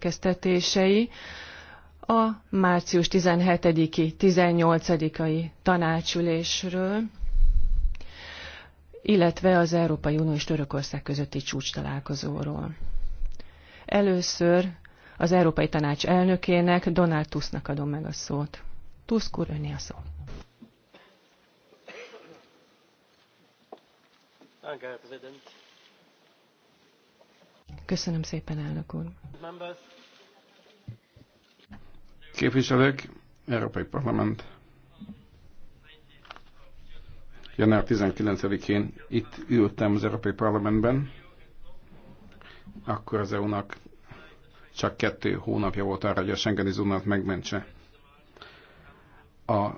következtetései a március 17-i, 18-ai tanácsülésről, illetve az Európai Unió és Törökország közötti csúcs találkozóról. Először az Európai Tanács elnökének, Donald Tusknak adom meg a szót. Tusk úr, a szó. Danke, Köszönöm szépen, elnök úr. Képviselők, Európai Parlament. Január 19-én itt ültem az Európai Parlamentben. Akkor az EU-nak csak kettő hónapja volt arra, hogy a Schengeni zónát megmentse. A,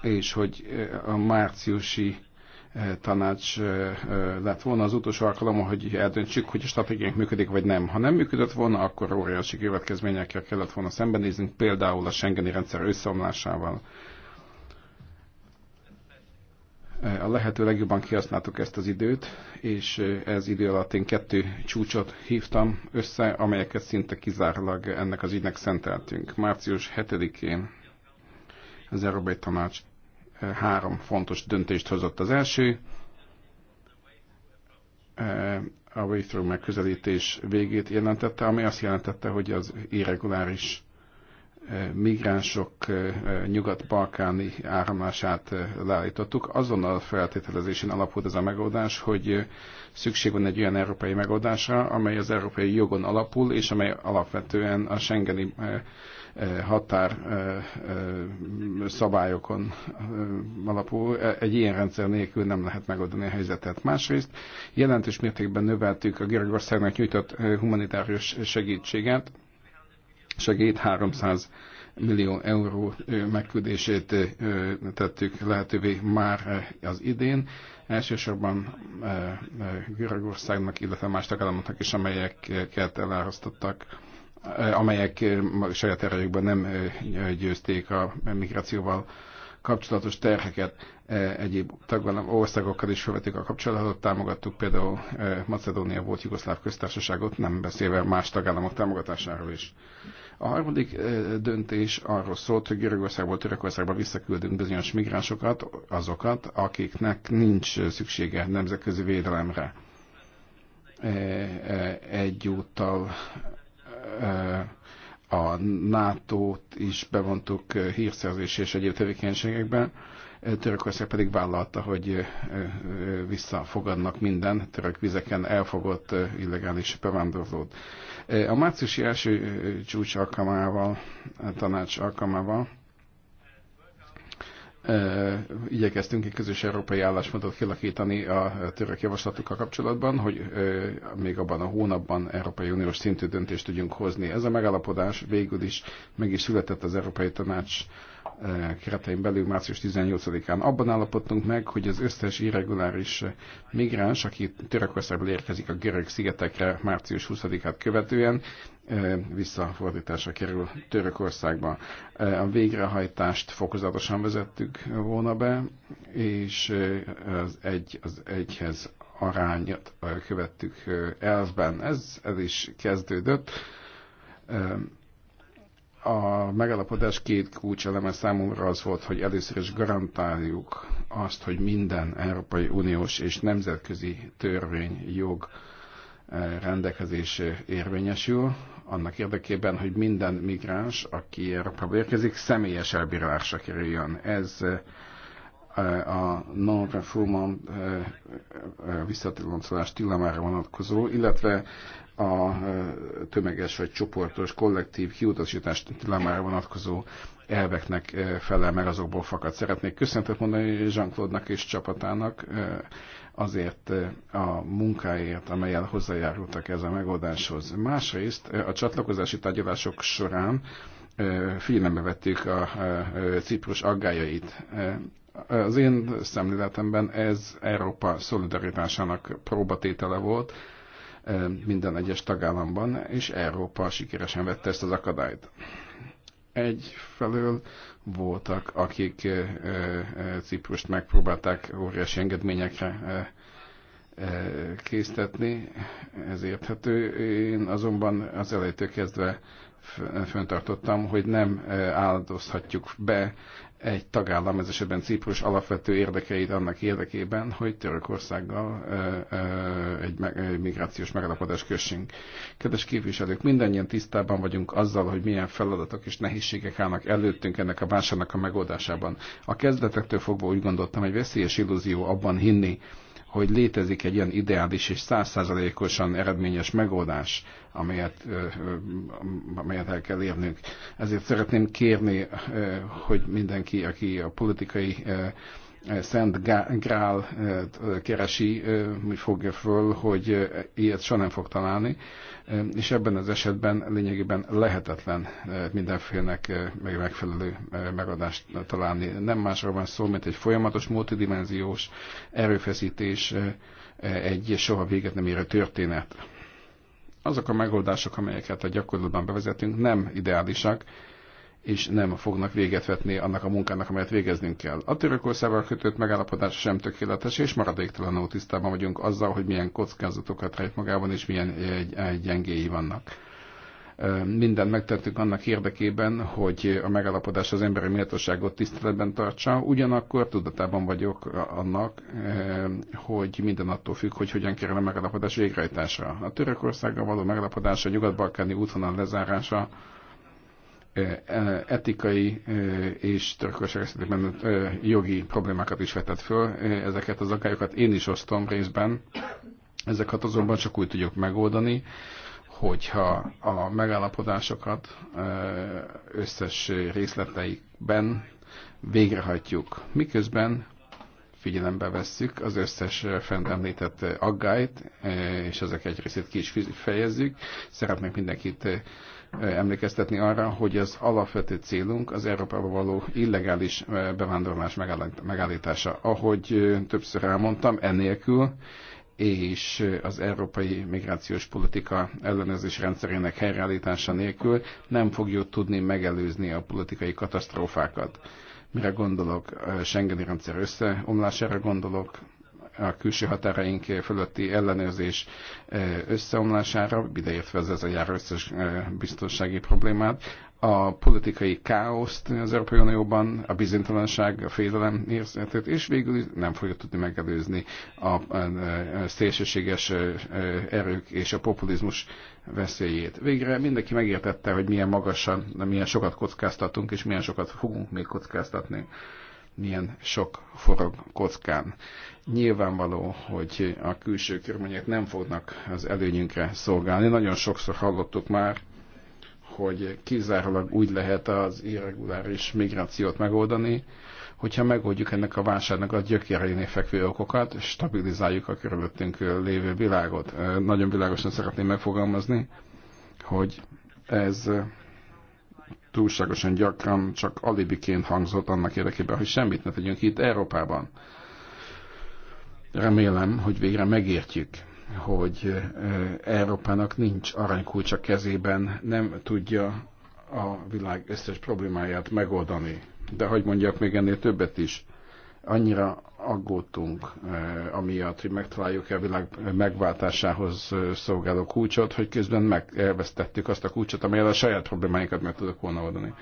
és hogy eh, a márciusi tanács lett volna az utolsó alkalom, hogy eldöntsük, hogy a stratégiánk működik vagy nem. Ha nem működött volna, akkor óriási következményekkel kellett volna szembenéznünk, például a Schengeni rendszer összeomlásával. A lehető legjobban kihasználtuk ezt az időt, és ez idő alatt én kettő csúcsot hívtam össze, amelyeket szinte kizárólag ennek az ügynek szenteltünk. Március 7-én az Európai Tanács három fontos döntést hozott. Az első, e, a way through megközelítés végét jelentette, ami azt jelentette, hogy az irreguláris e, migránsok e, nyugat-balkáni áramlását leállítottuk. Azon a feltételezésén alapult ez a megoldás, hogy szükség van egy olyan európai megoldásra, amely az európai jogon alapul, és amely alapvetően a Schengeni határ szabályokon alapul. E, egy ilyen rendszer nélkül nem lehet megoldani a helyzetet. Másrészt jelentős mértékben növeltük a Görögországnak nyújtott humanitárius segítséget, segít 300 millió euró megküldését tettük lehetővé már az idén. Elsősorban Görögországnak, illetve más tagállamoknak is, amelyeket elárasztottak Eh, amelyek eh, saját erejükben nem eh, győzték a migrációval kapcsolatos terheket egyéb tagállam országokkal is felvettük a kapcsolatot, támogattuk például Macedónia volt Jugoszláv köztársaságot, nem beszélve más tagállamok támogatásáról is. A harmadik döntés arról szólt, hogy Görögországból, Törökországba visszaküldünk bizonyos migránsokat, azokat, akiknek nincs szüksége nemzetközi védelemre. Egyúttal a NATO-t is bevontuk hírszerzési és egyéb tevékenységekben. Törökország pedig vállalta, hogy visszafogadnak minden török vizeken elfogott illegális bevándorlót. A márciusi első csúcs alkalmával, tanács alkalmával igyekeztünk egy közös európai álláspontot kialakítani a török javaslatokkal kapcsolatban, hogy még abban a hónapban Európai Uniós szintű döntést tudjunk hozni. Ez a megállapodás végül is meg is született az Európai Tanács keretein belül március 18-án. Abban állapodtunk meg, hogy az összes irreguláris migráns, aki Törökországból érkezik a görög szigetekre március 20-át követően, visszafordításra kerül Törökországba. A végrehajtást fokozatosan vezettük volna be, és az, egy, az egyhez arányat követtük elvben. Ez, ez is kezdődött. A megalapodás két kulcseleme számomra az volt, hogy először is garantáljuk azt, hogy minden Európai Uniós és nemzetközi törvény, jog rendelkezés érvényesül annak érdekében, hogy minden migráns, aki Európába érkezik, személyes elbírálásra kerüljön. Ez eh, a non-refoulement eh, visszatérloncolás tilamára vonatkozó, illetve a eh, tömeges vagy csoportos, kollektív kiutasítás tilamára vonatkozó elveknek felel meg azokból fakad. Szeretnék köszöntet mondani Jean-Claude-nak és csapatának azért eh, a munkáért, amelyel hozzájárultak ez a megoldáshoz. Másrészt eh, a csatlakozási tárgyalások során eh, figyelembe vettük a Ciprus aggájait. Az én szemléletemben ez Európa szolidaritásának próbatétele volt minden egyes tagállamban, és Európa sikeresen vette ezt az akadályt. Egyfelől voltak, akik Ciprust megpróbálták óriási engedményekre késztetni, ez érthető. Én azonban az elejétől kezdve föntartottam, hogy nem áldozhatjuk be egy tagállam, ez esetben Ciprus alapvető érdekeit annak érdekében, hogy Törökországgal egy migrációs megalapodás kössünk. Kedves képviselők, mindannyian tisztában vagyunk azzal, hogy milyen feladatok és nehézségek állnak előttünk ennek a válságnak a megoldásában. A kezdetektől fogva úgy gondoltam, hogy veszélyes illúzió abban hinni, hogy létezik egy ilyen ideális és százszázalékosan eredményes megoldás, amelyet, amelyet el kell érnünk. Ezért szeretném kérni, hogy mindenki, aki a politikai Szent Grál keresi, hogy fogja föl, hogy ilyet soha nem fog találni és ebben az esetben lényegében lehetetlen mindenfélnek megfelelő megadást találni. Nem másra van szó, mint egy folyamatos, multidimenziós erőfeszítés, egy soha véget nem érő történet. Azok a megoldások, amelyeket a gyakorlatban bevezetünk, nem ideálisak, és nem fognak véget vetni annak a munkának, amelyet végeznünk kell. A Törökországgal kötött megállapodás sem tökéletes, és maradéktalanul tisztában vagyunk azzal, hogy milyen kockázatokat rejt magában, és milyen eh, gyengéi vannak. Eh, mindent megtettük annak érdekében, hogy a megállapodás az emberi méltóságot tiszteletben tartsa, ugyanakkor tudatában vagyok annak, eh, hogy minden attól függ, hogy hogyan kerül a megállapodás végrehajtásra. A Törökországgal való megállapodás, a nyugat-balkáni útvonal lezárása, etikai és törökország esetében jogi problémákat is vetett föl. Ezeket az akályokat én is osztom részben. Ezeket azonban csak úgy tudjuk megoldani, hogyha a megállapodásokat összes részleteikben végrehajtjuk. Miközben figyelembe vesszük az összes fent említett aggályt, és ezek egy részét ki is fejezzük. Szeretnék mindenkit emlékeztetni arra, hogy az alapvető célunk az Európába való illegális bevándorlás megállítása. Ahogy többször elmondtam, enélkül és az európai migrációs politika ellenőrzés rendszerének helyreállítása nélkül nem fogjuk tudni megelőzni a politikai katasztrófákat. Mire gondolok? Schengeni rendszer összeomlására gondolok, a külső határaink fölötti ellenőrzés eh, összeomlására, ideértve ez a jár összes eh, biztonsági problémát, a politikai káoszt az Európai Unióban, a bizonytalanság, a félelem érzetét, és végül nem fogja tudni megelőzni a szélsőséges eh, erők és a populizmus veszélyét. Végre mindenki megértette, hogy milyen magasan, milyen sokat kockáztatunk, és milyen sokat fogunk még kockáztatni milyen sok forog kockán. Nyilvánvaló, hogy a külső körmények nem fognak az előnyünkre szolgálni. Nagyon sokszor hallottuk már, hogy kizárólag úgy lehet az irreguláris migrációt megoldani, hogyha megoldjuk ennek a válságnak a gyökerénél fekvő okokat, stabilizáljuk a körülöttünk lévő világot. Nagyon világosan szeretném megfogalmazni, hogy ez túlságosan gyakran csak alibiként hangzott annak érdekében, hogy semmit ne tegyünk itt Európában. Remélem, hogy végre megértjük, hogy Európának nincs aranykulcsa kezében, nem tudja a világ összes problémáját megoldani. De hogy mondjak még ennél többet is, annyira aggódtunk amiatt, hogy megtaláljuk a világ megváltásához szolgáló kulcsot, hogy közben meg elvesztettük azt a kulcsot, amelyet a saját problémáinkat meg tudok volna oldani.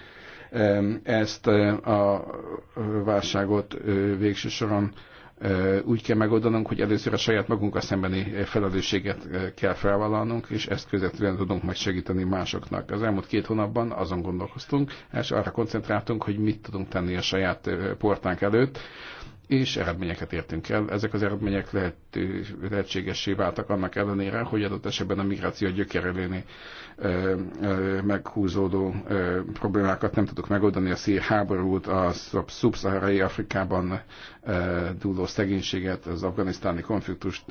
Ezt a válságot végső soron úgy kell megoldanunk, hogy először a saját magunkkal szembeni felelősséget kell felvállalnunk, és ezt közvetlenül tudunk majd segíteni másoknak. Az elmúlt két hónapban azon gondolkoztunk, és arra koncentráltunk, hogy mit tudunk tenni a saját portánk előtt, és eredményeket értünk el. Ezek az eredmények lehet, lehetségessé váltak annak ellenére, hogy adott esetben a migráció gyökerelőni meghúzódó ö, problémákat nem tudtuk megoldani. A szír háborút, a szubszaharai Afrikában ö, dúló szegénységet, az afganisztáni konfliktust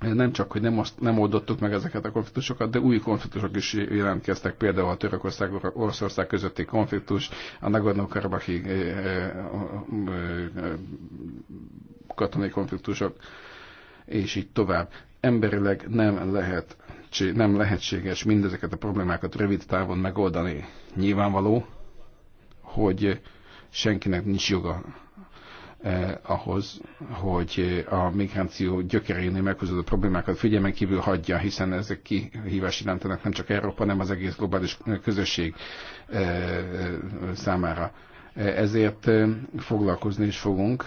nem csak, hogy nem, azt, nem oldottuk meg ezeket a konfliktusokat, de új konfliktusok is jelentkeztek, például a Törökország Oroszország közötti konfliktus, a Nagorno-Karabahi eh, eh, eh, katonai konfliktusok, és így tovább. Emberileg nem lehet nem lehetséges mindezeket a problémákat rövid távon megoldani. Nyilvánvaló, hogy senkinek nincs joga eh, ahhoz, hogy a migráció gyökerénél meghozódó problémákat figyelmen kívül hagyja, hiszen ezek kihívás jelentenek nem csak Európa, hanem az egész globális közösség eh, eh számára ezért foglalkozni is fogunk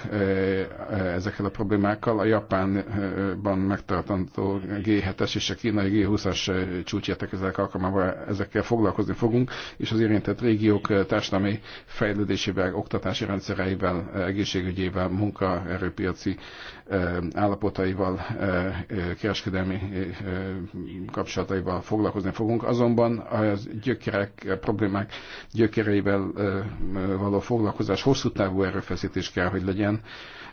ezekkel a problémákkal. A Japánban megtartandó G7-es és a kínai G20-as ezek alkalmával ezekkel foglalkozni fogunk, és az érintett régiók társadalmi fejlődésével, oktatási rendszereivel, egészségügyével, munkaerőpiaci állapotaival, kereskedelmi kapcsolataival foglalkozni fogunk, azonban a gyökerek, a problémák gyökereivel való foglalkozás hosszú távú erőfeszítés kell, hogy legyen.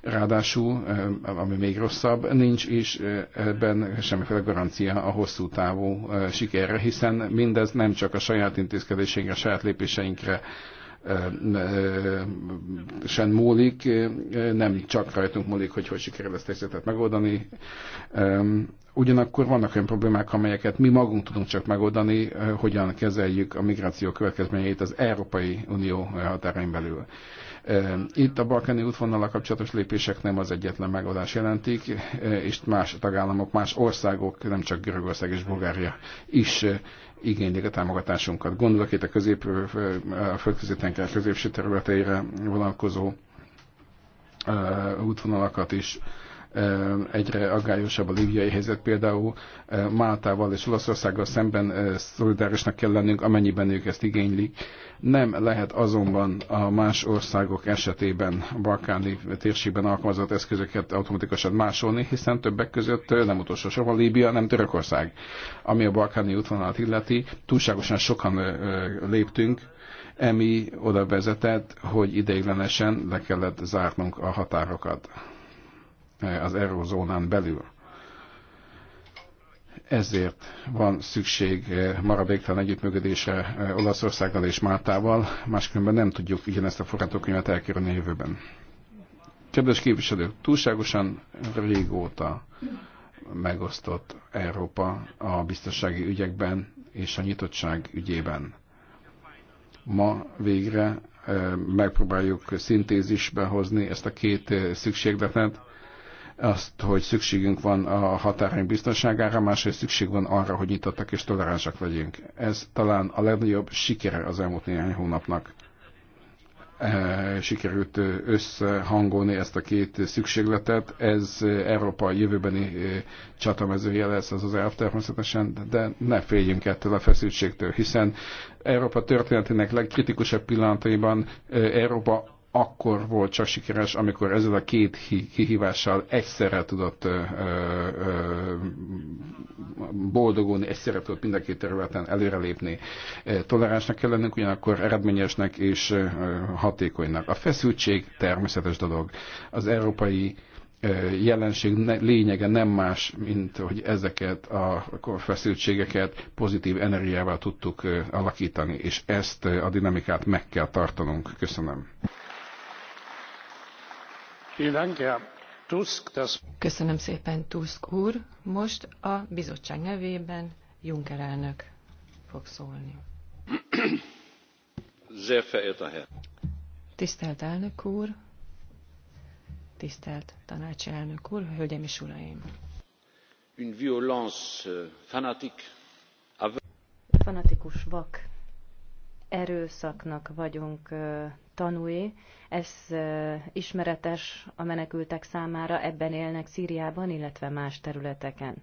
Ráadásul, ami még rosszabb, nincs is ebben semmiféle garancia a hosszú távú sikerre, hiszen mindez nem csak a saját intézkedésénkre, a saját lépéseinkre sen múlik, nem csak rajtunk múlik, hogy hogy sikerül ezt a helyzetet megoldani. Ugyanakkor vannak olyan problémák, amelyeket mi magunk tudunk csak megoldani, hogyan kezeljük a migráció következményeit az Európai Unió határain belül. Itt a balkáni útvonalak kapcsolatos lépések nem az egyetlen megoldás jelentik, és más tagállamok, más országok, nem csak Görögország és Bulgária is igénylik a támogatásunkat. Gondolok itt a, közép, a földközi tenger középső területeire vonatkozó útvonalakat is, egyre aggályosabb a libiai helyzet, például Máltával és Olaszországgal szemben szolidárisnak kell lennünk, amennyiben ők ezt igénylik. Nem lehet azonban a más országok esetében, a balkáni térségben alkalmazott eszközöket automatikusan másolni, hiszen többek között nem utolsó sorban Líbia, nem Törökország. Ami a balkáni útvonalat illeti, túlságosan sokan léptünk, emi oda vezetett, hogy ideiglenesen le kellett zárnunk a határokat az eurozónán belül. Ezért van szükség eh, maradéktalan együttműködésre eh, Olaszországgal és Máltával, máskülönben nem tudjuk ugyanezt a forgatókönyvet elkerülni a jövőben. Kedves képviselők, túlságosan régóta megosztott Európa a biztonsági ügyekben és a nyitottság ügyében. Ma végre eh, megpróbáljuk szintézisbe hozni ezt a két szükségletet, azt, hogy szükségünk van a határaink biztonságára, másrészt szükség van arra, hogy nyitottak és toleránsak legyünk. Ez talán a legnagyobb sikere az elmúlt néhány hónapnak. E, sikerült összehangolni ezt a két szükségletet. Ez Európa jövőbeni e, csatamezője lesz az az elv természetesen, de ne féljünk ettől a feszültségtől, hiszen Európa történetének legkritikusabb pillanataiban e, Európa akkor volt csak sikeres, amikor ezzel a két kihívással egyszerre tudott boldogulni, egyszerre tudott mind a két területen előrelépni. Toleránsnak kell lennünk, ugyanakkor eredményesnek és hatékonynak. A feszültség természetes dolog. Az európai jelenség lényege nem más, mint hogy ezeket a feszültségeket pozitív energiával tudtuk alakítani, és ezt a dinamikát meg kell tartanunk. Köszönöm. Köszönöm szépen, Tusk úr. Most a bizottság nevében Juncker elnök fog szólni. Tisztelt elnök úr, tisztelt elnök úr, hölgyeim és uraim! Euh, Fanatikus vak erőszaknak vagyunk tanúi. Ez ismeretes a menekültek számára, ebben élnek Szíriában, illetve más területeken.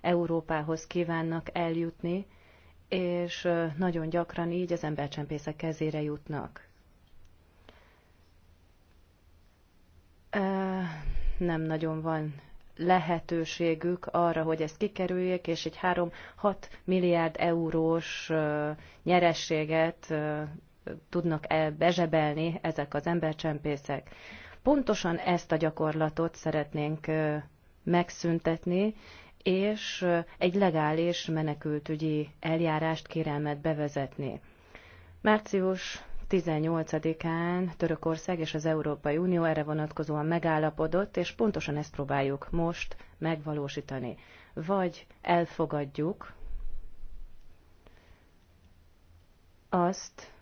Európához kívánnak eljutni, és nagyon gyakran így az embercsempészek kezére jutnak. Nem nagyon van lehetőségük arra, hogy ezt kikerüljék, és egy 3-6 milliárd eurós nyerességet tudnak e, bezsebelni ezek az embercsempészek. Pontosan ezt a gyakorlatot szeretnénk megszüntetni, és egy legális menekültügyi eljárást kérelmet bevezetni. Március 18-án Törökország és az Európai Unió erre vonatkozóan megállapodott, és pontosan ezt próbáljuk most megvalósítani. Vagy elfogadjuk azt,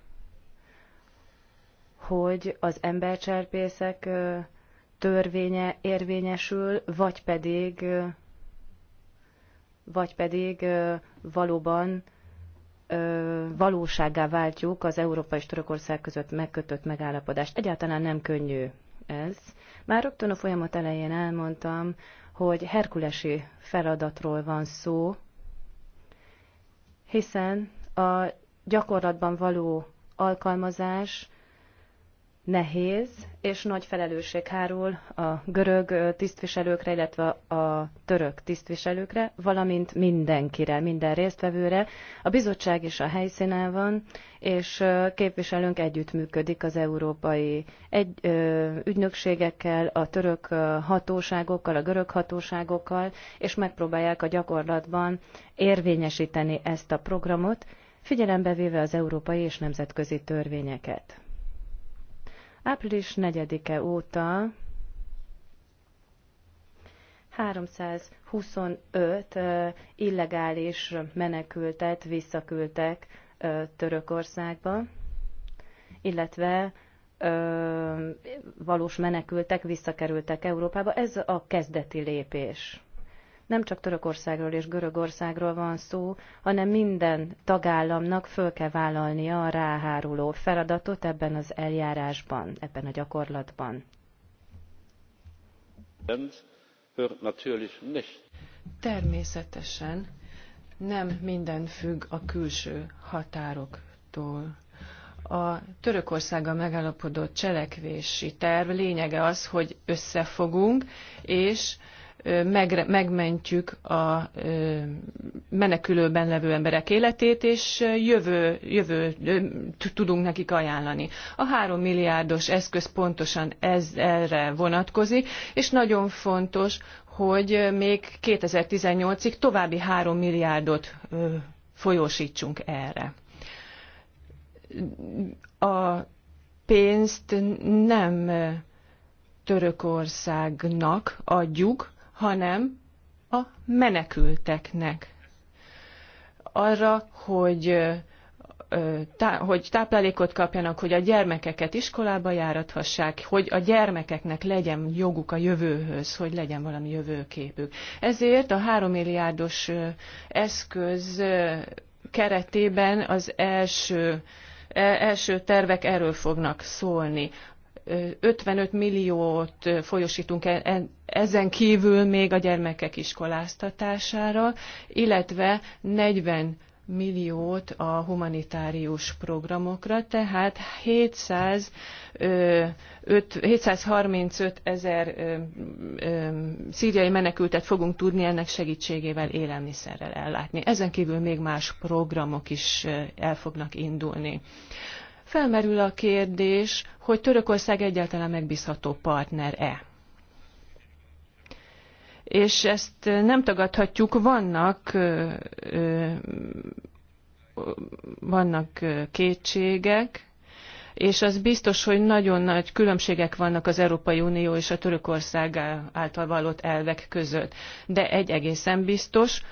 hogy az embercserpészek törvénye érvényesül, vagy pedig, vagy pedig valóban valóságá váltjuk az Európa és Törökország között megkötött megállapodást. Egyáltalán nem könnyű ez. Már rögtön a folyamat elején elmondtam, hogy herkulesi feladatról van szó, hiszen a gyakorlatban való alkalmazás nehéz és nagy felelősség hárul a görög tisztviselőkre, illetve a török tisztviselőkre, valamint mindenkire, minden résztvevőre. A bizottság is a helyszínen van, és képviselőnk együttműködik az európai egy, ö, ügynökségekkel, a török hatóságokkal, a görög hatóságokkal, és megpróbálják a gyakorlatban érvényesíteni ezt a programot, figyelembe véve az európai és nemzetközi törvényeket. Április 4-e óta 325 illegális menekültet visszaküldtek Törökországba, illetve valós menekültek visszakerültek Európába. Ez a kezdeti lépés. Nem csak Törökországról és Görögországról van szó, hanem minden tagállamnak föl kell vállalnia a ráháruló feladatot ebben az eljárásban, ebben a gyakorlatban. Természetesen nem minden függ a külső határoktól a Törökországgal megállapodott cselekvési terv lényege az, hogy összefogunk, és megre, megmentjük a menekülőben levő emberek életét, és jövő, jövő tudunk nekik ajánlani. A három milliárdos eszköz pontosan ez erre vonatkozik, és nagyon fontos, hogy még 2018-ig további három milliárdot folyósítsunk erre. A pénzt nem Törökországnak adjuk, hanem a menekülteknek. Arra, hogy hogy táplálékot kapjanak, hogy a gyermekeket iskolába járathassák, hogy a gyermekeknek legyen joguk a jövőhöz, hogy legyen valami jövőképük. Ezért a három milliárdos eszköz keretében az első e, első tervek erről fognak szólni. 55 milliót folyosítunk e- e- ezen kívül még a gyermekek iskoláztatására, illetve 40 milliót a humanitárius programokra, tehát 700, ö, 5, 735 ezer szíriai menekültet fogunk tudni ennek segítségével élelmiszerrel ellátni. Ezen kívül még más programok is el fognak indulni felmerül a kérdés, hogy Törökország egyáltalán megbízható partner-e. És ezt nem tagadhatjuk, vannak, vannak kétségek, és az biztos, hogy nagyon nagy különbségek vannak az Európai Unió és a Törökország által vallott elvek között. De egy egészen biztos,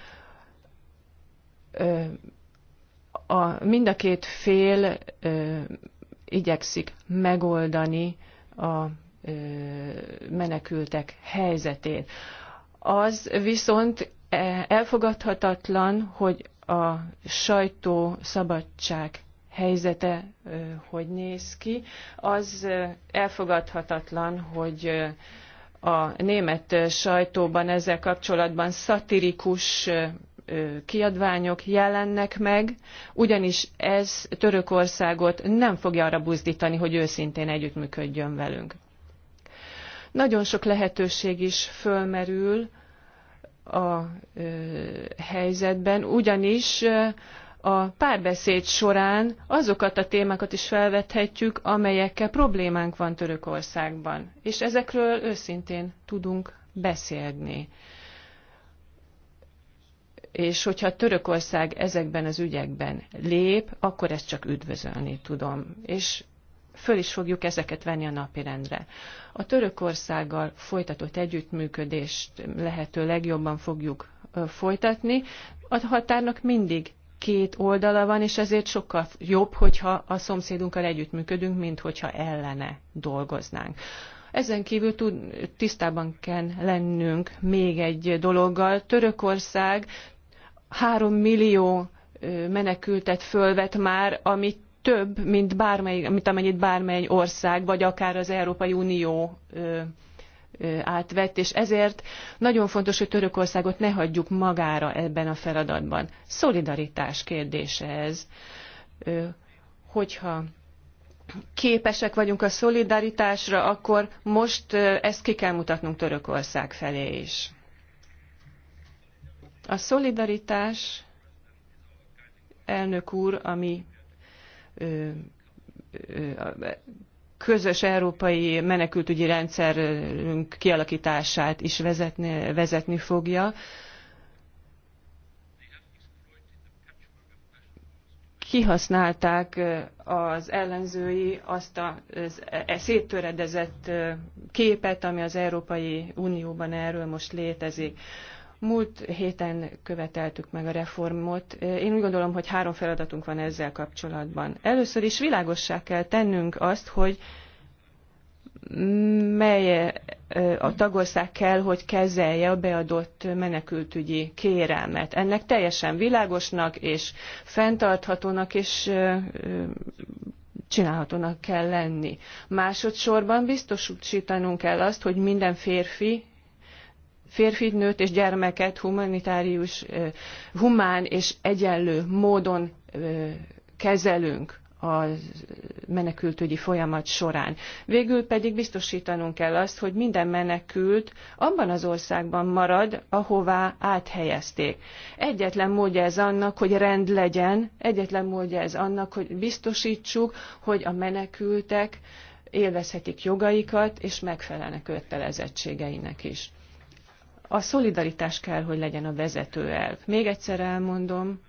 a, mind a két fél ö, igyekszik megoldani a ö, menekültek helyzetét. Az viszont e, elfogadhatatlan, hogy a sajtó szabadság helyzete ö, hogy néz ki. Az elfogadhatatlan, hogy ö, a német sajtóban ezzel kapcsolatban szatirikus kiadványok jelennek meg, ugyanis ez Törökországot nem fogja arra buzdítani, hogy őszintén együttműködjön velünk. Nagyon sok lehetőség is fölmerül a helyzetben, ugyanis a párbeszéd során azokat a témákat is felvethetjük, amelyekkel problémánk van Törökországban, és ezekről őszintén tudunk beszélni és hogyha Törökország ezekben az ügyekben lép, akkor ezt csak üdvözölni tudom. És föl is fogjuk ezeket venni a napirendre. A Törökországgal folytatott együttműködést lehető legjobban fogjuk folytatni. A határnak mindig két oldala van, és ezért sokkal jobb, hogyha a szomszédunkkal együttműködünk, mint hogyha ellene dolgoznánk. Ezen kívül tud, tisztában kell lennünk még egy dologgal. Törökország három millió menekültet fölvet már, ami több, mint, bármely, mint amennyit bármely ország, vagy akár az Európai Unió átvett, és ezért nagyon fontos, hogy Törökországot ne hagyjuk magára ebben a feladatban. Szolidaritás kérdése ez. Hogyha képesek vagyunk a szolidaritásra, akkor most ezt ki kell mutatnunk Törökország felé is. A szolidaritás, elnök úr, ami ö, ö, közös európai menekültügyi rendszerünk kialakítását is vezetni, vezetni fogja. kihasználták az ellenzői azt a e, széttöredezett képet, ami az Európai Unióban erről most létezik. Múlt héten követeltük meg a reformot. Én úgy gondolom, hogy három feladatunk van ezzel kapcsolatban. Először is világossá kell tennünk azt, hogy mely a tagország kell, hogy kezelje a beadott menekültügyi kérelmet. Ennek teljesen világosnak és fenntarthatónak és csinálhatónak kell lenni. Másodszorban biztosítanunk kell azt, hogy minden férfi férfit, nőt és gyermeket humanitárius, humán és egyenlő módon kezelünk a menekültügyi folyamat során. Végül pedig biztosítanunk kell azt, hogy minden menekült abban az országban marad, ahová áthelyezték. Egyetlen módja ez annak, hogy rend legyen, egyetlen módja ez annak, hogy biztosítsuk, hogy a menekültek élvezhetik jogaikat, és megfelelnek kötelezettségeinek is a szolidaritás kell, hogy legyen a vezető elv. Még egyszer elmondom,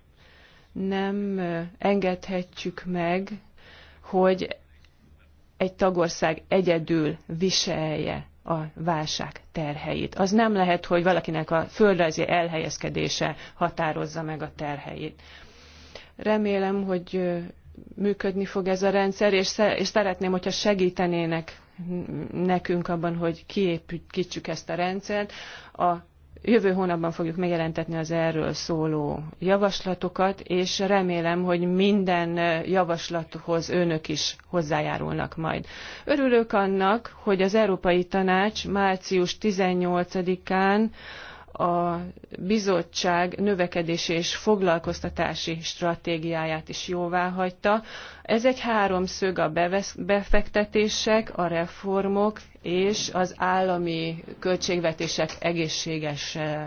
nem engedhetjük meg, hogy egy tagország egyedül viselje a válság terheit. Az nem lehet, hogy valakinek a földrajzi elhelyezkedése határozza meg a terheit. Remélem, hogy működni fog ez a rendszer, és, szeretném, hogyha segítenének nekünk abban, hogy kiépítsük ezt a rendszert. A jövő hónapban fogjuk megjelentetni az erről szóló javaslatokat, és remélem, hogy minden javaslathoz önök is hozzájárulnak majd. Örülök annak, hogy az Európai Tanács március 18-án a bizottság növekedési és foglalkoztatási stratégiáját is jóvá hagyta. Ez egy háromszög a befektetések, a reformok és az állami költségvetések egészséges eh,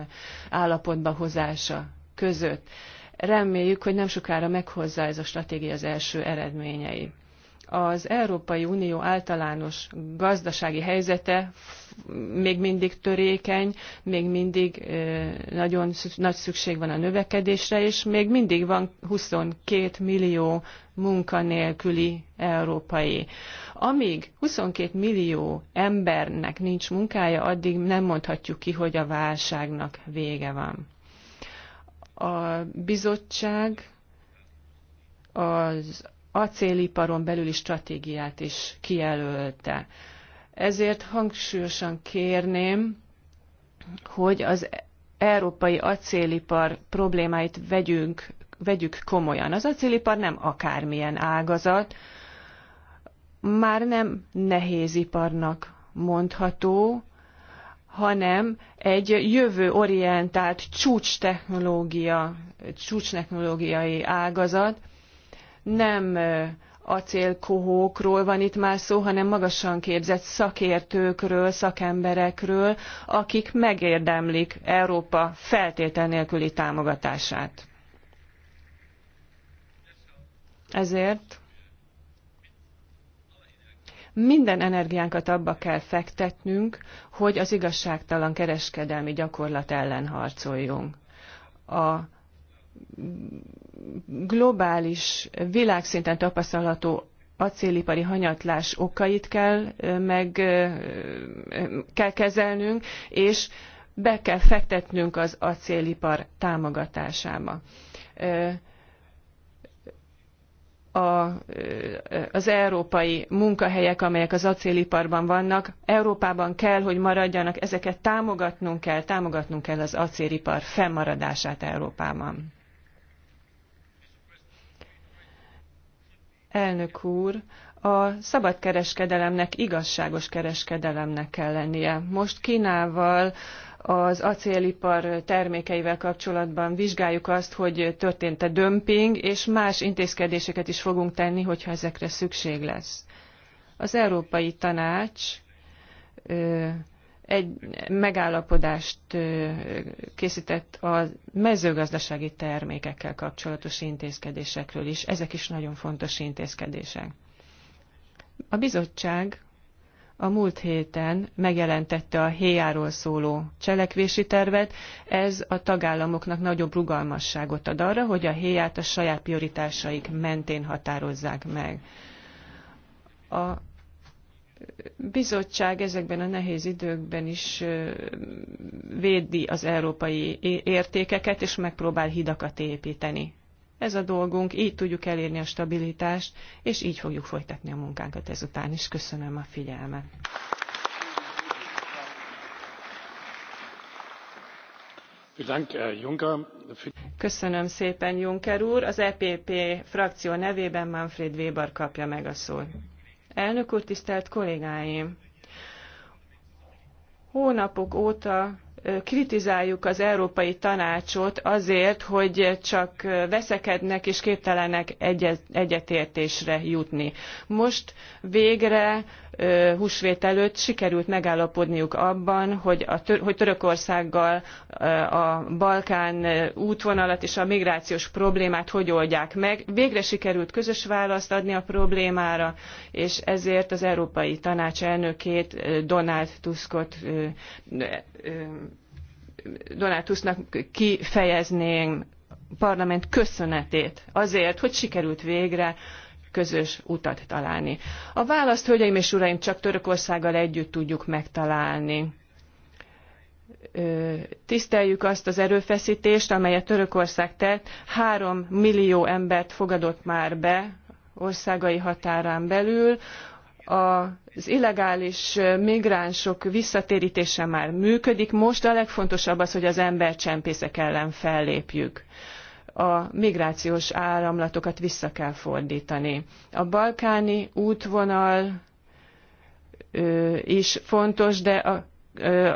állapotba hozása között. Reméljük, hogy nem sokára meghozza ez a stratégia az első eredményeit az Európai Unió általános gazdasági helyzete még mindig törékeny, még mindig nagyon nagy szükség van a növekedésre, és még mindig van 22 millió munkanélküli európai. Amíg 22 millió embernek nincs munkája, addig nem mondhatjuk ki, hogy a válságnak vége van. A bizottság az acéliparon belüli stratégiát is kijelölte. Ezért hangsúlyosan kérném, hogy az európai acélipar problémáit vegyünk, vegyük komolyan. Az acélipar nem akármilyen ágazat, már nem nehéziparnak mondható, hanem egy jövőorientált csúcs technológia, csúcs technológiai ágazat, nem acélkohókról van itt már szó, hanem magasan képzett szakértőkről, szakemberekről, akik megérdemlik Európa feltétel nélküli támogatását. Ezért minden energiánkat abba kell fektetnünk, hogy az igazságtalan kereskedelmi gyakorlat ellen harcoljunk. A globális, világszinten tapasztalható acélipari hanyatlás okait kell, meg, kell kezelnünk, és be kell fektetnünk az acélipar támogatásába. A, az európai munkahelyek, amelyek az acéliparban vannak, Európában kell, hogy maradjanak, ezeket támogatnunk kell, támogatnunk kell az acélipar fennmaradását Európában. Elnök úr, a szabad kereskedelemnek igazságos kereskedelemnek kell lennie. Most Kínával az acélipar termékeivel kapcsolatban vizsgáljuk azt, hogy történt-e dömping, és más intézkedéseket is fogunk tenni, hogyha ezekre szükség lesz. Az Európai Tanács egy megállapodást készített a mezőgazdasági termékekkel kapcsolatos intézkedésekről is. Ezek is nagyon fontos intézkedések. A bizottság a múlt héten megjelentette a héjáról szóló cselekvési tervet. Ez a tagállamoknak nagyobb rugalmasságot ad arra, hogy a héját a saját prioritásaik mentén határozzák meg. A bizottság ezekben a nehéz időkben is védi az európai értékeket, és megpróbál hidakat építeni. Ez a dolgunk, így tudjuk elérni a stabilitást, és így fogjuk folytatni a munkánkat ezután is. Köszönöm a figyelmet. Köszönöm szépen, Juncker úr. Az EPP frakció nevében Manfred Weber kapja meg a szót. Elnök úr, tisztelt kollégáim! Hónapok óta kritizáljuk az Európai Tanácsot azért, hogy csak veszekednek és képtelenek egyetértésre jutni. Most végre húsvét előtt sikerült megállapodniuk abban, hogy, a tör hogy Törökországgal a Balkán útvonalat és a migrációs problémát hogy oldják meg. Végre sikerült közös választ adni a problémára, és ezért az Európai Tanács elnökét, Donald Tuskot Donald Tusknak kifejezném parlament köszönetét azért, hogy sikerült végre közös utat találni. A választ, hölgyeim és uraim, csak Törökországgal együtt tudjuk megtalálni. Tiszteljük azt az erőfeszítést, amelyet Törökország tett. Három millió embert fogadott már be országai határán belül. Az illegális migránsok visszatérítése már működik. Most a legfontosabb az, hogy az embercsempészek ellen fellépjük a migrációs áramlatokat vissza kell fordítani. A balkáni útvonal is fontos, de a,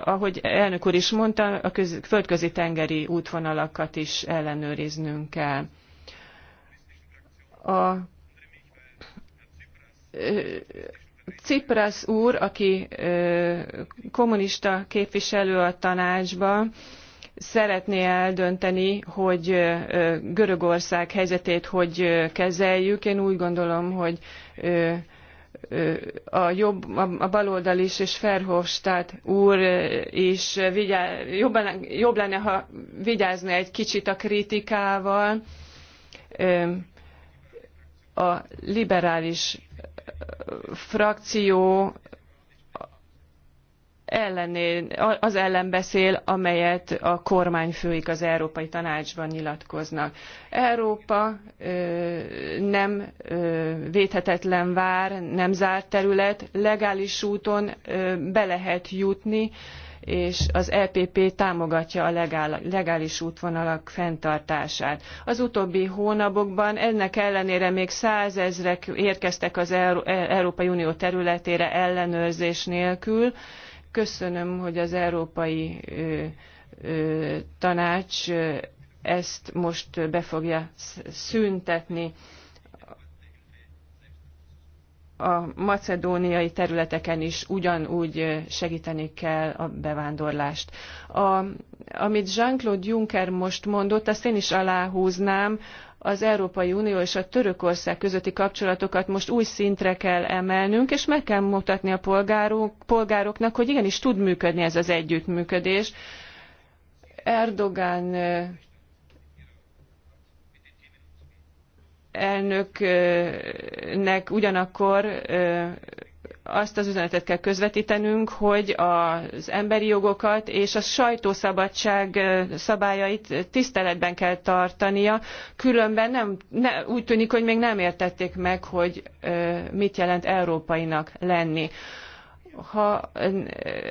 ahogy elnök úr is mondta, a köz, földközi tengeri útvonalakat is ellenőriznünk kell. A Ciprasz úr, aki kommunista képviselő a tanácsban, szeretné eldönteni, hogy Görögország helyzetét hogy kezeljük. Én úgy gondolom, hogy a, jobb, a baloldal is és Verhofstadt úr is vigyá, jobban, jobb lenne, ha vigyázna egy kicsit a kritikával. A liberális frakció ellené, az ellen beszél, amelyet a kormányfőik az Európai Tanácsban nyilatkoznak. Európa nem védhetetlen vár, nem zárt terület, legális úton be lehet jutni, és az EPP támogatja a legális útvonalak fenntartását. Az utóbbi hónapokban ennek ellenére még százezrek érkeztek az Európai Unió területére ellenőrzés nélkül, Köszönöm, hogy az Európai Tanács ezt most be fogja szüntetni a macedóniai területeken is ugyanúgy segíteni kell a bevándorlást. A, amit Jean-Claude Juncker most mondott, azt én is aláhúznám, az Európai Unió és a Törökország közötti kapcsolatokat most új szintre kell emelnünk, és meg kell mutatni a polgárok, polgároknak, hogy igenis tud működni ez az együttműködés. Erdogan elnöknek ugyanakkor azt az üzenetet kell közvetítenünk, hogy az emberi jogokat és a sajtószabadság szabályait tiszteletben kell tartania, különben nem, ne, úgy tűnik, hogy még nem értették meg, hogy mit jelent európainak lenni ha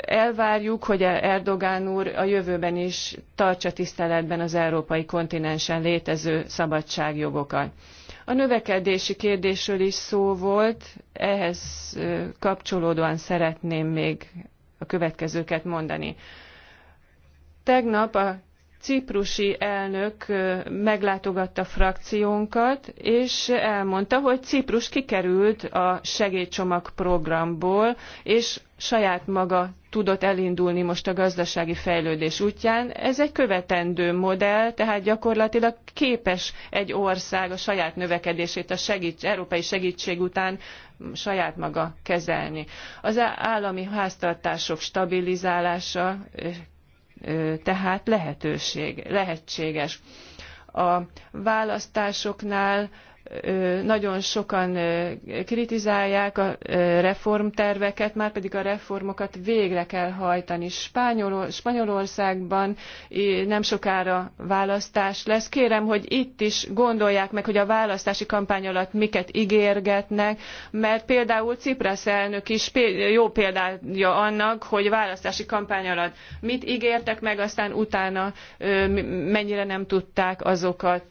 elvárjuk, hogy Erdogán úr a jövőben is tartsa tiszteletben az európai kontinensen létező szabadságjogokat. A növekedési kérdésről is szó volt, ehhez kapcsolódóan szeretném még a következőket mondani. Tegnap a ciprusi elnök meglátogatta frakciónkat, és elmondta, hogy Ciprus kikerült a segélycsomag programból, és saját maga tudott elindulni most a gazdasági fejlődés útján. Ez egy követendő modell, tehát gyakorlatilag képes egy ország a saját növekedését a segíts, európai segítség után saját maga kezelni. Az állami háztartások stabilizálása tehát lehetőség, lehetséges. A választásoknál nagyon sokan kritizálják a reformterveket, már pedig a reformokat végre kell hajtani. Spanyolországban nem sokára választás lesz. Kérem, hogy itt is gondolják meg, hogy a választási kampány alatt miket ígérgetnek, mert például Ciprasz elnök is jó példája annak, hogy választási kampány alatt mit ígértek meg, aztán utána mennyire nem tudták azokat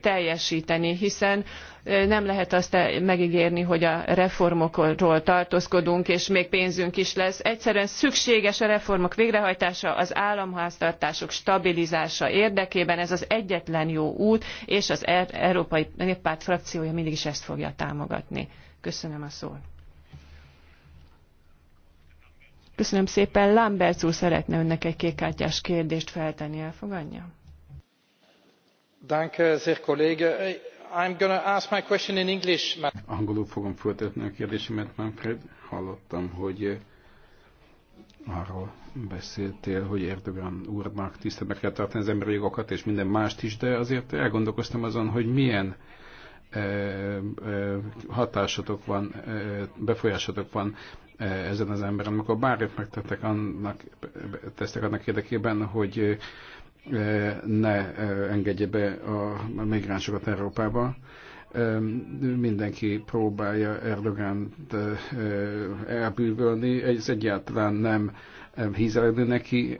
teljesíteni, hiszen nem lehet azt megígérni, hogy a reformokról tartózkodunk, és még pénzünk is lesz. Egyszerűen szükséges a reformok végrehajtása az államháztartások stabilizása érdekében. Ez az egyetlen jó út, és az e- Európai Néppárt frakciója mindig is ezt fogja támogatni. Köszönöm a szót. Köszönöm szépen. Lambert úr szeretne önnek egy kékkártyás kérdést feltenni. Elfogadja? Danke, sehr Kollege. I'm ask my question in English. Angolul fogom föltetni a kérdésemet, Manfred. Hallottam, hogy eh, arról beszéltél, hogy Erdogan úrnak tiszteletbe kell tartani az emberi jogokat és minden mást is, de azért elgondolkoztam azon, hogy milyen eh, eh, hatásotok van, befolyásotok van ezen az emberen, amikor bármit megtettek annak, tesztek annak érdekében, hogy ne engedje be a migránsokat Európába. Mindenki próbálja Erdogánt elbűvölni, ez egyáltalán nem hízelődő neki,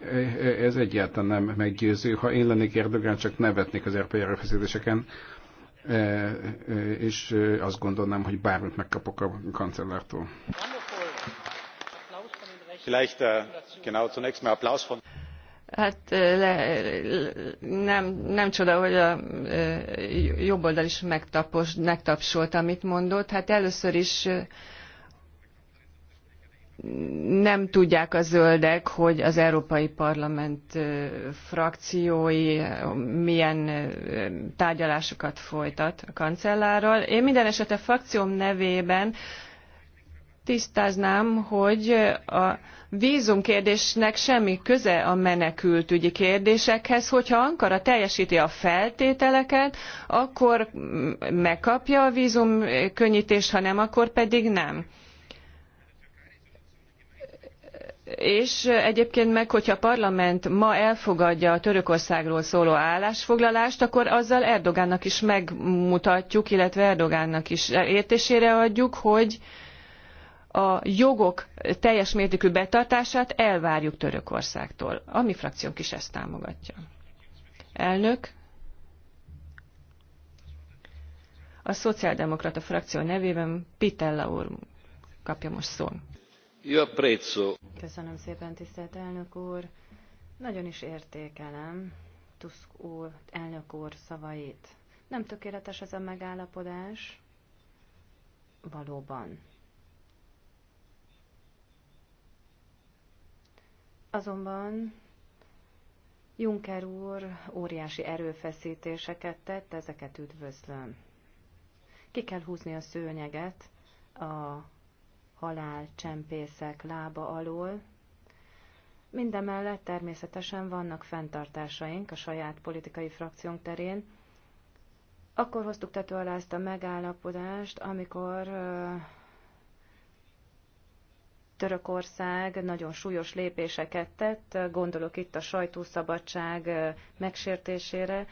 ez egyáltalán nem meggyőző. Ha én lennék Erdogán, csak nevetnék az európai erőfeszítéseken, és azt gondolnám, hogy bármit megkapok a kancellártól. Vielleicht äh, genau zunächst mal Applaus von Hát le, nem, nem csoda, hogy a jobb oldal is megtapos, megtapsolt, amit mondott. Hát először is nem tudják a zöldek, hogy az Európai Parlament frakciói milyen tárgyalásokat folytat a kancellárral. Én minden esetre frakcióm nevében tisztáznám, hogy a vízumkérdésnek semmi köze a menekültügyi kérdésekhez. Hogyha Ankara teljesíti a feltételeket, akkor megkapja a vízumkönnyítést, ha nem, akkor pedig nem. És egyébként meg, hogyha a parlament ma elfogadja a Törökországról szóló állásfoglalást, akkor azzal Erdogánnak is megmutatjuk, illetve Erdogánnak is értésére adjuk, hogy a jogok teljes mértékű betartását elvárjuk Törökországtól. A mi frakciónk is ezt támogatja. Elnök, a szociáldemokrata frakció nevében Pitella úr kapja most szó. Jó prezzo. Köszönöm szépen, tisztelt elnök úr. Nagyon is értékelem Tusk úr, elnök úr szavait. Nem tökéletes ez a megállapodás, valóban. Azonban Juncker úr óriási erőfeszítéseket tett, ezeket üdvözlöm. Ki kell húzni a szőnyeget a halál csempészek lába alól. Mindemellett természetesen vannak fenntartásaink a saját politikai frakciónk terén. Akkor hoztuk tető alá ezt a megállapodást, amikor Törökország nagyon súlyos lépéseket tett, gondolok itt a sajtószabadság megsértésére,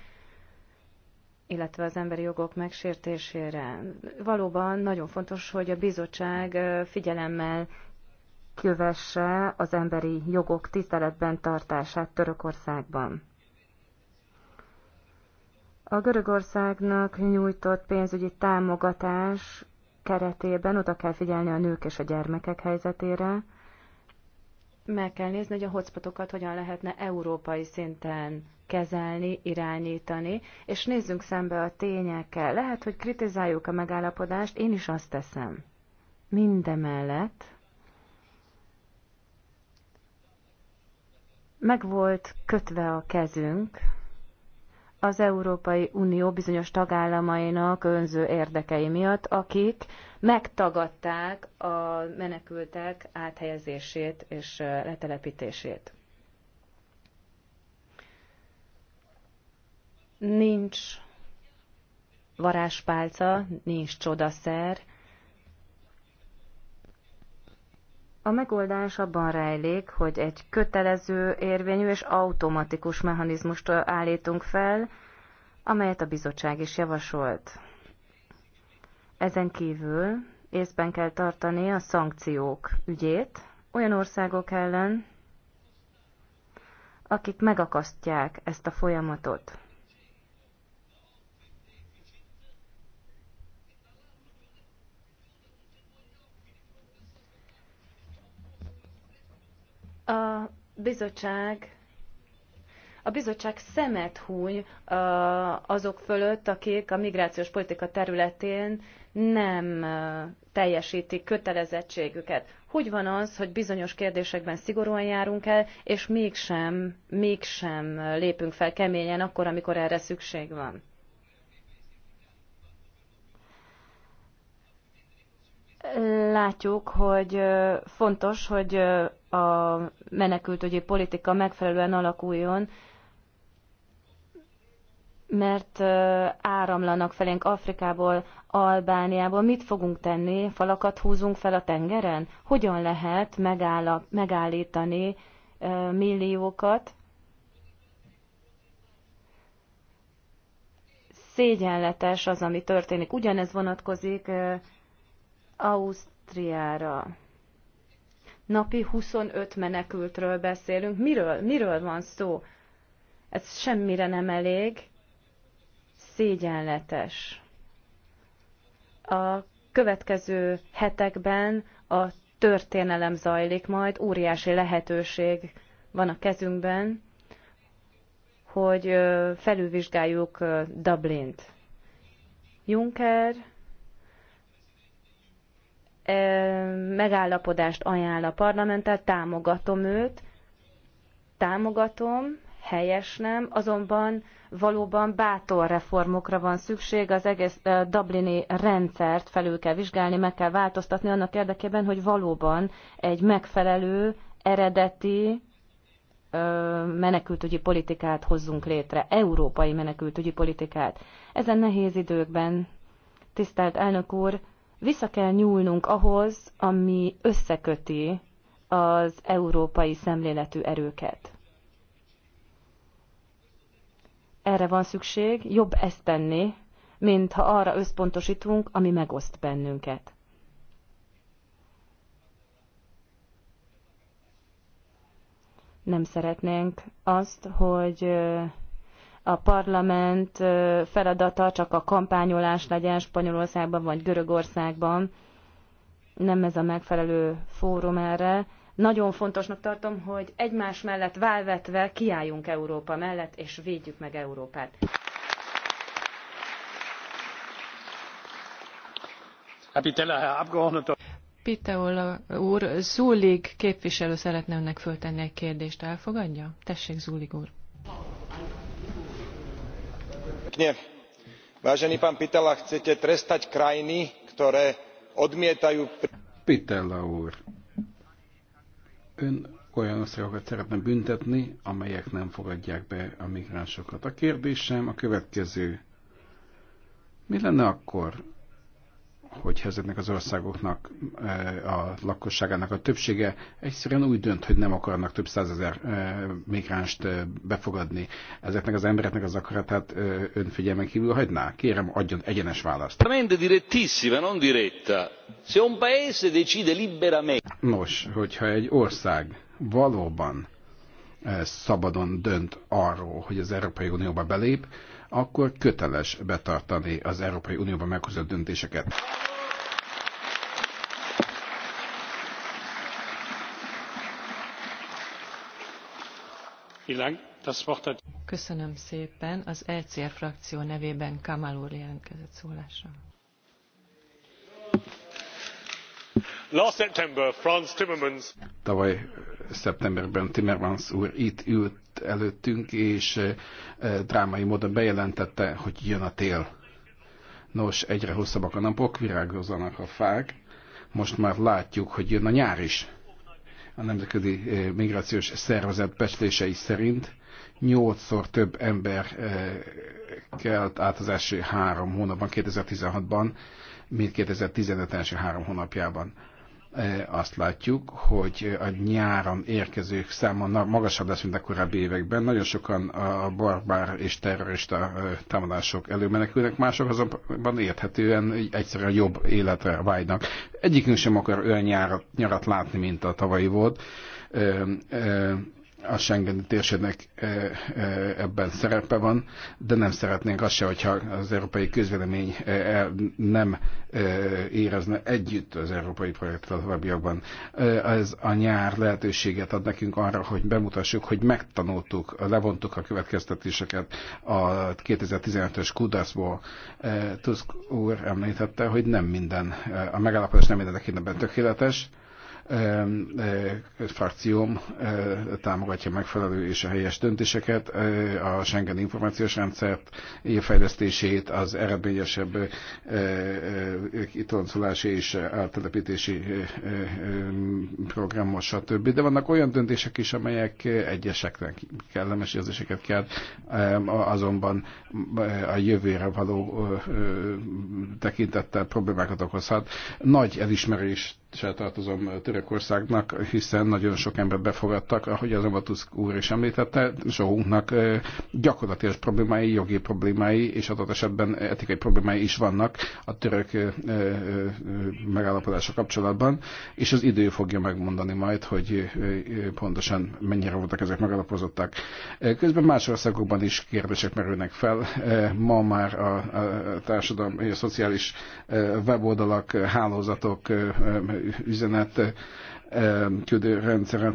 illetve az emberi jogok megsértésére. Valóban nagyon fontos, hogy a bizottság figyelemmel kövesse az emberi jogok tiszteletben tartását Törökországban. A Görögországnak nyújtott pénzügyi támogatás keretében oda kell figyelni a nők és a gyermekek helyzetére. Meg kell nézni, hogy a hotspotokat hogyan lehetne európai szinten kezelni, irányítani, és nézzünk szembe a tényekkel. Lehet, hogy kritizáljuk a megállapodást, én is azt teszem. Mindemellett meg volt kötve a kezünk, az Európai Unió bizonyos tagállamainak önző érdekei miatt, akik megtagadták a menekültek áthelyezését és letelepítését. Nincs varázspálca, nincs csodaszer, A megoldás abban rejlik, hogy egy kötelező érvényű és automatikus mechanizmust állítunk fel, amelyet a bizottság is javasolt. Ezen kívül észben kell tartani a szankciók ügyét olyan országok ellen, akik megakasztják ezt a folyamatot. A bizottság a bizottság szemet húny azok fölött, akik a migrációs politika területén nem teljesítik kötelezettségüket. Hogy van az, hogy bizonyos kérdésekben szigorúan járunk el, és mégsem, mégsem lépünk fel keményen akkor, amikor erre szükség van? Látjuk, hogy fontos, hogy a menekültügyi politika megfelelően alakuljon, mert áramlanak felénk Afrikából, Albániából. Mit fogunk tenni? Falakat húzunk fel a tengeren? Hogyan lehet megáll- megállítani milliókat? Szégyenletes az, ami történik. Ugyanez vonatkozik Ausztriára. Napi 25 menekültről beszélünk. Miről, miről van szó? Ez semmire nem elég. Szégyenletes. A következő hetekben a történelem zajlik majd, óriási lehetőség van a kezünkben, hogy felülvizsgáljuk Dublint. Juncker megállapodást ajánl a tehát támogatom őt, támogatom, helyes nem, azonban valóban bátor reformokra van szükség, az egész Dublini rendszert felül kell vizsgálni, meg kell változtatni annak érdekében, hogy valóban egy megfelelő, eredeti menekültügyi politikát hozzunk létre, európai menekültügyi politikát. Ezen nehéz időkben, tisztelt elnök úr, vissza kell nyúlnunk ahhoz, ami összeköti az európai szemléletű erőket. Erre van szükség, jobb ezt tenni, mint ha arra összpontosítunk, ami megoszt bennünket. Nem szeretnénk azt, hogy a parlament feladata csak a kampányolás legyen Spanyolországban vagy Görögországban. Nem ez a megfelelő fórum erre. Nagyon fontosnak tartom, hogy egymás mellett válvetve kiálljunk Európa mellett, és védjük meg Európát. Piteola úr, Zúlig képviselő szeretne önnek föltenni egy kérdést. Elfogadja? Tessék, Zúlig úr vážený pán pittela chcete trestať krajiny ktoré odmietajú. úr ön olyan országokat szeretne büntetni amelyek nem fogadják be a migránsokat. a kérdésem a következő mi lenne akkor hogy ezeknek az országoknak, eh, a lakosságának a többsége egyszerűen úgy dönt, hogy nem akarnak több százezer eh, migránst eh, befogadni. Ezeknek az embereknek az akaratát figyelmen kívül hagyná? Kérem, adjon egyenes választ. non diretta. Se un paese decide liberamente. Nos, hogyha egy ország valóban szabadon dönt arról, hogy az Európai Unióba belép, akkor köteles betartani az Európai Unióban meghozott döntéseket. Köszönöm szépen. Az ECR frakció nevében Kamal úr jelentkezett szólásra. Tavaly szeptemberben Timmermans úr itt ült előttünk, és eh, drámai módon bejelentette, hogy jön a tél. Nos, egyre hosszabbak a napok, virágozzanak a fák. Most már látjuk, hogy jön a nyár is. A Nemzetközi eh, Migrációs Szervezet becslései szerint nyolcszor több ember eh, kelt át az első három hónapban, 2016-ban, mint 2015 első három hónapjában. E, azt látjuk, hogy a nyáron érkezők száma magasabb lesz, mint a korábbi években. Nagyon sokan a barbár és terrorista e, támadások előmenekülnek, mások azonban érthetően egyszerűen jobb életre vágynak. Egyikünk sem akar olyan nyarat, látni, mint a tavalyi volt e, a Schengen térségnek e, e, ebben szerepe van, de nem szeretnénk azt se, hogyha az európai közvélemény e, nem érezne együtt az európai projektet a továbbiakban. Ez a nyár lehetőséget ad nekünk arra, hogy bemutassuk, hogy megtanultuk, levontuk a következtetéseket a 2015-ös kudaszból. Tusk úr említette, hogy nem minden, a megállapodás nem minden tökéletes, frakcióm támogatja megfelelő és a helyes döntéseket, a Schengen információs rendszert fejlesztését, az eredményesebb kitoncolási és áttelepítési programot, stb. De vannak olyan döntések is, amelyek egyeseknek kellemes érzéseket kell, azonban a jövőre való tekintettel problémákat okozhat. Nagy elismerést tartozom Törökországnak, hiszen nagyon sok embert befogadtak, ahogy az Amatusk úr is említette, sokunknak gyakorlatilag problémái, jogi problémái és adott esetben etikai problémái is vannak a török megállapodása kapcsolatban, és az idő fogja megmondani majd, hogy pontosan mennyire voltak ezek megalapozottak. Közben más országokban is kérdések merülnek fel. Ma már a társadalmi, a szociális weboldalak, hálózatok, üzenet küldő rendszeren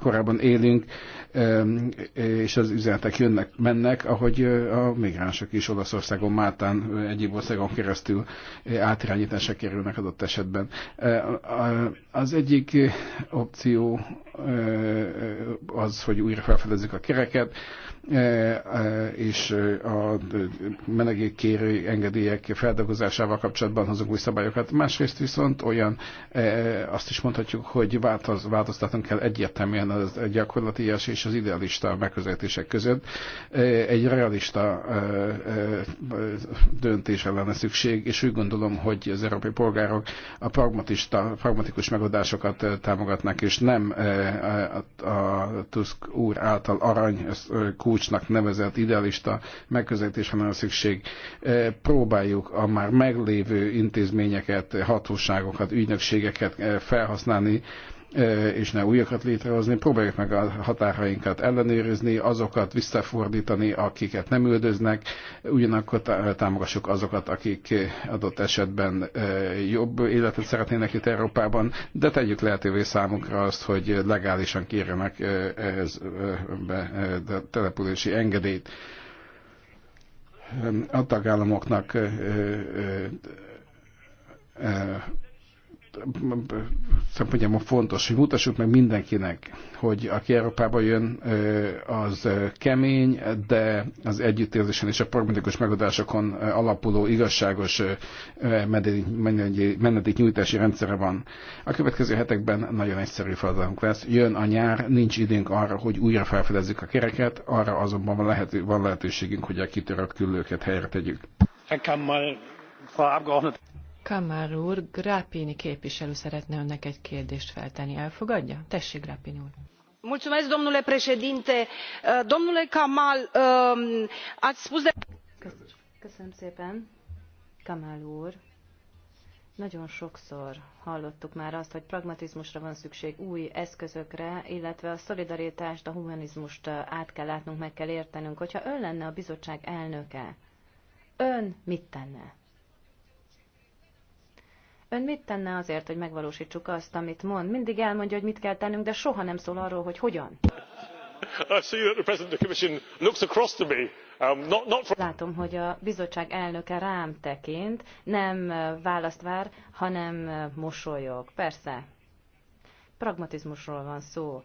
korábban élünk, és az üzenetek jönnek, mennek, ahogy a migránsok is Olaszországon, Máltán, egyéb országon keresztül átirányításra kerülnek adott esetben. Az egyik opció az, hogy újra felfedezzük a kereket, E, e, és e, a menedékkérő engedélyek feldolgozásával kapcsolatban hozunk új szabályokat. Másrészt viszont olyan, azt is mondhatjuk, hogy változ, változtatnunk kell egyértelműen az gyakorlatias és az idealista megközelítések között. Egy realista döntésre lenne szükség, és úgy gondolom, hogy az európai polgárok a pragmatista, pragmatikus megoldásokat támogatnak, és nem a, a Tusk úr által arany kú kulcsnak nevezett idealista megközelítésre van szükség. E, próbáljuk a már meglévő intézményeket, hatóságokat, ügynökségeket e, felhasználni és ne újakat létrehozni, próbáljuk meg a határainkat ellenőrizni, azokat visszafordítani, akiket nem üldöznek, ugyanakkor támogassuk azokat, akik adott esetben jobb életet szeretnének itt Európában, de tegyük lehetővé számukra azt, hogy legálisan kérjenek ehhez települési engedélyt. A tagállamoknak szempontjából fontos, hogy mutassuk meg mindenkinek, hogy aki Európába jön, az kemény, de az együttérzésen és a pragmatikus megoldásokon alapuló igazságos nyújtási rendszere van. A következő hetekben nagyon egyszerű feladatunk lesz. Jön a nyár, nincs időnk arra, hogy újra felfedezzük a kereket, arra azonban van, lehető, van lehetőségünk, hogy a kitörött küllőket helyre tegyük. Kamár úr, Grápini képviselő szeretne önnek egy kérdést feltenni. Elfogadja? Tessék, Grápini úr. Mulțumesc, domnule președinte. Uh, domnule Kamal, um, ați spus de... Köszönöm szépen, Kamal úr. Nagyon sokszor hallottuk már azt, hogy pragmatizmusra van szükség új eszközökre, illetve a szolidaritást, a humanizmust uh, át kell látnunk, meg kell értenünk. Hogyha ön lenne a bizottság elnöke, ön mit tenne? Ön mit tenne azért, hogy megvalósítsuk azt, amit mond? Mindig elmondja, hogy mit kell tennünk, de soha nem szól arról, hogy hogyan. Um, Látom, hogy a bizottság elnöke rám tekint, nem uh, választ vár, hanem uh, mosolyog. Persze, pragmatizmusról van szó.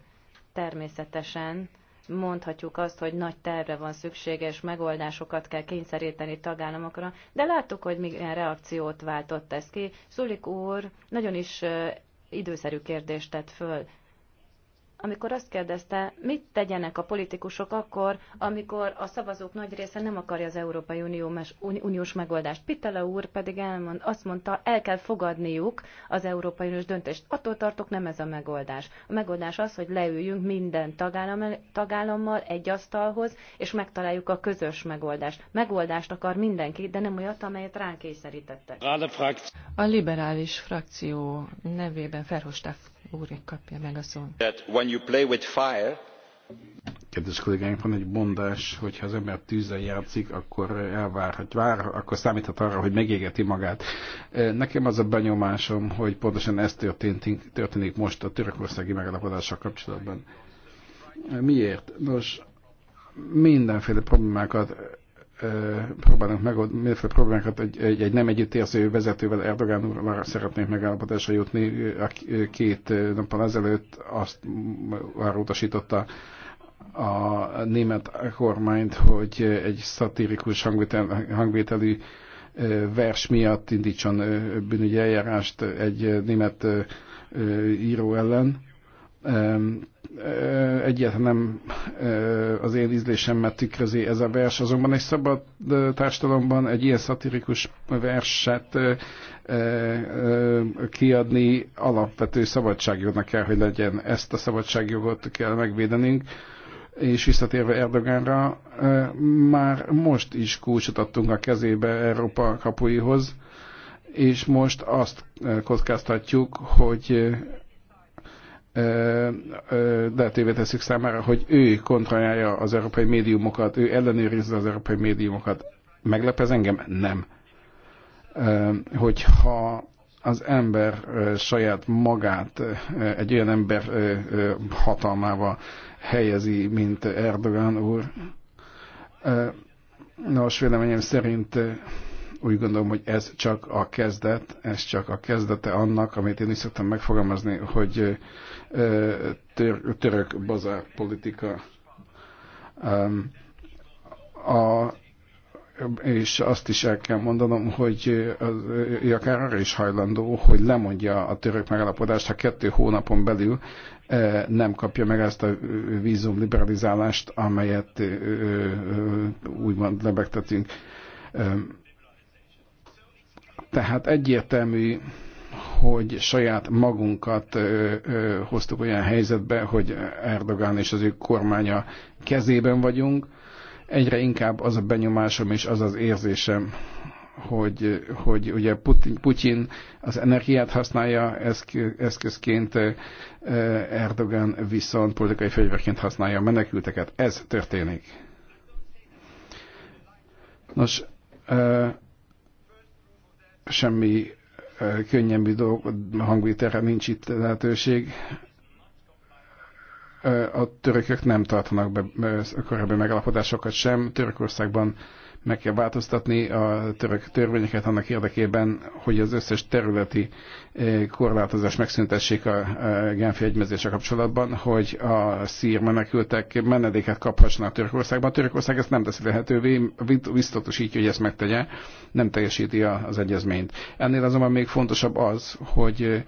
Természetesen mondhatjuk azt, hogy nagy tervre van szükséges, megoldásokat kell kényszeríteni tagállamokra, de láttuk, hogy milyen reakciót váltott ez ki. Szulik úr nagyon is időszerű kérdést tett föl amikor azt kérdezte, mit tegyenek a politikusok akkor, amikor a szavazók nagy része nem akarja az Európai Unió mes, Uniós megoldást. Pitele úr pedig elmond, azt mondta, el kell fogadniuk az Európai Uniós döntést. Attól tartok, nem ez a megoldás. A megoldás az, hogy leüljünk minden tagállam, tagállammal egy asztalhoz, és megtaláljuk a közös megoldást. Megoldást akar mindenki, de nem olyat, amelyet ránk kényszerítettek. A liberális frakció nevében Ferhostáv Kedves kollégáim, van egy mondás, hogy ha az ember tűzzel játszik, akkor elvár, hogy vár, akkor számíthat arra, hogy megégeti magát. E, nekem az a benyomásom, hogy pontosan ez történik, történik most a törökországi megállapodással kapcsolatban. E, miért? Nos, mindenféle problémákat próbálnak meg, mindenféle problémákat, egy, egy, egy nem együttérző vezetővel, Erdogán úrral szeretnék megállapodásra jutni. Két nappal ezelőtt azt arra utasította a német kormányt, hogy egy szatirikus hangvétel, hangvételű vers miatt indítson bűnügyi eljárást egy német író ellen egyáltalán nem az én ízlésemmel tükrözi ez a vers, azonban egy szabad társadalomban egy ilyen szatirikus verset kiadni alapvető szabadságjognak kell, hogy legyen. Ezt a szabadságjogot kell megvédenünk, és visszatérve Erdogánra, már most is kulcsot adtunk a kezébe Európa kapuihoz, és most azt kockáztatjuk, hogy lehetővé tesszük számára, hogy ő kontrollálja az európai médiumokat, ő ellenőrizze az európai médiumokat. Meglep engem? Nem. Hogyha az ember saját magát egy olyan ember hatalmával helyezi, mint Erdogan úr, nos, véleményem szerint úgy gondolom, hogy ez csak a kezdet, ez csak a kezdete annak, amit én is szoktam megfogalmazni, hogy török bazár politika a, és azt is el kell mondanom, hogy az, akár arra is hajlandó, hogy lemondja a török megállapodást, ha kettő hónapon belül nem kapja meg ezt a vízum liberalizálást, amelyet úgymond lebegtetünk. Tehát egyértelmű, hogy saját magunkat ö, ö, hoztuk olyan helyzetbe, hogy Erdogán és az ő kormánya kezében vagyunk. Egyre inkább az a benyomásom és az az érzésem, hogy, hogy ugye Putin, Putin az energiát használja eszközként, Erdogan viszont politikai fegyverként használja a menekülteket. Ez történik. Nos, semmi könnyebb hangvételre nincs itt lehetőség. A törökök nem tartanak be korábbi megalapodásokat sem. Törökországban meg kell változtatni a török törvényeket annak érdekében, hogy az összes területi eh, korlátozás megszüntessék a Genfi egymezése kapcsolatban, hogy a szír menekültek menedéket kaphassanak Törökországban. Törökország ezt nem teszi lehetővé, biztosítja, hogy ezt megtegye, nem teljesíti az egyezményt. Ennél azonban még fontosabb az, hogy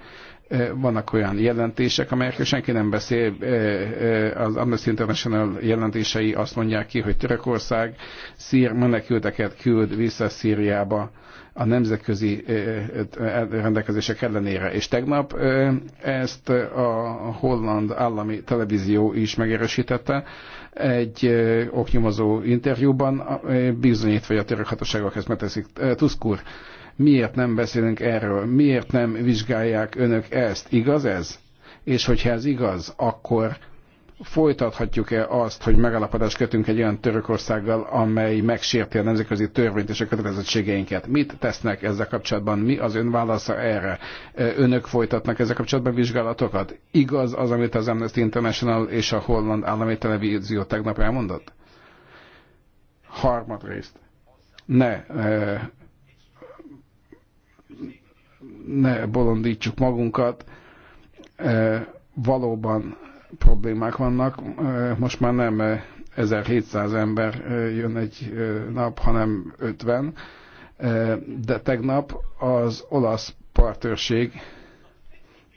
Eh, vannak olyan jelentések, amelyekről senki nem beszél. Eh, eh, az Amnesty International jelentései azt mondják ki, hogy Törökország szír menekülteket küld vissza Szíriába a nemzetközi rendelkezések ellenére. És tegnap ezt a holland állami televízió is megerősítette egy oknyomozó interjúban, bizonyítva, hogy a török hatóságok ezt megteszik. Tusk Miért nem beszélünk erről? Miért nem vizsgálják önök ezt? Igaz ez? És hogyha ez igaz, akkor folytathatjuk-e azt, hogy megalapodást kötünk egy olyan Törökországgal, amely megsérti a nemzetközi törvényt és a kötelezettségeinket? Mit tesznek ezzel kapcsolatban? Mi az ön válasza erre? Önök folytatnak ezzel kapcsolatban vizsgálatokat? Igaz az, amit az Amnesty International és a holland állami televízió tegnap elmondott? Harmadrészt. Ne ne bolondítsuk magunkat, e, valóban problémák vannak. E, most már nem 1700 e, ember jön egy nap, hanem 50. De tegnap az olasz partőrség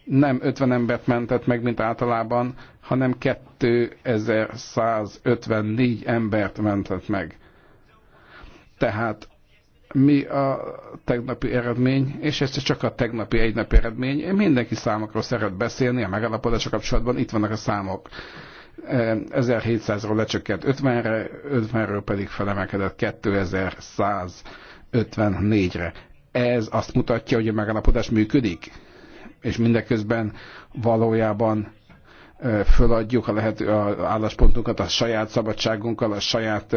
nem 50 embert mentett meg, mint általában, hanem 2154 embert mentett meg. Tehát mi a tegnapi eredmény, és ez csak a tegnapi egynapi eredmény. Mindenki számokról szeret beszélni, a megállapodása kapcsolatban itt vannak a számok. 1700-ról e, lecsökkent 50-re, 50-ről pedig felemelkedett 2154-re. Ez azt mutatja, hogy a megállapodás működik, és mindeközben valójában föladjuk a lehető a álláspontunkat a saját szabadságunkkal, a saját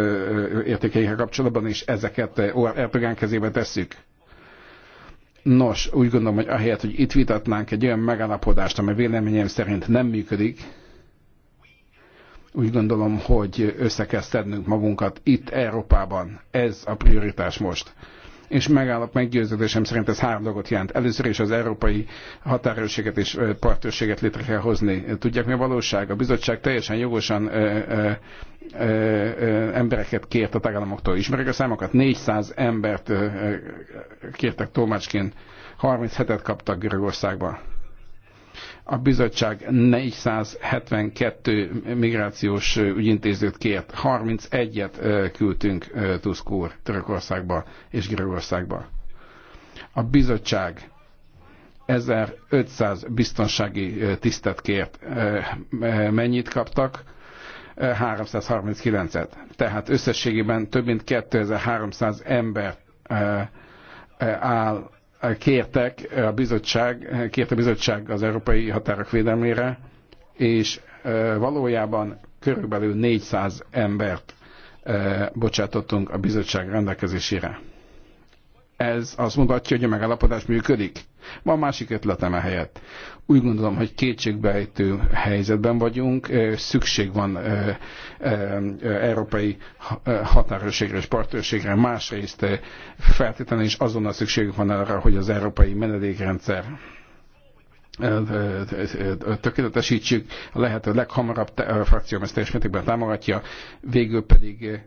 értékeinkkel kapcsolatban, és ezeket Erdogán kezébe tesszük. Nos, úgy gondolom, hogy ahelyett, hogy itt vitatnánk egy olyan megállapodást, amely véleményem szerint nem működik, úgy gondolom, hogy össze kell szednünk magunkat itt Európában. Ez a prioritás most és megállap meggyőződésem szerint ez három dolgot jelent. Először is az európai határőrséget és partőrséget létre kell hozni. Tudják mi a valóság? A bizottság teljesen jogosan ö, ö, ö, embereket kért a tagállamoktól. Ismerik a számokat? 400 embert ö, ö, kértek tolmácsként, 37-et kaptak Görögországban. A bizottság 472 migrációs ügyintézőt kért, 31-et küldtünk Tusk úr Törökországba és Görögországba. A bizottság 1500 biztonsági tisztet kért. Mennyit kaptak? 339-et. Tehát összességében több mint 2300 ember áll kértek a bizottság, kérte a bizottság az európai határok védelmére, és valójában körülbelül 400 embert bocsátottunk a bizottság rendelkezésére. Ez azt mutatja, hogy a megállapodás működik. Van másik ötletem helyett. Úgy gondolom, hogy kétségbejtő helyzetben vagyunk, szükség van európai határőrségre és partőrségre, másrészt feltétlenül is azonnal szükségünk van arra, hogy az európai menedékrendszer tökéletesítsük, a leghamarabb a frakcióm ezt teljes mértékben támogatja, végül pedig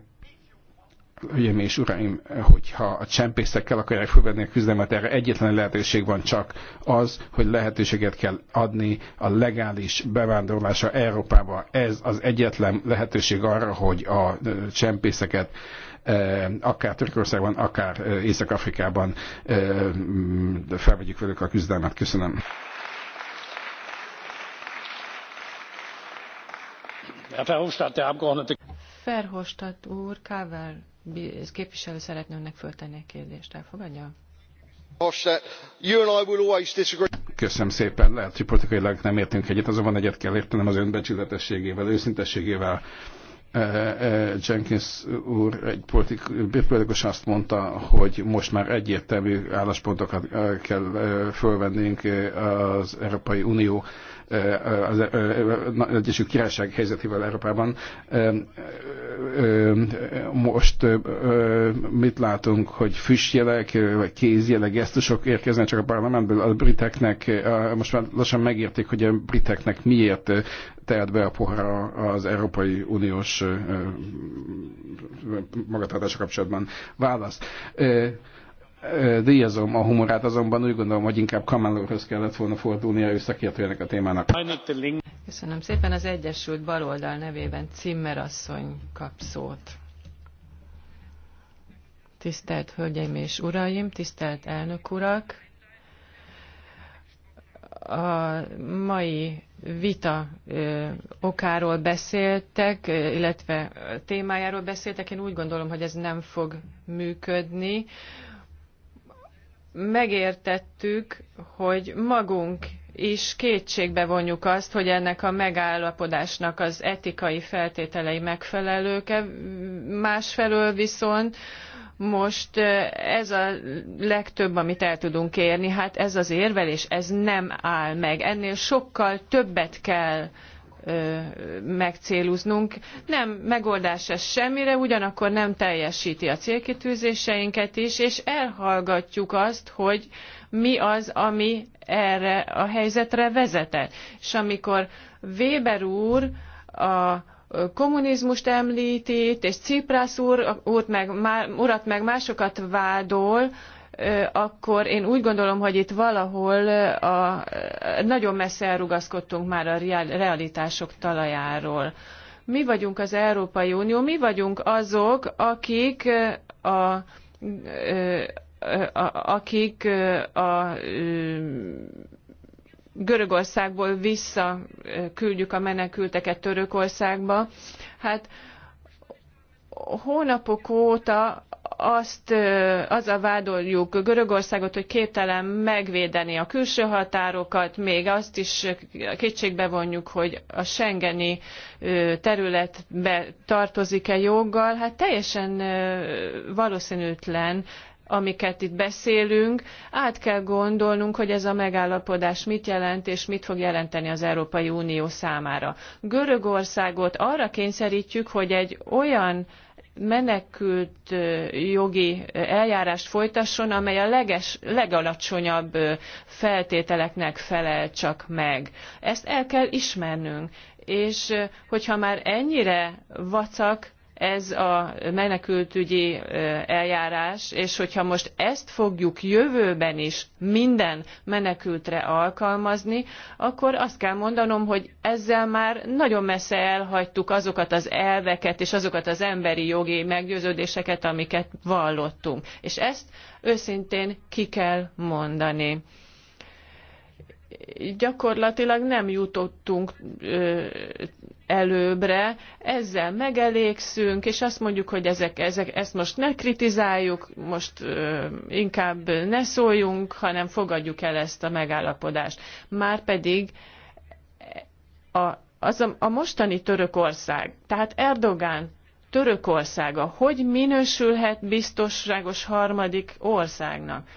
Hölgyeim és uraim, hogyha a csempészekkel akarják fölvenni a küzdelmet, erre egyetlen lehetőség van csak az, hogy lehetőséget kell adni a legális bevándorlása Európába. Ez az egyetlen lehetőség arra, hogy a csempészeket akár Törökországban, akár Észak-Afrikában felvegyük velük a küzdelmet. Köszönöm. Herr Verhofstadt, der Abgeordnete Ferhostat úr, Kávár képviselő szeretne önnek föltenni a kérdést. Elfogadja? Köszönöm szépen. Lehet, hogy politikailag nem értünk egyet, azonban egyet kell értenem az önbecsületességével, őszintességével. Eh, eh, Jenkins úr egy politikus azt mondta, hogy most már egyértelmű álláspontokat eh, kell fölvennünk az Európai Unió az Egyesült Királyság helyzetével Európában. Most mit látunk, hogy füstjelek, vagy kézjelek, gesztusok érkeznek csak a parlamentből a briteknek. Most már lassan megérték, hogy a briteknek miért tehet be a pohara az Európai Uniós magatartása kapcsolatban? Válasz. Díjazom a humorát, azonban úgy gondolom, hogy inkább Kamelóhoz kellett volna fordulnia ő szakértőjének a témának. Köszönöm szépen. Az Egyesült Baloldal nevében Cimmerasszony kap szót. Tisztelt Hölgyeim és Uraim, tisztelt Elnök Urak! A mai vita okáról beszéltek, illetve témájáról beszéltek. Én úgy gondolom, hogy ez nem fog működni. Megértettük, hogy magunk is kétségbe vonjuk azt, hogy ennek a megállapodásnak az etikai feltételei megfelelők-e. Másfelől viszont most ez a legtöbb, amit el tudunk érni. Hát ez az érvelés, ez nem áll meg. Ennél sokkal többet kell megcéloznunk. Nem megoldás ez semmire, ugyanakkor nem teljesíti a célkitűzéseinket is, és elhallgatjuk azt, hogy mi az, ami erre a helyzetre vezetett. És amikor Weber úr a kommunizmust említ itt, és Ciprás úr, úrt meg, urat meg másokat vádol, akkor én úgy gondolom, hogy itt valahol a, nagyon messze elrugaszkodtunk már a realitások talajáról. Mi vagyunk az Európai Unió, mi vagyunk azok, akik a, a, a akik a, a Görögországból visszaküldjük a menekülteket Törökországba. Hát hónapok óta azt, azzal vádoljuk Görögországot, hogy képtelen megvédeni a külső határokat, még azt is kétségbe vonjuk, hogy a Schengeni területbe tartozik-e joggal. Hát teljesen valószínűtlen amiket itt beszélünk, át kell gondolnunk, hogy ez a megállapodás mit jelent és mit fog jelenteni az Európai Unió számára. Görögországot arra kényszerítjük, hogy egy olyan menekült jogi eljárást folytasson, amely a leges, legalacsonyabb feltételeknek felel csak meg. Ezt el kell ismernünk. És hogyha már ennyire vacak, ez a menekültügyi eljárás, és hogyha most ezt fogjuk jövőben is minden menekültre alkalmazni, akkor azt kell mondanom, hogy ezzel már nagyon messze elhagytuk azokat az elveket és azokat az emberi jogi meggyőződéseket, amiket vallottunk. És ezt őszintén ki kell mondani gyakorlatilag nem jutottunk előbbre, ezzel megelégszünk, és azt mondjuk, hogy ezek, ezek, ezt most ne kritizáljuk, most ö, inkább ne szóljunk, hanem fogadjuk el ezt a megállapodást. Márpedig a, az a, a mostani Törökország, tehát Erdogán Törökországa, hogy minősülhet biztonságos harmadik országnak?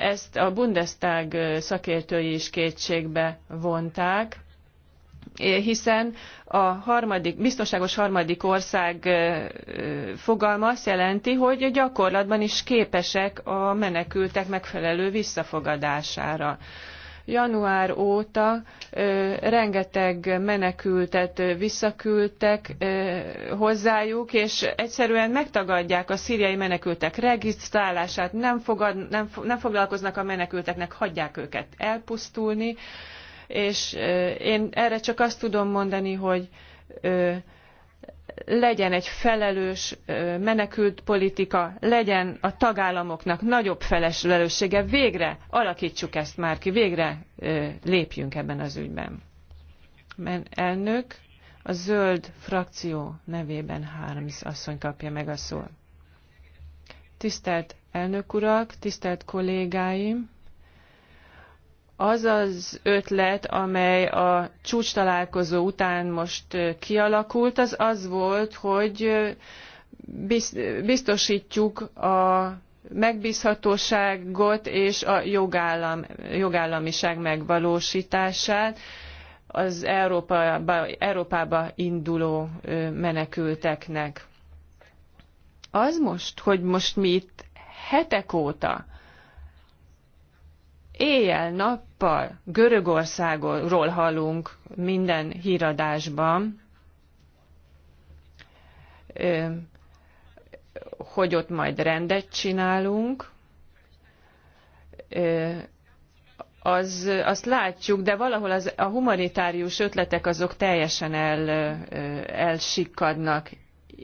Ezt a Bundestag szakértői is kétségbe vonták hiszen a harmadik, biztonságos harmadik ország fogalma azt jelenti, hogy gyakorlatban is képesek a menekültek megfelelő visszafogadására január óta ö, rengeteg menekültet visszaküldtek ö, hozzájuk, és egyszerűen megtagadják a szíriai menekültek regisztrálását, nem, fogad, nem, nem foglalkoznak a menekülteknek, hagyják őket elpusztulni. Ö, és én erre csak azt tudom mondani, hogy legyen egy felelős menekültpolitika, legyen a tagállamoknak nagyobb felelőssége, végre alakítsuk ezt már ki, végre lépjünk ebben az ügyben. Elnök, a zöld frakció nevében Harms asszony kapja meg a szót. Tisztelt elnök urak, tisztelt kollégáim! az az ötlet, amely a csúcs találkozó után most kialakult, az az volt, hogy biztosítjuk a megbízhatóságot és a jogállam, jogállamiság megvalósítását az Európába, Európába induló menekülteknek. Az most, hogy most mi itt hetek óta éjjel-nappal Görögországról hallunk minden híradásban, hogy ott majd rendet csinálunk, az, azt látjuk, de valahol az, a humanitárius ötletek azok teljesen el, elsikkadnak.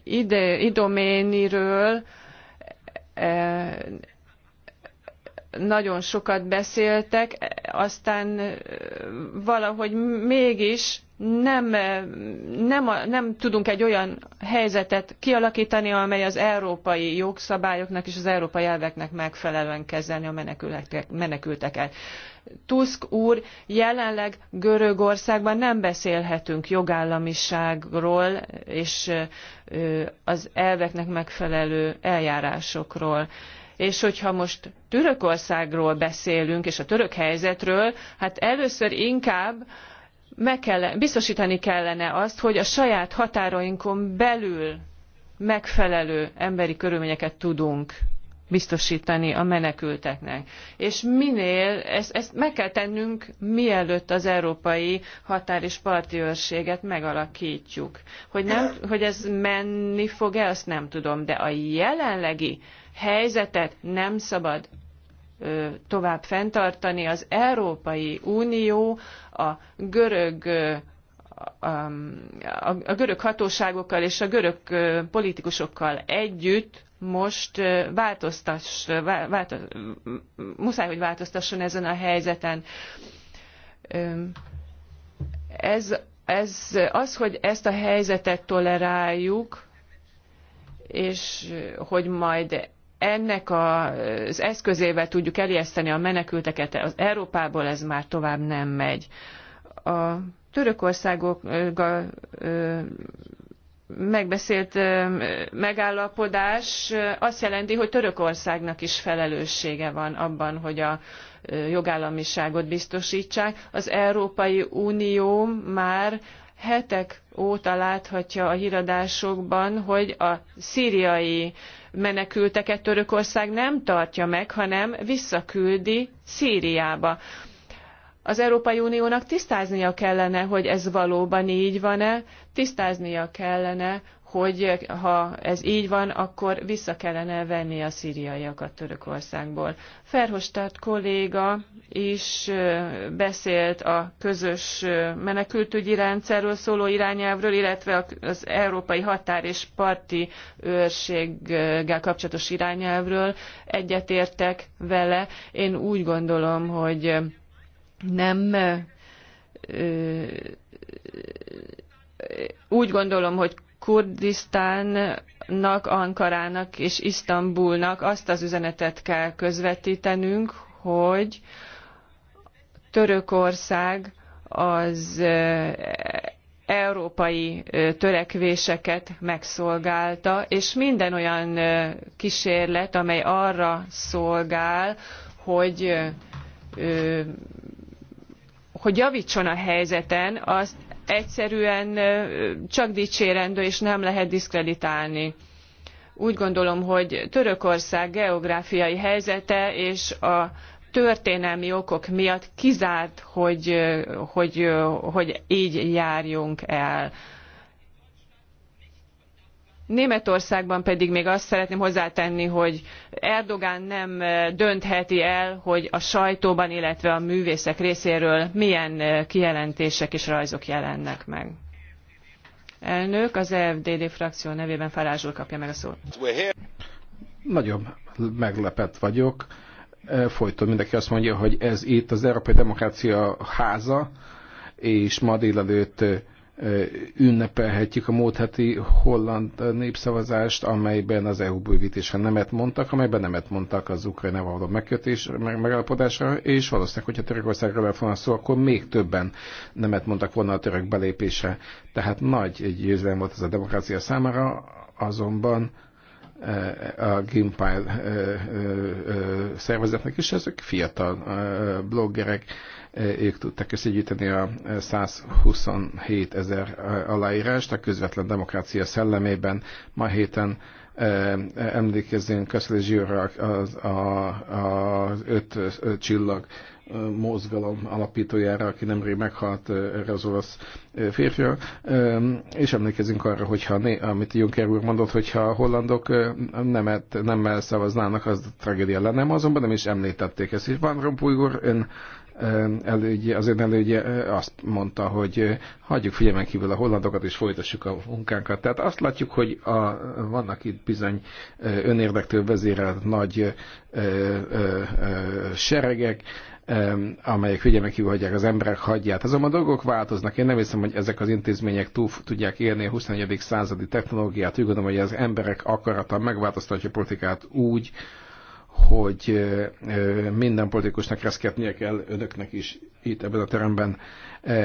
Ide, idoméniről nagyon sokat beszéltek, aztán valahogy mégis nem, nem, nem tudunk egy olyan helyzetet kialakítani, amely az európai jogszabályoknak és az európai elveknek megfelelően kezelni a menekülteket. Tusk úr, jelenleg Görögországban nem beszélhetünk jogállamiságról és az elveknek megfelelő eljárásokról. És hogyha most Törökországról beszélünk, és a török helyzetről, hát először inkább meg kell, biztosítani kellene azt, hogy a saját határainkon belül megfelelő emberi körülményeket tudunk biztosítani a menekülteknek. És minél, ezt, ezt meg kell tennünk, mielőtt az európai határ és parti őrséget megalakítjuk. Hogy, nem, hogy ez menni fog-e, azt nem tudom, de a jelenlegi helyzetet nem szabad tovább fenntartani. Az Európai Unió a görög a görög hatóságokkal és a görög politikusokkal együtt most változtass, változ, muszáj, hogy változtasson ezen a helyzeten. Ez, ez, az, hogy ezt a helyzetet toleráljuk, és hogy majd ennek az eszközével tudjuk elijeszteni a menekülteket az Európából, ez már tovább nem megy. A törökországok megbeszélt megállapodás azt jelenti, hogy Törökországnak is felelőssége van abban, hogy a jogállamiságot biztosítsák. Az Európai Unió már hetek óta láthatja a híradásokban, hogy a szíriai menekülteket Törökország nem tartja meg, hanem visszaküldi Szíriába. Az Európai Uniónak tisztáznia kellene, hogy ez valóban így van-e, tisztáznia kellene, hogy ha ez így van, akkor vissza kellene venni a szíriaiakat Törökországból. Ferhostát kolléga is beszélt a közös menekültügyi rendszerről szóló irányelvről, illetve az európai határ és parti őrséggel kapcsolatos irányelvről. Egyetértek vele. Én úgy gondolom, hogy nem úgy gondolom, hogy Kurdisztánnak, Ankarának és Isztambulnak azt az üzenetet kell közvetítenünk, hogy Törökország az európai törekvéseket megszolgálta, és minden olyan kísérlet, amely arra szolgál, hogy hogy javítson a helyzeten, azt egyszerűen csak dicsérendő, és nem lehet diszkreditálni úgy gondolom, hogy Törökország geográfiai helyzete és a történelmi okok miatt kizárt, hogy, hogy, hogy így járjunk el. Németországban pedig még azt szeretném hozzátenni, hogy Erdogan nem eh, döntheti el, hogy a sajtóban, illetve a művészek részéről milyen eh, kijelentések és rajzok jelennek meg. Elnök, az EFDD frakció nevében Farázsul kapja meg a szót. Nagyon meglepett vagyok. Eh, folyton mindenki azt mondja, hogy ez itt az Európai Demokrácia háza, és ma délelőtt ünnepelhetjük a múlt heti holland népszavazást, amelyben az EU bővítése nemet mondtak, amelyben nemet mondtak az ukrajna való megkötés, meg, megállapodásra, és valószínűleg, hogyha Törökországról lett volna szó, akkor még többen nemet mondtak volna a török belépése. Tehát nagy győzelem volt ez a demokrácia számára, azonban a Gimpile szervezetnek is, ezek fiatal bloggerek, E, ők tudtak összegyűjteni a 127 ezer e, aláírást a közvetlen demokrácia szellemében. Ma héten e, emlékezzünk Köszle Zsíra az, a, a öt csillag mozgalom alapítójára, aki nemrég meghalt erre az olasz férfi. és emlékezünk arra, hogyha, amit Juncker úr mondott, hogyha a hollandok nemet, nemmel szavaznának, az tragédia lenne, azonban nem is említették ezt. És Van Rompuy úr, ön elődje, az ön elődje azt mondta, hogy hagyjuk figyelmen kívül a hollandokat, és folytassuk a munkánkat. Tehát azt látjuk, hogy a, vannak itt bizony önérdektől vezérelt nagy ö, ö, ö, seregek, amelyek figyelmen kívül hagyják az emberek hagyját. Azonban a dolgok változnak. Én nem hiszem, hogy ezek az intézmények túl tudják élni a 21. századi technológiát. Úgy gondolom, hogy az emberek akarata megváltoztatja a politikát úgy, hogy minden politikusnak reszketnie kell önöknek is itt ebben a teremben.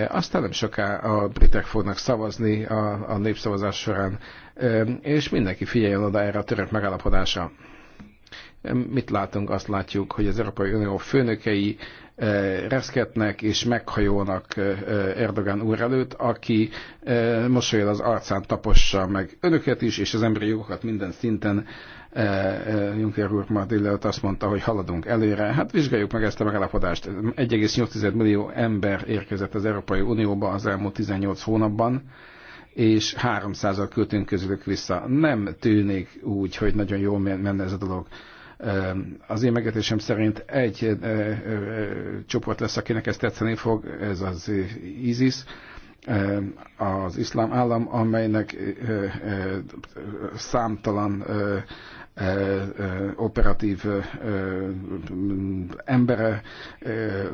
Aztán nem soká a britek fognak szavazni a, a népszavazás során, és mindenki figyeljen oda erre a török megállapodásra. Mit látunk? Azt látjuk, hogy az Európai Unió főnökei eh, reszketnek és meghajolnak eh, eh, Erdogan úr előtt, aki mosolyol az arcán, tapossa meg önöket is, és az emberi jogokat minden szinten Juncker úr ma azt mondta, hogy haladunk előre. Hát vizsgáljuk meg ezt a megállapodást. 1,8 millió ember érkezett az Európai Unióba az elmúlt 18 hónapban és 300-al költünk közülük vissza. Nem tűnik úgy, hogy nagyon jól menne ez a dolog. Az én megértésem szerint egy csoport lesz, akinek ezt tetszeni fog, ez az ISIS, az iszlám állam, amelynek számtalan operatív embere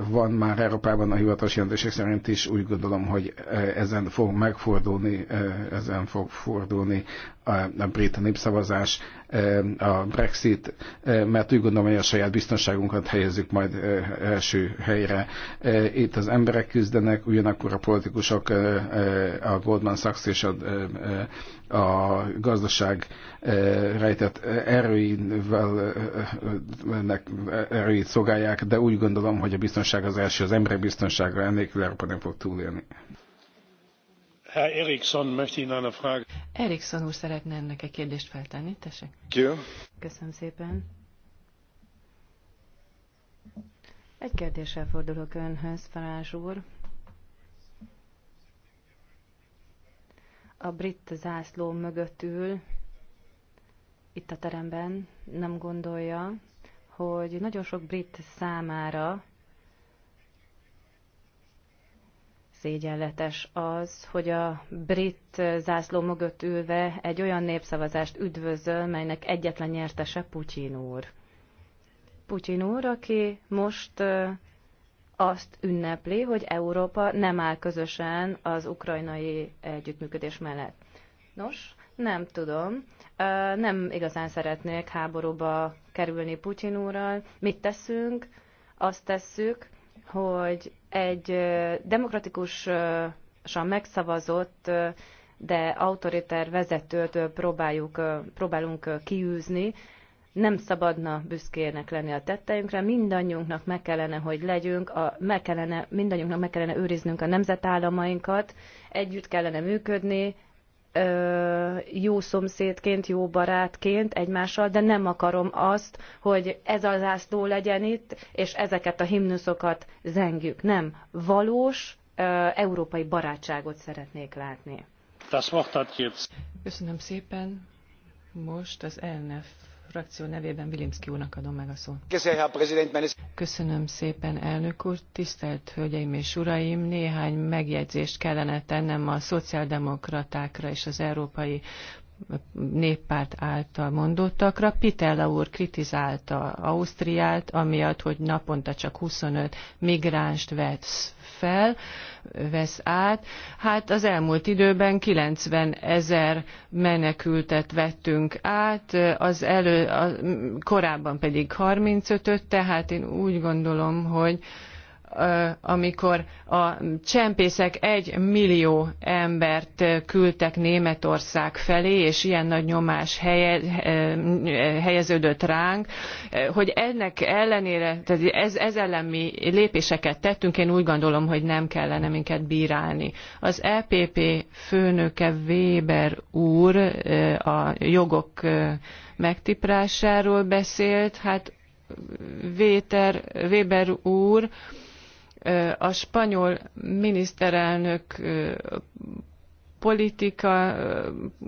van már Európában a hivatalos jelentések szerint is. Úgy gondolom, hogy ezen fog megfordulni, ezen fog fordulni a brit népszavazás, a Brexit, mert úgy gondolom, hogy a saját biztonságunkat helyezzük majd első helyre. Itt az emberek küzdenek, ugyanakkor a politikusok, a Goldman Sachs és a, a gazdaság rejtett erőivel erőit szolgálják, de úgy gondolom, hogy a biztonság az első, az emberek biztonsága, ennélkül Európa nem fog túlélni. Herr Eriksson möchte Ihnen eine Frage. Eriksson úr szeretne ennek egy kérdést feltenni, tessék. Köszönöm. szépen. Egy kérdéssel fordulok Önhöz, Farázs úr. A brit zászló mögött ül, itt a teremben, nem gondolja, hogy nagyon sok brit számára szégyenletes az, hogy a brit zászló mögött ülve egy olyan népszavazást üdvözöl, melynek egyetlen nyertese Putyin úr. Putyin úr, aki most azt ünnepli, hogy Európa nem áll közösen az ukrajnai együttműködés mellett. Nos, nem tudom. Nem igazán szeretnék háborúba kerülni Putyin úrral. Mit teszünk? Azt tesszük, hogy egy demokratikusan megszavazott, de autoriter vezetőt próbáljuk, próbálunk kiűzni, nem szabadna büszkének lenni a tetteinkre, mindannyiunknak meg kellene, hogy legyünk, a, meg kellene, mindannyiunknak meg kellene őriznünk a nemzetállamainkat, együtt kellene működni, jó szomszédként, jó barátként egymással, de nem akarom azt, hogy ez az ászló legyen itt, és ezeket a himnuszokat zengjük. Nem, valós európai barátságot szeretnék látni. Köszönöm szépen. Most az elnef frakció nevében Vilimszki úrnak adom meg a szót. Köszönöm szépen, elnök úr. Tisztelt Hölgyeim és Uraim, néhány megjegyzést kellene tennem a szociáldemokratákra és az Európai néppárt által mondottakra. Pitella úr kritizálta Ausztriát, amiatt, hogy naponta csak 25 migránst vesz fel, vesz át. Hát az elmúlt időben 90 ezer menekültet vettünk át, az elő, a, korábban pedig 35-öt, tehát én úgy gondolom, hogy amikor a csempészek egy millió embert küldtek Németország felé, és ilyen nagy nyomás helyeződött ránk, hogy ennek ellenére, tehát ez, ez ellen mi lépéseket tettünk, én úgy gondolom, hogy nem kellene minket bírálni. Az EPP főnöke Weber úr a jogok megtiprásáról beszélt, hát Véter, Weber úr, a spanyol miniszterelnök politika,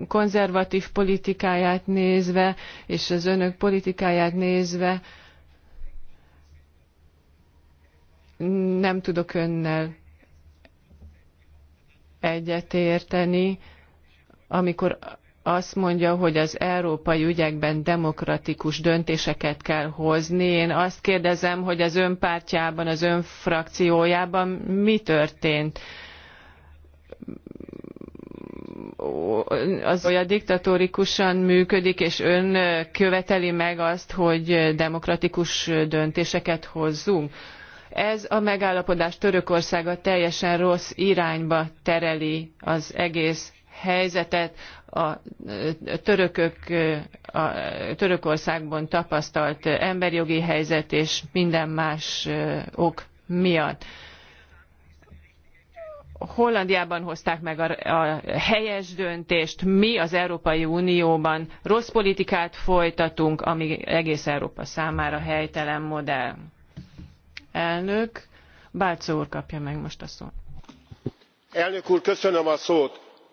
konzervatív politikáját nézve, és az önök politikáját nézve nem tudok önnel egyetérteni, amikor azt mondja, hogy az európai ügyekben demokratikus döntéseket kell hozni. Én azt kérdezem, hogy az ön pártjában, az ön frakciójában mi történt? az olyan diktatórikusan működik, és ön követeli meg azt, hogy demokratikus döntéseket hozzunk. Ez a megállapodás Törökországa teljesen rossz irányba tereli az egész helyzetet a törökök, a Törökországban tapasztalt emberjogi helyzet és minden más ok miatt. Hollandiában hozták meg a, a helyes döntést, mi az Európai Unióban rossz politikát folytatunk, ami egész Európa számára helytelen modell. Elnök, Bálcó úr kapja meg most a szót. Elnök úr, köszönöm a szót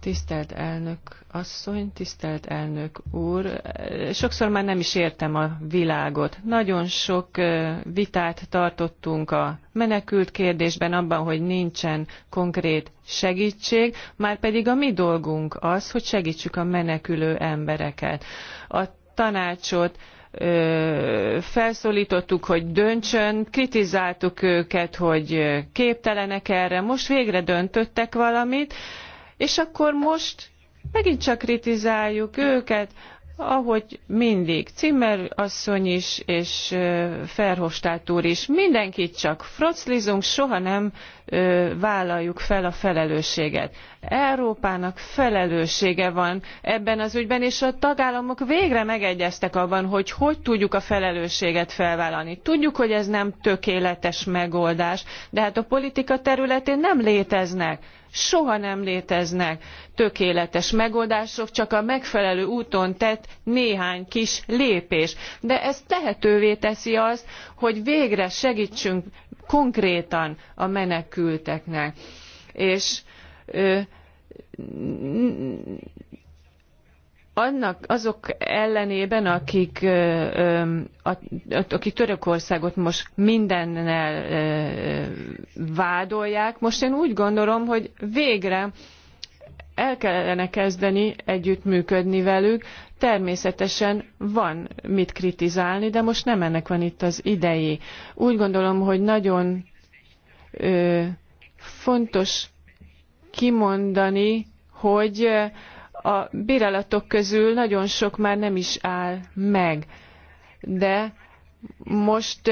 Tisztelt elnök asszony, tisztelt elnök úr, sokszor már nem is értem a világot. Nagyon sok vitát tartottunk a menekült kérdésben abban, hogy nincsen konkrét segítség, már pedig a mi dolgunk az, hogy segítsük a menekülő embereket. A tanácsot, felszólítottuk, hogy döntsön, kritizáltuk őket, hogy képtelenek erre. Most végre döntöttek valamit, és akkor most megint csak kritizáljuk őket, ahogy mindig, Cimmer asszony is, és Ferhostát úr is, mindenkit csak froclizunk, soha nem vállaljuk fel a felelősséget. Európának felelőssége van ebben az ügyben, és a tagállamok végre megegyeztek abban, hogy hogy tudjuk a felelősséget felvállalni. Tudjuk, hogy ez nem tökéletes megoldás, de hát a politika területén nem léteznek soha nem léteznek tökéletes megoldások, csak a megfelelő úton tett néhány kis lépés. De ez lehetővé teszi azt, hogy végre segítsünk konkrétan a menekülteknek. És annak azok ellenében, akik, akik Törökországot most mindennel vádolják, most én úgy gondolom, hogy végre el kellene kezdeni együttműködni velük. Természetesen van mit kritizálni, de most nem ennek van itt az idei. Úgy gondolom, hogy nagyon fontos kimondani, hogy a bírálatok közül nagyon sok már nem is áll meg. De most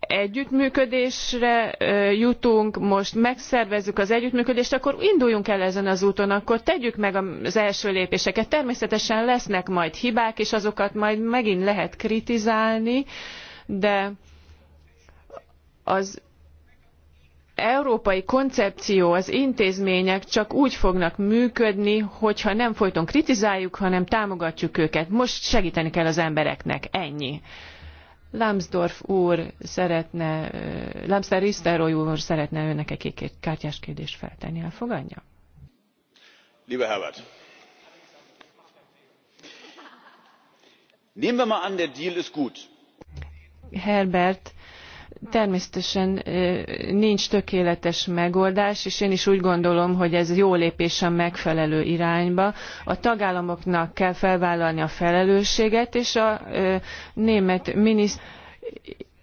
együttműködésre jutunk, most megszervezzük az együttműködést, akkor induljunk el ezen az úton, akkor tegyük meg az első lépéseket. Természetesen lesznek majd hibák, és azokat majd megint lehet kritizálni, de az európai koncepció, az intézmények csak úgy fognak működni, hogyha nem folyton kritizáljuk, hanem támogatjuk őket. Most segíteni kell az embereknek. Ennyi. Lambsdorff úr szeretne, Lambsdorff Risztároly úr szeretne önnek egy kártyás kérdést feltenni. Elfogadja? Lieber Herbert, nehmen wir mal an, der Deal ist gut. Herbert, Természetesen nincs tökéletes megoldás, és én is úgy gondolom, hogy ez jó lépés a megfelelő irányba. A tagállamoknak kell felvállalni a felelősséget, és a német miniszter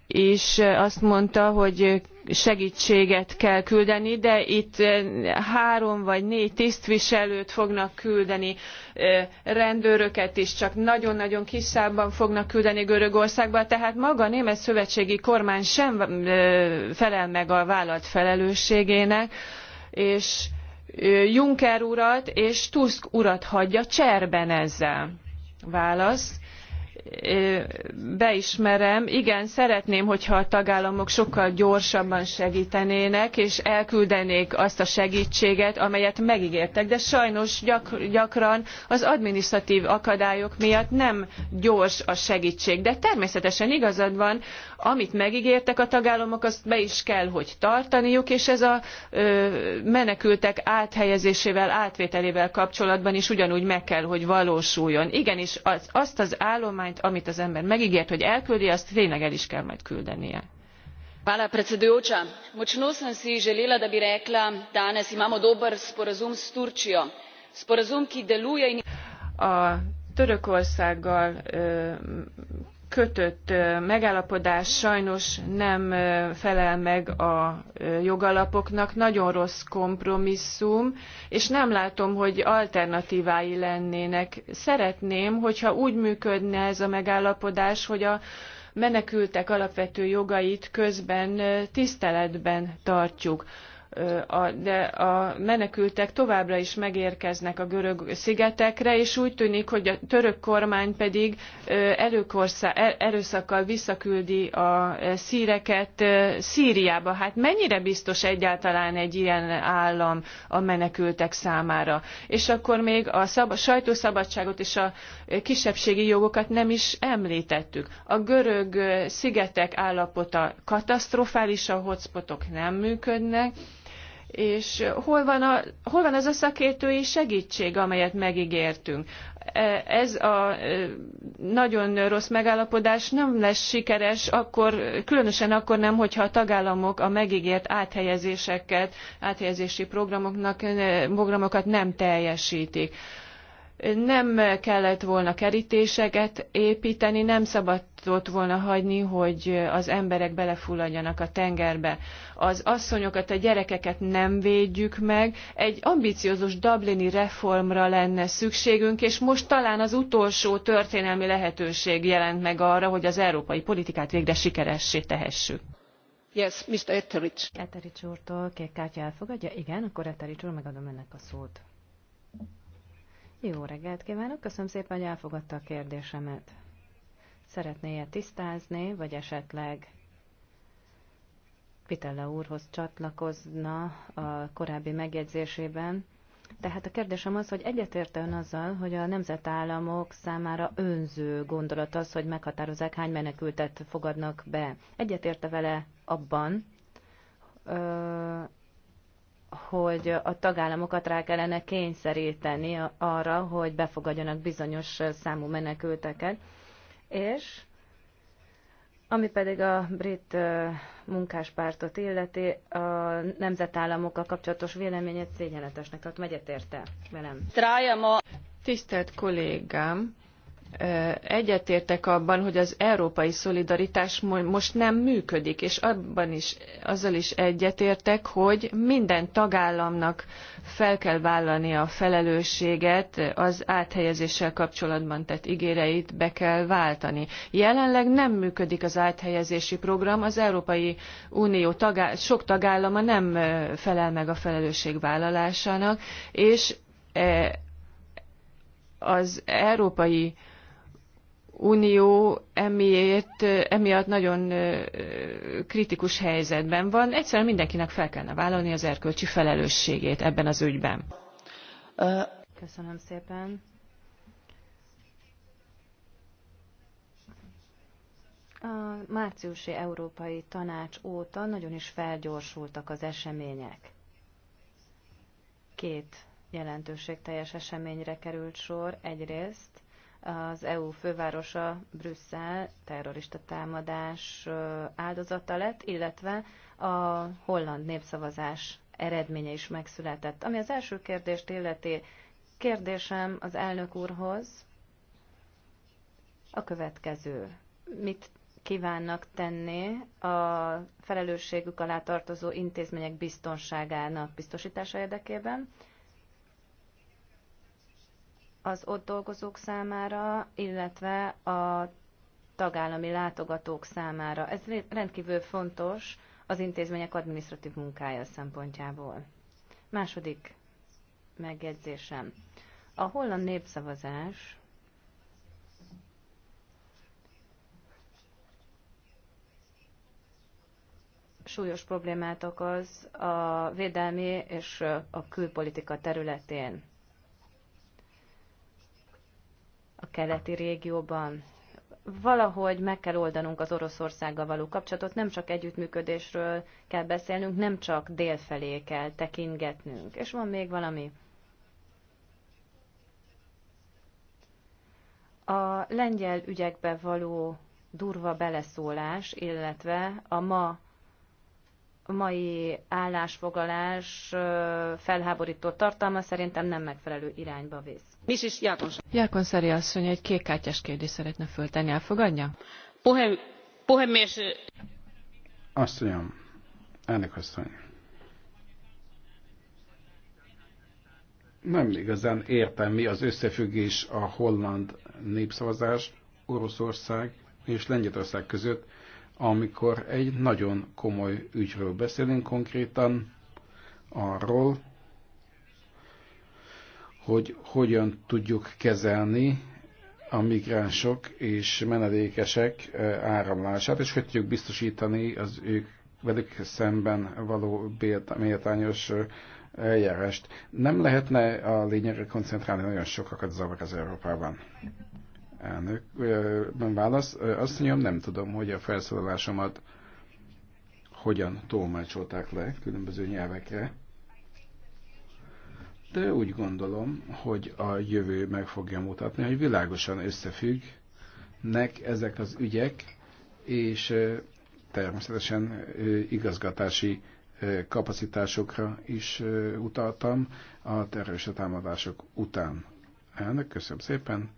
és azt mondta, hogy segítséget kell küldeni, de itt eh, három vagy négy tisztviselőt fognak küldeni, eh, rendőröket is csak nagyon-nagyon kis számban fognak küldeni Görögországba, tehát maga a német szövetségi kormány sem eh, felel meg a vállalt felelősségének, és Juncker urat és Tusk urat hagyja cserben ezzel. Válasz beismerem igen szeretném hogyha a tagállamok sokkal gyorsabban segtenének és elküldenék azt a segtséget amelyet meggértek de sajnos gyakran az adminisztratv akadályok miatt nem gyors a segtség de természetesen igazad van amit megígértek a tagállamok, azt be is kell, hogy tartaniuk, és ez a menekültek áthelyezésével, átvételével kapcsolatban is ugyanúgy meg kell, hogy valósuljon. Igenis, az, azt az állományt, amit az ember megígért, hogy elküldi, azt tényleg el is kell majd küldenie gospa predsedujoča močno sem si želela da bi rekla danes imamo dober sporazum s turčijo sporazum ki deluje in. a törökországgal kötött megállapodás sajnos nem felel meg a jogalapoknak, nagyon rossz kompromisszum, és nem látom, hogy alternatívái lennének. Szeretném, hogyha úgy működne ez a megállapodás, hogy a menekültek alapvető jogait közben tiszteletben tartjuk de a menekültek továbbra is megérkeznek a görög szigetekre, és úgy tűnik, hogy a török kormány pedig e, erőszakkal visszaküldi a e, szíreket Szíriába. Hát mennyire biztos egyáltalán egy ilyen állam a menekültek számára? És akkor még a szab- sajtószabadságot és a e, kisebbségi jogokat nem is említettük. A görög szigetek állapota katasztrofális, a hotspotok nem működnek, és hol van, a, hol van az a szakértői segítség, amelyet megígértünk? E, ez a e, nagyon rossz megállapodás nem lesz sikeres, akkor, különösen akkor nem, hogyha a tagállamok a megígért áthelyezéseket, áthelyezési programoknak, e, programokat nem teljesítik nem kellett volna kerítéseket építeni, nem szabadott volna hagyni, hogy az emberek belefulladjanak a tengerbe. Az asszonyokat, a gyerekeket nem védjük meg. Egy ambiciózus Dublini reformra lenne szükségünk, és most talán az utolsó történelmi lehetőség jelent meg arra, hogy az európai politikát végre sikeressé tehessük. Yes, Mr. Etheridge. Etheridge úrtól kék kártya elfogadja? Igen, akkor Etheridge úr, megadom ennek a szót. Jó reggelt kívánok, köszönöm szépen, hogy elfogadta a kérdésemet. Szeretné-e tisztázni, vagy esetleg Pitella úrhoz csatlakozna a korábbi megjegyzésében? Tehát a kérdésem az, hogy egyetérte ön azzal, hogy a nemzetállamok számára önző gondolat az, hogy meghatározzák, hány menekültet fogadnak be. Egyetérte vele abban, hogy a tagállamokat rá kellene kényszeríteni arra, hogy befogadjanak bizonyos számú menekülteket. És ami pedig a brit munkáspártot illeti, a nemzetállamokkal kapcsolatos véleményét szégyenletesnek tartom. Egyetérte velem. Tisztelt kollégám, egyetértek abban, hogy az európai szolidaritás most nem működik, és abban is, azzal is egyetértek, hogy minden tagállamnak fel kell vállalnia a felelősséget, az áthelyezéssel kapcsolatban tett ígéreit be kell váltani. Jelenleg nem működik az áthelyezési program, az Európai Unió tagá sok tagállama nem felel meg a felelősség vállalásának, és az európai Unió emiatt, emiatt nagyon kritikus helyzetben van. Egyszerűen mindenkinek fel kellene vállalni az erkölcsi felelősségét ebben az ügyben. Köszönöm szépen. A márciusi Európai Tanács óta nagyon is felgyorsultak az események. Két jelentőségteljes eseményre került sor. Egyrészt az EU fővárosa Brüsszel terrorista támadás áldozata lett, illetve a holland népszavazás eredménye is megszületett. Ami az első kérdést illeti, kérdésem az elnök úrhoz a következő. Mit kívánnak tenni a felelősségük alá tartozó intézmények biztonságának biztosítása érdekében? az ott dolgozók számára, illetve a tagállami látogatók számára. Ez rendkívül fontos az intézmények adminisztratív munkája szempontjából. Második megjegyzésem. A holland népszavazás súlyos problémát okoz a védelmi és a külpolitika területén. keleti régióban. Valahogy meg kell oldanunk az Oroszországgal való kapcsolatot, nem csak együttműködésről kell beszélnünk, nem csak délfelé kell tekingetnünk. És van még valami. A lengyel ügyekbe való durva beleszólás, illetve a ma mai állásfoglalás felháborító tartalma szerintem nem megfelelő irányba visz. Mrs. Jákonszári. Jákonszári asszony egy kékkártyás kérdést szeretne föltenni. Elfogadja? Pohem, puhemies. Asszonyom, elnök asszony. Nem igazán értem, mi az összefüggés a holland népszavazás, Oroszország és Lengyelország között, amikor egy nagyon komoly ügyről beszélünk konkrétan, arról, hogy hogyan tudjuk kezelni a migránsok és menedékesek áramlását, és hogy tudjuk biztosítani az ők velük szemben való méltányos eljárást. Nem lehetne a lényegre koncentrálni, nagyon sokakat zavar az Európában. Elnök, nem válasz. Azt mondjam, nem tudom, hogy a felszólalásomat hogyan tolmácsolták le különböző nyelvekre de úgy gondolom, hogy a jövő meg fogja mutatni, hogy világosan összefüggnek ezek az ügyek, és természetesen igazgatási kapacitásokra is utaltam a terrorista támadások után. Elnök, köszönöm szépen.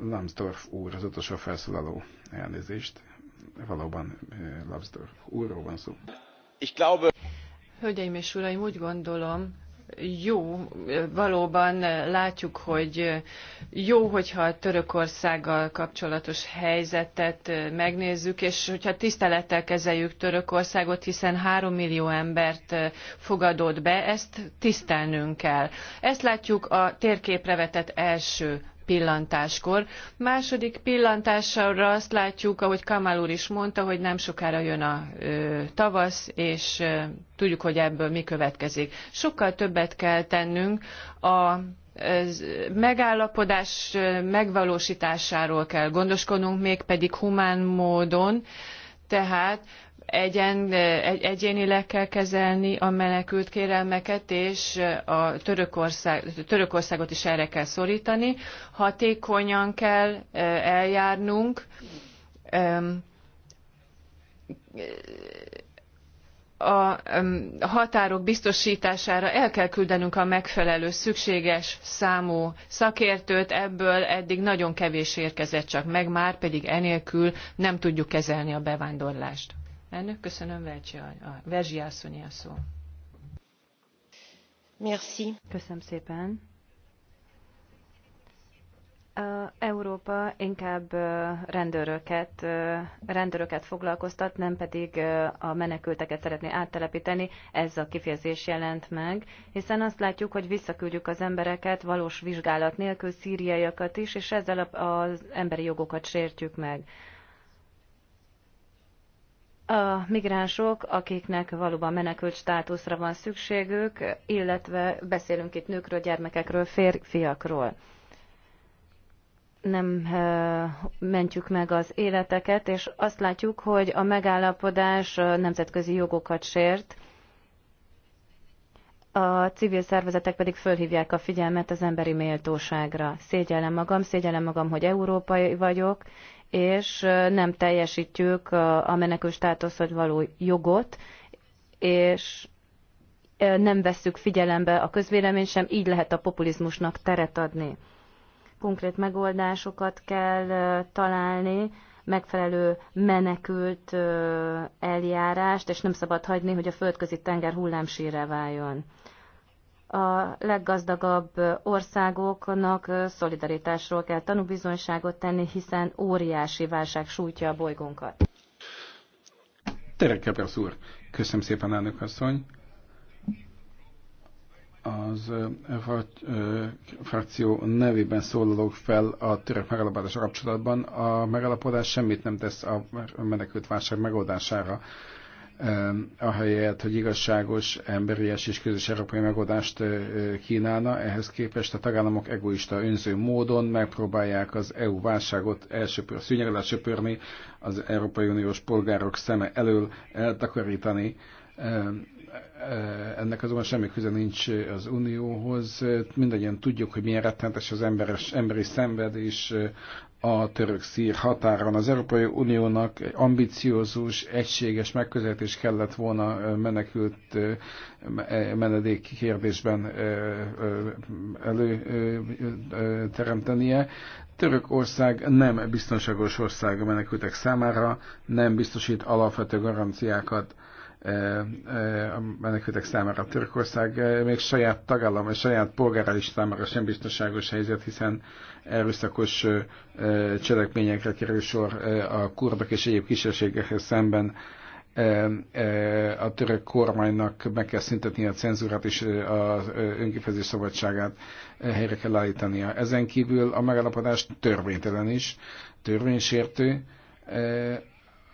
Lambsdorff úr az utolsó felszólaló elnézést. Valóban Lambsdorff úrról van szó. Hölgyeim és uraim, úgy gondolom, jó, valóban látjuk, hogy jó, hogyha a Törökországgal kapcsolatos helyzetet megnézzük, és hogyha tisztelettel kezeljük Törökországot, hiszen három millió embert fogadott be, ezt tisztelnünk kell. Ezt látjuk a térképre vetett első pillantáskor. Második pillantásra azt látjuk, ahogy Kamal úr is mondta, hogy nem sokára jön a ö, tavasz, és ö, tudjuk, hogy ebből mi következik. Sokkal többet kell tennünk a megállapodás megvalósításáról kell gondoskodnunk, mégpedig humán módon, tehát egyen, egy, egyénileg kell kezelni a menekült kérelmeket, és a Törökország, Törökországot is erre kell szorítani. Hatékonyan kell eljárnunk. A határok biztosítására el kell küldenünk a megfelelő szükséges számú szakértőt, ebből eddig nagyon kevés érkezett csak meg, már pedig enélkül nem tudjuk kezelni a bevándorlást. Elnök, köszönöm, Verzsi a szó. Merci. Köszönöm szépen. Európa inkább rendőröket, rendőröket foglalkoztat, nem pedig a menekülteket szeretné áttelepíteni. Ez a kifejezés jelent meg, hiszen azt látjuk, hogy visszaküldjük az embereket valós vizsgálat nélkül, szíriaiakat is, és ezzel az emberi jogokat sértjük meg a migránsok, akiknek valóban menekült státuszra van szükségük, illetve beszélünk itt nőkről, gyermekekről, férfiakról. Nem mentjük meg az életeket, és azt látjuk, hogy a megállapodás nemzetközi jogokat sért, a civil szervezetek pedig fölhívják a figyelmet az emberi méltóságra. Szégyellem magam, szégyellem magam, hogy európai vagyok, és nem teljesítjük a menekül státuszhoz való jogot, és nem vesszük figyelembe a közvélemény sem, így lehet a populizmusnak teret adni. Konkrét megoldásokat kell találni, megfelelő menekült eljárást, és nem szabad hagyni, hogy a földközi tenger hullámsírre váljon a leggazdagabb országoknak szolidaritásról kell tanúbizonyságot tenni, hiszen óriási válság sújtja a bolygónkat. Terek az úr, köszönöm szépen, elnök asszony. Az frakció nevében szólalok fel a török megalapodása kapcsolatban. A megalapodás semmit nem tesz a menekült válság megoldására ahelyett, hogy igazságos, emberies és közös európai megoldást kínálna, ehhez képest a tagállamok egoista, önző módon megpróbálják az EU válságot elsöpör, szűnyeg söpörni, az Európai Uniós polgárok szeme elől eltakarítani. Ennek azonban semmi köze nincs az Unióhoz. Mindegyen tudjuk, hogy milyen rettenetes az emberes, emberi szenvedés, a török-szír határon. Az Európai Uniónak ambiciózus, egységes megközelítés kellett volna menekült e, menedék kérdésben előteremtenie. Törökország nem biztonságos ország a menekültek számára, nem biztosít alapvető garanciákat E, e, a menekültek számára. Törökország e, még saját tagállam, és saját is számára sem biztonságos helyzet, hiszen erőszakos cselekményekre kerül sor a kurdok és egyéb kisebbségekhez szemben. A török kormánynak meg kell szüntetni a cenzúrát és az önkifejezés szabadságát helyre kell állítania. Ezen kívül a megalapodás törvénytelen is, törvénysértő,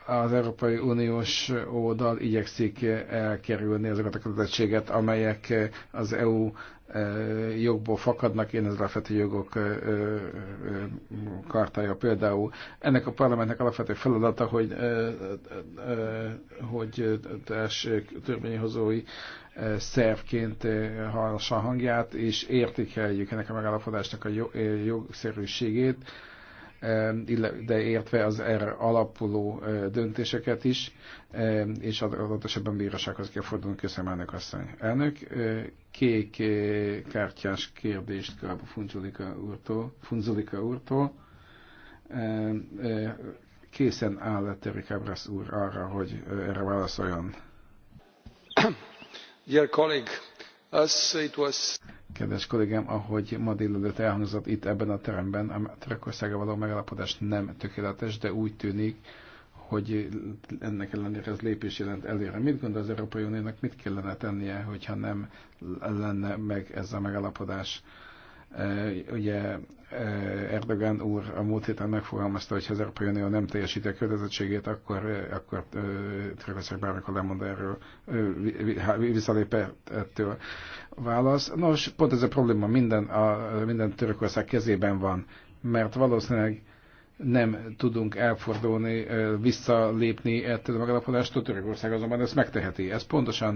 az Európai Uniós oldal igyekszik elkerülni azokat a kötöttséget, amelyek az EU e, jogból fakadnak, én az alapvető jogok e, e, kartája például. Ennek a parlamentnek alapvető feladata, hogy, hogy társ törvényhozói szervként hallassa a hangját, és értékeljük ennek a megállapodásnak a jogszerűségét, de értve az erre alapuló döntéseket is, és adott esetben bírósághoz kell fordulni. Köszönöm, elnök asszony. Elnök, kék kártyás kérdést kap Funzulika úrtól. Funzulika úrtól. Készen áll Terry Cabras úr arra, hogy erre válaszoljon. Dear colleague, Kedves kollégám, ahogy ma délelőtt elhangzott itt ebben a teremben, a Törökországgal való megállapodás nem tökéletes, de úgy tűnik, hogy ennek ellenére ez lépés jelent előre. Mit gondol az Európai Uniónak, mit kellene tennie, hogyha nem lenne meg ez a megállapodás? Ugye Erdogan úr a múlt héten megfogalmazta, hogy ha az Európai Unió nem teljesíti a kötelezettségét, akkor, akkor Törökország bármikor lemond erről, visszalép ettől válasz. Nos, pont ez a probléma minden, a, minden Törökország kezében van, mert valószínűleg nem tudunk elfordulni, visszalépni ettől a megalapodástól. Törökország azonban ezt megteheti. Ez pontosan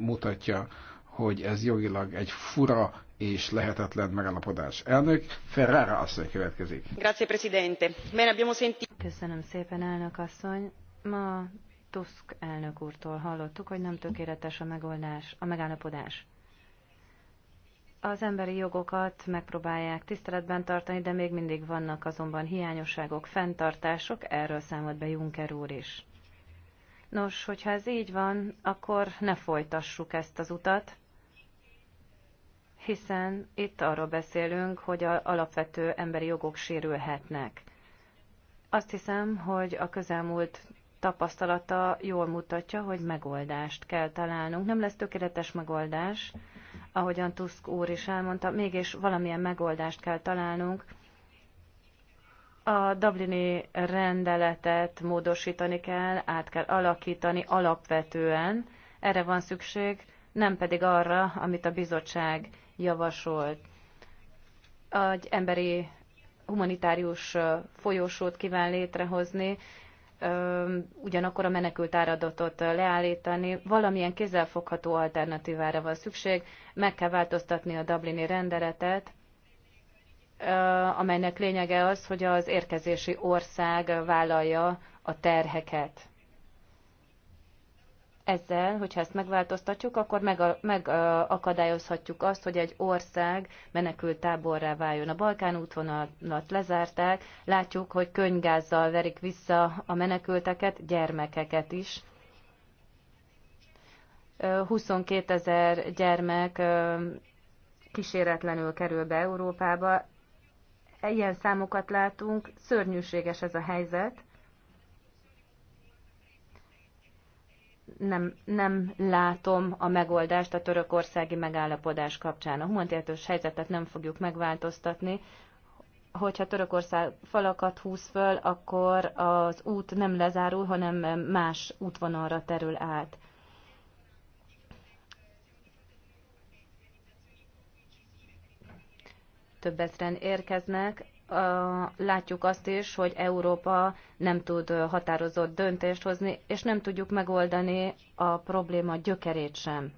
mutatja, hogy ez jogilag egy fura és lehetetlen megállapodás. Elnök Ferrara asszony következik. Grazie, Presidente. abbiamo sentito. Köszönöm szépen, elnök asszony. Ma Tusk elnök úrtól hallottuk, hogy nem tökéletes a megoldás, a megállapodás. Az emberi jogokat megpróbálják tiszteletben tartani, de még mindig vannak azonban hiányosságok, fenntartások, erről számolt be Juncker úr is. Nos, hogyha ez így van, akkor ne folytassuk ezt az utat, hiszen itt arról beszélünk, hogy a alapvető emberi jogok sérülhetnek. Azt hiszem, hogy a közelmúlt tapasztalata jól mutatja, hogy megoldást kell találnunk. Nem lesz tökéletes megoldás, ahogyan Tusk úr is elmondta, mégis valamilyen megoldást kell találnunk. A Dublini rendeletet módosítani kell, át kell alakítani alapvetően, erre van szükség, nem pedig arra, amit a bizottság javasolt. Egy emberi humanitárius folyosót kíván létrehozni, ugyanakkor a menekült áradatot leállítani, valamilyen kézzelfogható alternatívára van szükség, meg kell változtatni a Dublini rendeletet, amelynek lényege az, hogy az érkezési ország vállalja a terheket ezzel, hogyha ezt megváltoztatjuk, akkor megakadályozhatjuk meg azt, hogy egy ország menekült táborrá váljon. A Balkán útvonalat lezárták, látjuk, hogy könygázzal verik vissza a menekülteket, gyermekeket is. 22 ezer gyermek kíséretlenül kerül be Európába. Ilyen számokat látunk, szörnyűséges ez a helyzet. nem, nem látom a megoldást a törökországi megállapodás kapcsán. A humanitárius helyzetet nem fogjuk megváltoztatni. Hogyha Törökország falakat húz föl, akkor az út nem lezárul, hanem más útvonalra terül át. Több ezeren érkeznek, látjuk azt is, hogy Európa nem tud határozott döntést hozni, és nem tudjuk megoldani a probléma gyökerét sem.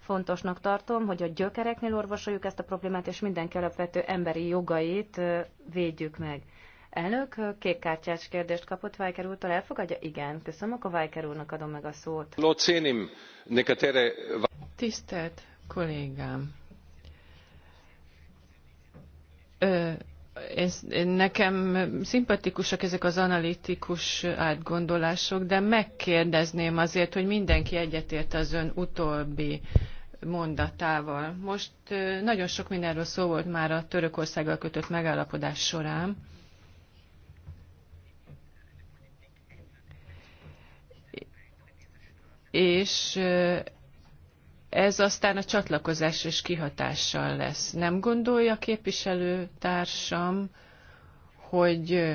Fontosnak tartom, hogy a gyökereknél orvosoljuk ezt a problémát, és minden alapvető emberi jogait védjük meg. Elnök, kártyás kérdést kapott Vajker úrtól, elfogadja? Igen, köszönöm, akkor Vajker úrnak adom meg a szót. Tisztelt kollégám! én, nekem szimpatikusak ezek az analitikus átgondolások, de megkérdezném azért, hogy mindenki egyetért az ön utóbbi mondatával. Most nagyon sok mindenről szó volt már a Törökországgal kötött megállapodás során. És ez aztán a csatlakozás is kihatással lesz. Nem gondolja képviselőtársam, hogy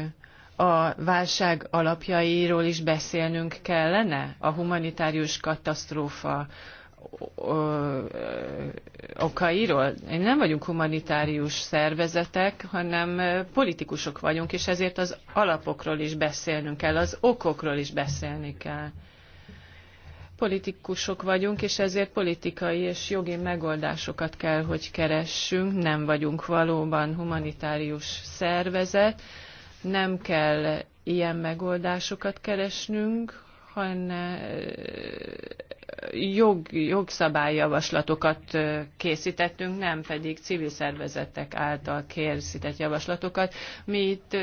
a válság alapjairól is beszélnünk kellene? A humanitárius katasztrófa okairól? Nem vagyunk humanitárius szervezetek, hanem politikusok vagyunk, és ezért az alapokról is beszélnünk kell, az okokról is beszélni kell politikusok vagyunk, és ezért politikai és jogi megoldásokat kell, hogy keressünk. Nem vagyunk valóban humanitárius szervezet, nem kell ilyen megoldásokat keresnünk, hanem jog, jogszabályjavaslatokat készítettünk, nem pedig civil szervezetek által készített javaslatokat. Mi itt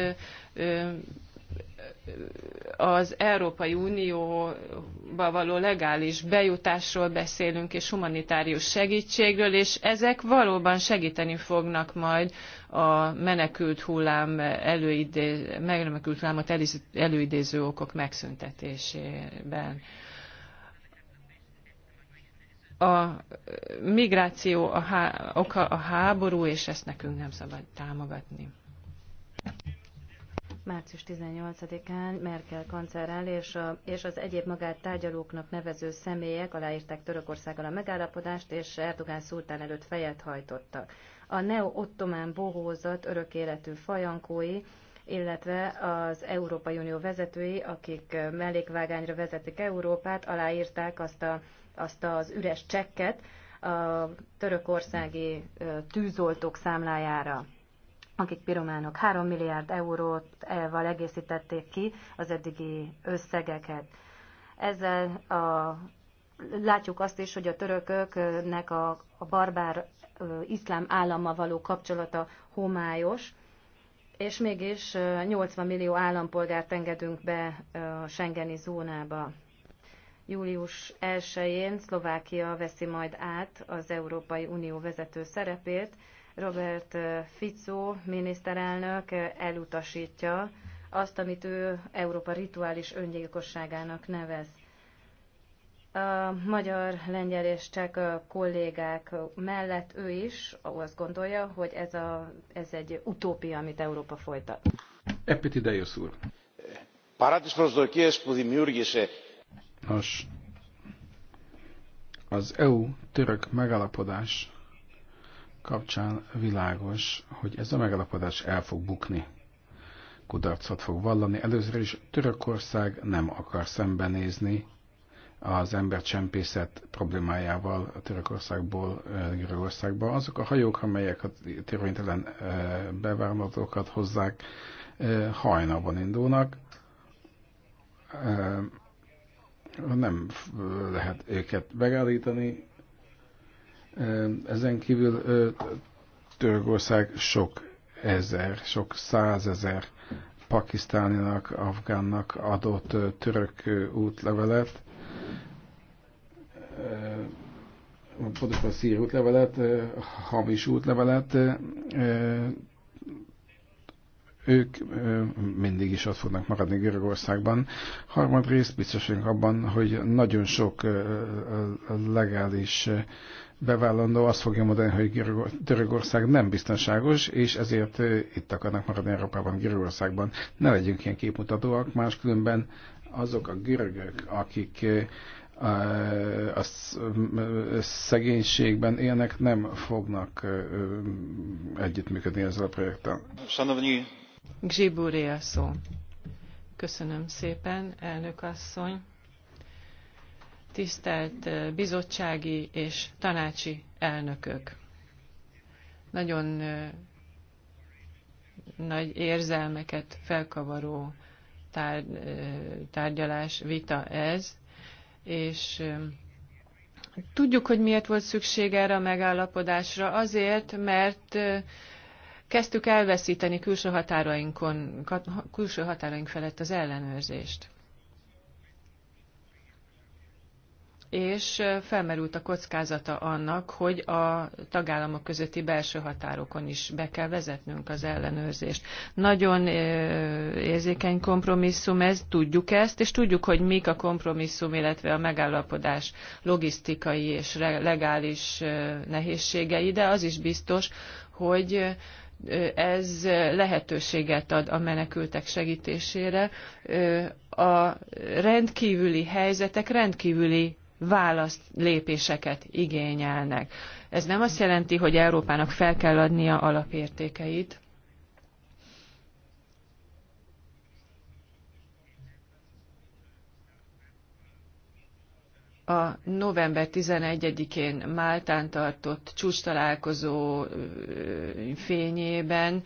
az Európai Unióba való legális bejutásról beszélünk, és humanitárius segítségről, és ezek valóban segíteni fognak majd a menekült hullám, előidéz, menekült hullámot előidéző okok megszüntetésében. A migráció a há, oka a háború, és ezt nekünk nem szabad támogatni március 18-án Merkel kancellár és, és az egyéb magát tárgyalóknak nevező személyek aláírták Törökországgal a megállapodást, és Erdogán szultán előtt fejet hajtottak. A neo-ottomán bohózat örök életű fajankói, illetve az Európai Unió vezetői, akik mellékvágányra vezetik Európát, aláírták azt, a, azt az üres csekket a törökországi tűzoltók számlájára akik pirománok 3 milliárd elval egészítették ki az eddigi összegeket. Ezzel a, látjuk azt is, hogy a törököknek a, a barbár iszlám állammal való kapcsolata homályos, és mégis 80 millió állampolgárt engedünk be a Schengeni zónába. Július 1-én Szlovákia veszi majd át az Európai Unió vezető szerepét, Robert eh, Fico miniszterelnök eh, elutasítja azt, amit ő Európa rituális öngyilkosságának nevez. A magyar, lengyel és cseh kollégák mellett ő is azt gondolja, hogy ez, a, ez egy utópia, amit Európa folytat. Epiti Dejosz úr. Parátis prosdokies, που Nos, az EU-török megalapodás kapcsán világos, hogy ez a megalapodás el fog bukni. Kudarcot fog vallani. Először is Törökország nem akar szembenézni az embercsempészet problémájával a Törökországból Görögországba. Azok a hajók, amelyek a törvénytelen bevándorlókat hozzák, hajnalban indulnak. Nem lehet őket megállítani, ezen kívül Törökország sok ezer, sok százezer pakisztáninak, afgánnak adott török útlevelet, pontosan szír útlevelet, hamis útlevelet, ők mindig is ott fognak maradni Görögországban. Harmadrészt biztos vagyunk abban, hogy nagyon sok legális bevállandó azt fogja mondani, hogy Görögország nem biztonságos, és ezért itt akarnak maradni Európában, Görögországban. Ne legyünk ilyen képmutatóak, máskülönben azok a görögök, akik a szegénységben élnek, nem fognak együttműködni ezzel a projekttel. Szanowni Gzsibúré szó. Köszönöm szépen, elnök asszony. Tisztelt eh, bizottsági és tanácsi elnökök. Nagyon eh, nagy érzelmeket felkavaró tár, eh, tárgyalás, vita ez, és tudjuk, hogy miért volt szükség erre a megállapodásra. Azért, mert kezdtük elveszíteni külső határainkon, külső határaink felett az ellenőrzést. és felmerült a kockázata annak, hogy a tagállamok közötti belső határokon is be kell vezetnünk az ellenőrzést. Nagyon érzékeny kompromisszum ez, tudjuk ezt, és tudjuk, hogy mik a kompromisszum, illetve a megállapodás logisztikai és legális nehézségei, de az is biztos, hogy ez lehetőséget ad a menekültek segítésére. A rendkívüli helyzetek rendkívüli választ lépéseket igényelnek. Ez nem azt jelenti, hogy Európának fel kell adnia alapértékeit, a november 11-én Máltán tartott csúcstalálkozó fényében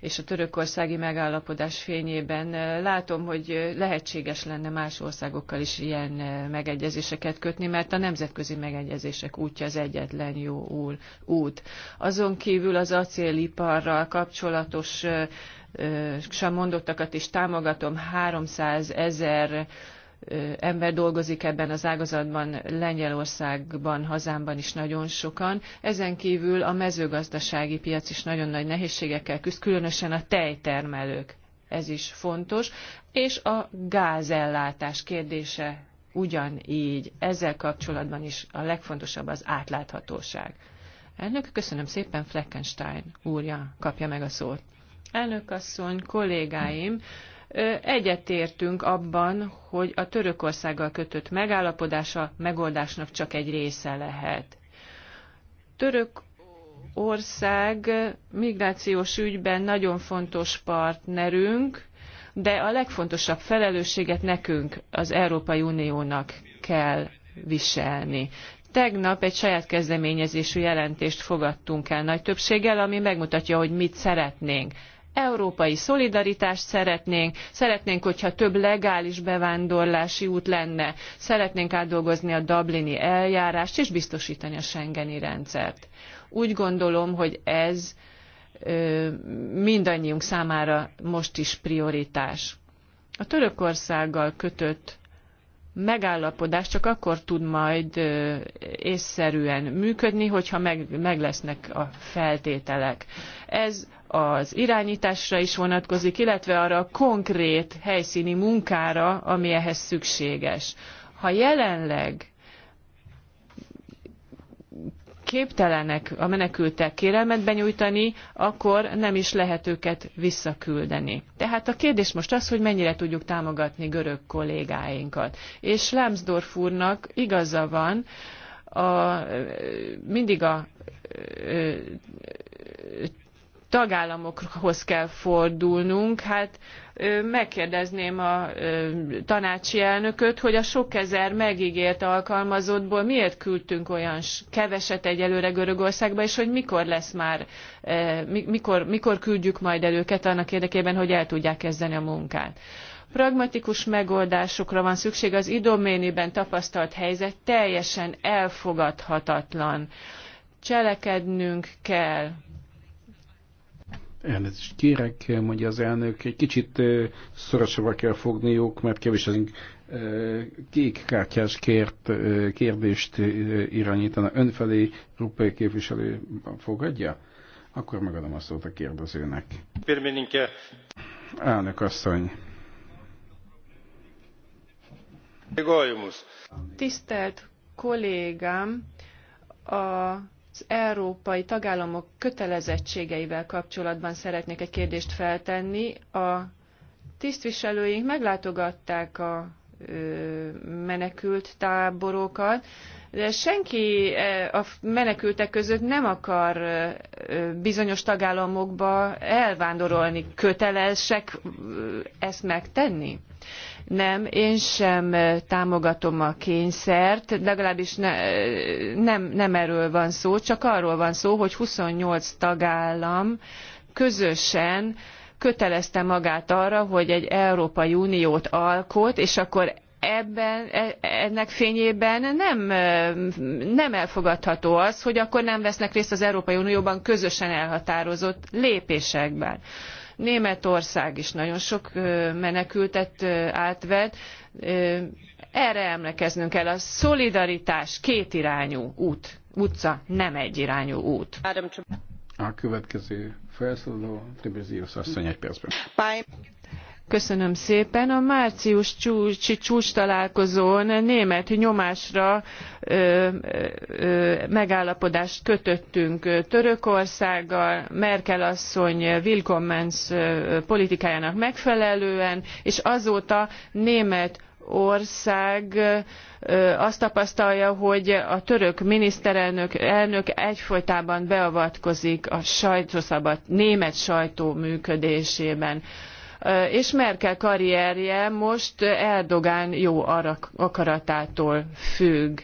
és a törökországi megállapodás fényében látom, hogy lehetséges lenne más országokkal is ilyen megegyezéseket kötni, mert a nemzetközi megegyezések útja az egyetlen jó út. Azon kívül az acéliparral kapcsolatos sem mondottakat is támogatom, 300 ezer 000 ember dolgozik ebben az ágazatban, Lengyelországban, hazámban is nagyon sokan. Ezen kívül a mezőgazdasági piac is nagyon nagy nehézségekkel küzd, különösen a tejtermelők. Ez is fontos. És a gázellátás kérdése ugyanígy. Ezzel kapcsolatban is a legfontosabb az átláthatóság. Elnök, köszönöm szépen, Fleckenstein úrja kapja meg a szót. Elnök asszony, kollégáim, egyetértünk abban, hogy a Törökországgal kötött megállapodása megoldásnak csak egy része lehet. Török ország migrációs ügyben nagyon fontos partnerünk, de a legfontosabb felelősséget nekünk, az Európai Uniónak kell viselni. Tegnap egy saját kezdeményezésű jelentést fogadtunk el nagy többséggel, ami megmutatja, hogy mit szeretnénk európai szolidaritást szeretnénk, szeretnénk, hogyha több legális bevándorlási út lenne, szeretnénk átdolgozni a Dublini eljárást és biztosítani a Schengeni rendszert. Úgy gondolom, hogy ez mindannyiunk számára most is prioritás. A Törökországgal kötött megállapodás csak akkor tud majd észszerűen működni, hogyha meg, meg lesznek a feltételek. Ez az irányításra is vonatkozik, illetve arra a konkrét helyszíni munkára, ami ehhez szükséges. Ha jelenleg képtelenek a menekültek kérelmet benyújtani, akkor nem is lehet őket visszaküldeni. Tehát a kérdés most az, hogy mennyire tudjuk támogatni görög kollégáinkat. És Lámsdorf úrnak igaza van, a, mindig a tagállamokhoz kell fordulnunk. Hát megkérdezném a tanácsi elnököt, hogy a sok ezer megígért alkalmazottból miért küldtünk olyan keveset egyelőre Görögországba, és hogy mikor lesz már, mikor, mikor küldjük majd el őket annak érdekében, hogy el tudják kezdeni a munkát pragmatikus megoldásokra van szükség az idoméniben tapasztalt helyzet teljesen elfogadhatatlan cselekednünk kell Elnézést kérek, mondja az elnök, egy kicsit szorosabbra kell fogniuk, mert kevés az kék kártyás kért, kérdést irányítana önfelé, Ruppé képviselő fogadja? Akkor megadom a szót a kérdezőnek. Pirmininke. Elnök asszony. Tisztelt kollégám, a az európai tagállamok kötelezettségeivel kapcsolatban szeretnék egy kérdést feltenni. A tisztviselőink meglátogatták a menekült táborokat, de senki e, a menekültek között nem akar bizonyos tagállamokba elvándorolni. Kötelesek ezt megtenni? Nem, én sem támogatom a kényszert, legalábbis ne, nem, nem erről van szó, csak arról van szó, hogy 28 tagállam közösen kötelezte magát arra, hogy egy Európai Uniót alkot, és akkor ebben, e, ennek fényében nem, nem elfogadható az, hogy akkor nem vesznek részt az Európai Unióban közösen elhatározott lépésekben. Németország is nagyon sok menekültet átvett. Erre emlékeznünk kell, a szolidaritás kétirányú út, utca, nem egyirányú út. A következő felszólaló Tribezius asszony egy percben. Bye. Köszönöm szépen. A március csúcsi csúcs találkozón német nyomásra ö, ö, megállapodást kötöttünk Törökországgal, Merkel asszony Willkommens politikájának megfelelően, és azóta német ország azt tapasztalja, hogy a török miniszterelnök elnök egyfolytában beavatkozik a sajtószabad, német sajtó működésében és Merkel karrierje most Erdogán jó akaratától függ.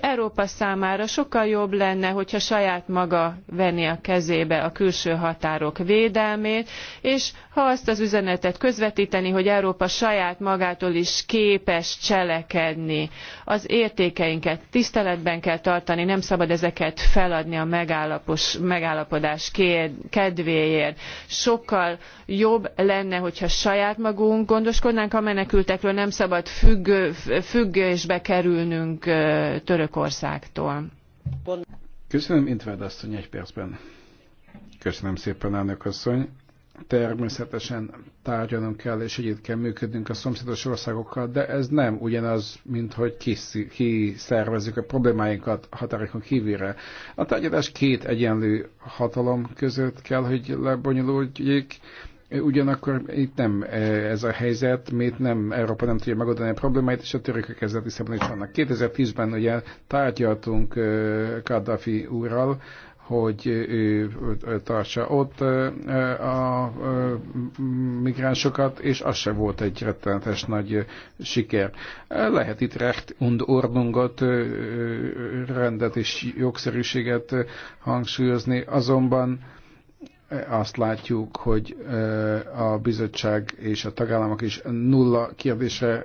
Európa számára sokkal jobb lenne, hogyha saját maga venni a kezébe a külső határok védelmét, és ha azt az üzenetet közvetíteni, hogy Európa saját magától is képes cselekedni, az értékeinket tiszteletben kell tartani, nem szabad ezeket feladni a megállapodás kedvéért. Sokkal jobb lenne, hogy hogyha saját magunk gondoskodnánk a menekültekről, nem szabad függésbe kerülnünk Törökországtól. Köszönöm, Intved asszony, egy percben. Köszönöm szépen, elnök asszony. Természetesen tárgyalnunk kell és együtt kell működnünk a szomszédos országokkal, de ez nem ugyanaz, mint hogy kiszervezzük a problémáinkat határokon kívülre. A tárgyalás két egyenlő hatalom között kell, hogy lebonyolódjék. Ugyanakkor itt nem e, ez a helyzet, mert nem, Európa nem tudja megoldani a problémáit, és a törökök kezdet is is vannak. 2010-ben ugye tárgyaltunk e, Kaddafi úrral, hogy ő tartsa ott e, a migránsokat, és az se volt egy rettenetes nagy siker. Lehet itt recht und ordungot, rendet és jogszerűséget hangsúlyozni, azonban azt látjuk, hogy a bizottság és a tagállamok is nulla kérdése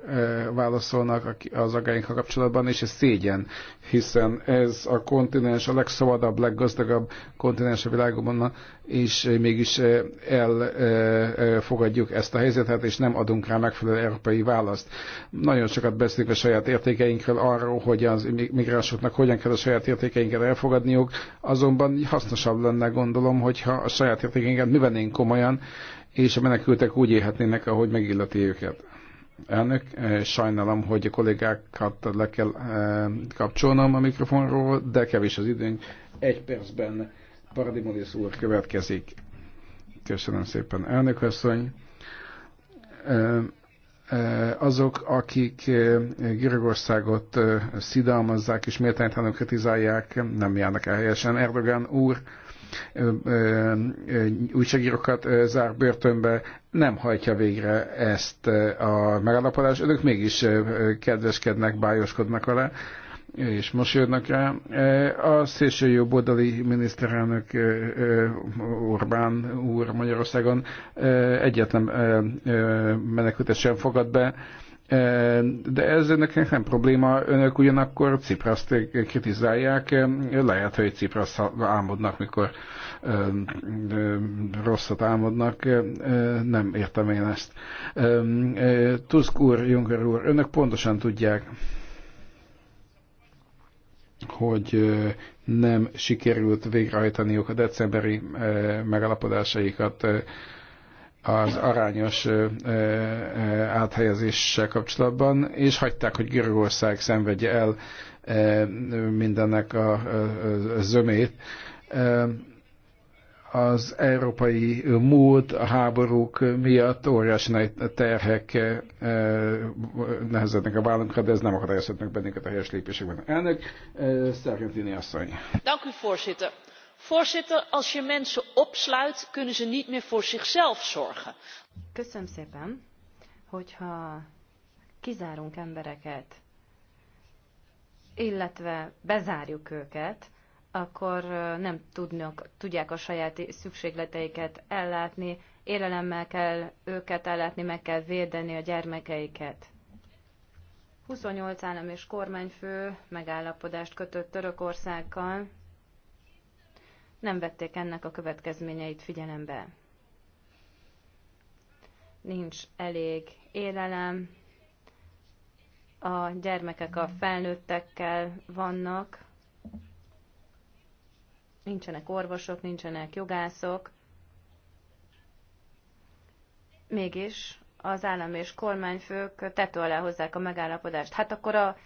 válaszolnak az agáinkkal kapcsolatban, és ez szégyen, hiszen ez a kontinens a legszabadabb, leggazdagabb kontinens a világon, és mégis eh, elfogadjuk eh, eh, ezt a helyzetet, és nem adunk rá megfelelő európai választ. Nagyon sokat beszélünk a saját értékeinkről, arról, hogy az migránsoknak hogyan kell a saját értékeinket elfogadniuk, azonban hasznosabb lenne gondolom, hogyha a saját értékeinket mi vennénk komolyan, és a menekültek úgy élhetnének, ahogy megilleti őket. Elnök, sajnálom, hogy a kollégákat le kell kapcsolnom a mikrofonról, de kevés az időnk. Egy percben Paradimonis úr következik. Köszönöm szépen, elnök asszony. Azok, akik Görögországot szidalmazzák és méltánytalanul kritizálják, nem járnak el helyesen. Erdogan úr újságírókat zár börtönbe, nem hajtja végre ezt a megállapodást. Önök mégis kedveskednek, bájoskodnak vele és most jönnek rá. E, a szélső jobboldali miniszterelnök e, e, Orbán úr Magyarországon egyetlen menekültet sem fogad be, de ez önöknek nem probléma, önök ugyanakkor Cipraszt kritizálják, lehet, hogy Cipraszt álmodnak, mikor rosszat álmodnak, nem értem én ezt. Tusk úr, Juncker úr, önök pontosan tudják, hogy nem sikerült végrehajtaniuk a decemberi megalapodásaikat az arányos áthelyezéssel kapcsolatban, és hagyták, hogy Görögország szenvedje el mindennek a zömét az európai múlt, a háborúk miatt óriási nagy terhek eh, nehezednek a vállunkra, de ez nem akadályozhat meg bennünket a helyes lépésekben. Elnök, eh, Szerkentini asszony. Dank u, voorzitter. Voorzitter, als je mensen opsluit, kunnen ze niet meer voor zichzelf zorgen. Köszönöm szépen, hogyha kizárunk embereket, illetve bezárjuk őket, akkor nem tudnak, tudják a saját szükségleteiket ellátni, élelemmel kell őket ellátni, meg kell védeni a gyermekeiket. 28 állam és kormányfő megállapodást kötött Törökországgal, nem vették ennek a következményeit figyelembe. Nincs elég élelem, a gyermekek a felnőttekkel vannak, nincsenek orvosok, nincsenek jogászok. Mégis az állam és kormányfők tető alá hozzák a megállapodást. Hát akkor a,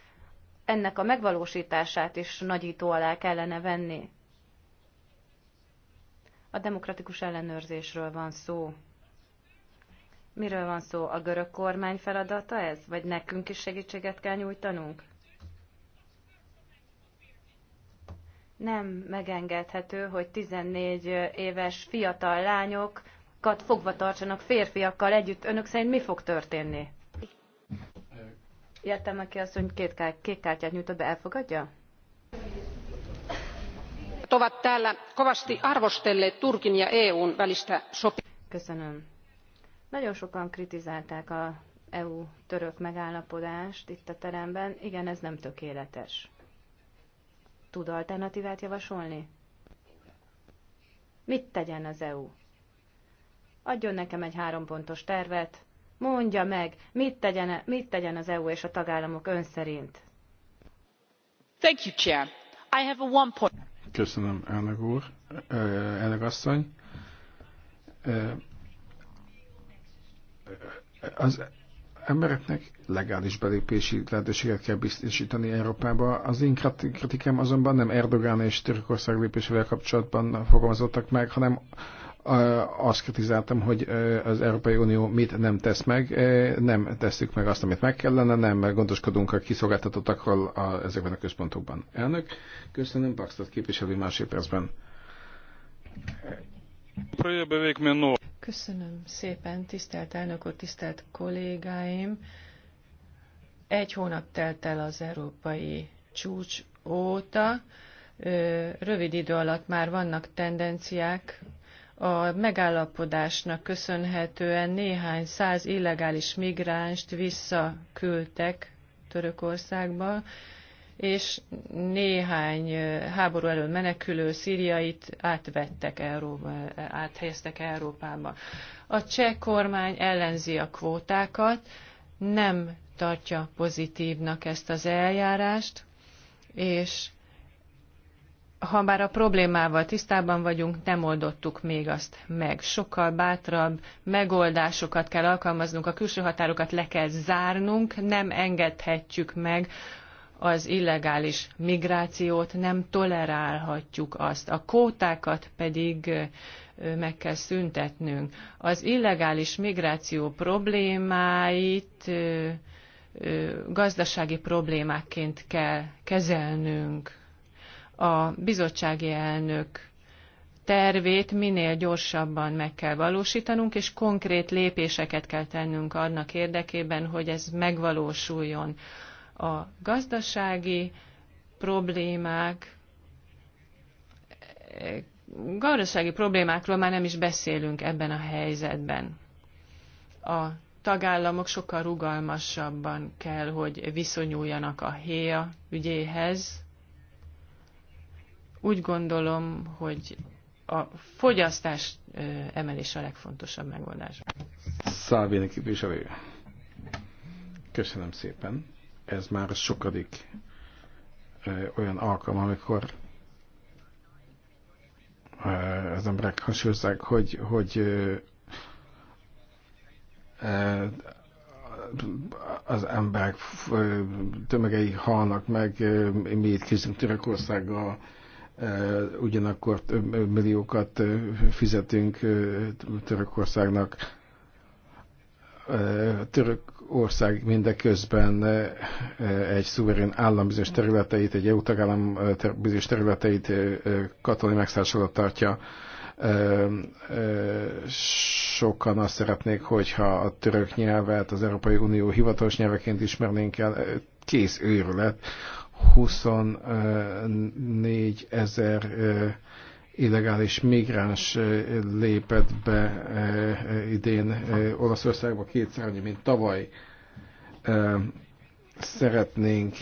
ennek a megvalósítását is nagyító alá kellene venni. A demokratikus ellenőrzésről van szó. Miről van szó? A görög kormány feladata ez? Vagy nekünk is segítséget kell nyújtanunk? Nem megengedhető, hogy 14 éves fiatal lányokat fogva tartsanak férfiakkal együtt. Önök szerint mi fog történni? Értem, aki azt mondja, két kár, kártyát nyújtott be, elfogadja? Tovább tele, kovasti arvostelle Turkin ja EUn välistä Köszönöm. Nagyon sokan kritizálták a EU-török megállapodást itt a teremben. Igen, ez nem tökéletes tud alternatívát javasolni? Mit tegyen az EU? Adjon nekem egy hárompontos tervet, mondja meg, mit tegyen, mit tegyen az EU és a tagállamok ön szerint. Thank you, Chair. I have a one point. Köszönöm, elnök úr, elnök asszony. Az embereknek legális belépési lehetőséget kell biztosítani Európába. Az én kritikám azonban nem Erdogán és Törökország lépésével kapcsolatban fogalmazottak meg, hanem azt kritizáltam, hogy az Európai Unió mit nem tesz meg, nem tesszük meg azt, amit meg kellene, nem gondoskodunk a kiszolgáltatottakról a, ezekben a központokban. Elnök, köszönöm, Baxtat képviselő másodpercben. Köszönöm szépen, tisztelt elnök úr, tisztelt kollégáim. Egy hónap telt el az európai csúcs óta. Rövid idő alatt már vannak tendenciák, a megállapodásnak köszönhetően néhány száz illegális migránst visszaküldtek Törökországba, és néhány háború elől menekülő szíriait átvettek Európa, áthelyeztek Európába. A cseh kormány ellenzi a kvótákat, nem tartja pozitívnak ezt az eljárást, és ha bár a problémával tisztában vagyunk, nem oldottuk még azt meg. Sokkal bátrabb megoldásokat kell alkalmaznunk, a külső határokat le kell zárnunk, nem engedhetjük meg az illegális migrációt nem tolerálhatjuk azt, a kótákat pedig meg kell szüntetnünk. Az illegális migráció problémáit gazdasági problémákként kell kezelnünk. A bizottsági elnök tervét minél gyorsabban meg kell valósítanunk, és konkrét lépéseket kell tennünk annak érdekében, hogy ez megvalósuljon a gazdasági problémák, gazdasági problémákról már nem is beszélünk ebben a helyzetben. A tagállamok sokkal rugalmasabban kell, hogy viszonyuljanak a héja ügyéhez. Úgy gondolom, hogy a fogyasztás emelés a legfontosabb megoldás. Szálvéni képviselő. Köszönöm szépen ez már a sokadik olyan alkalom, amikor az emberek hasonlózzák, hogy, hogy az emberek tömegei halnak meg, mi itt küzdünk Törökországgal, ugyanakkor milliókat fizetünk Törökországnak. Török ország mindeközben eh, eh, egy szuverén állam bizonyos területeit, egy EU tagállam eh, bizonyos területeit katonai megszállás alatt tartja. Sokan azt szeretnék, hogyha a török nyelvet az Európai Unió hivatalos nyelveként ismernénk el. Kész őrület. 24 ezer illegális migráns lépett be idén Olaszországba kétszer annyi, mint tavaly. Szeretnénk,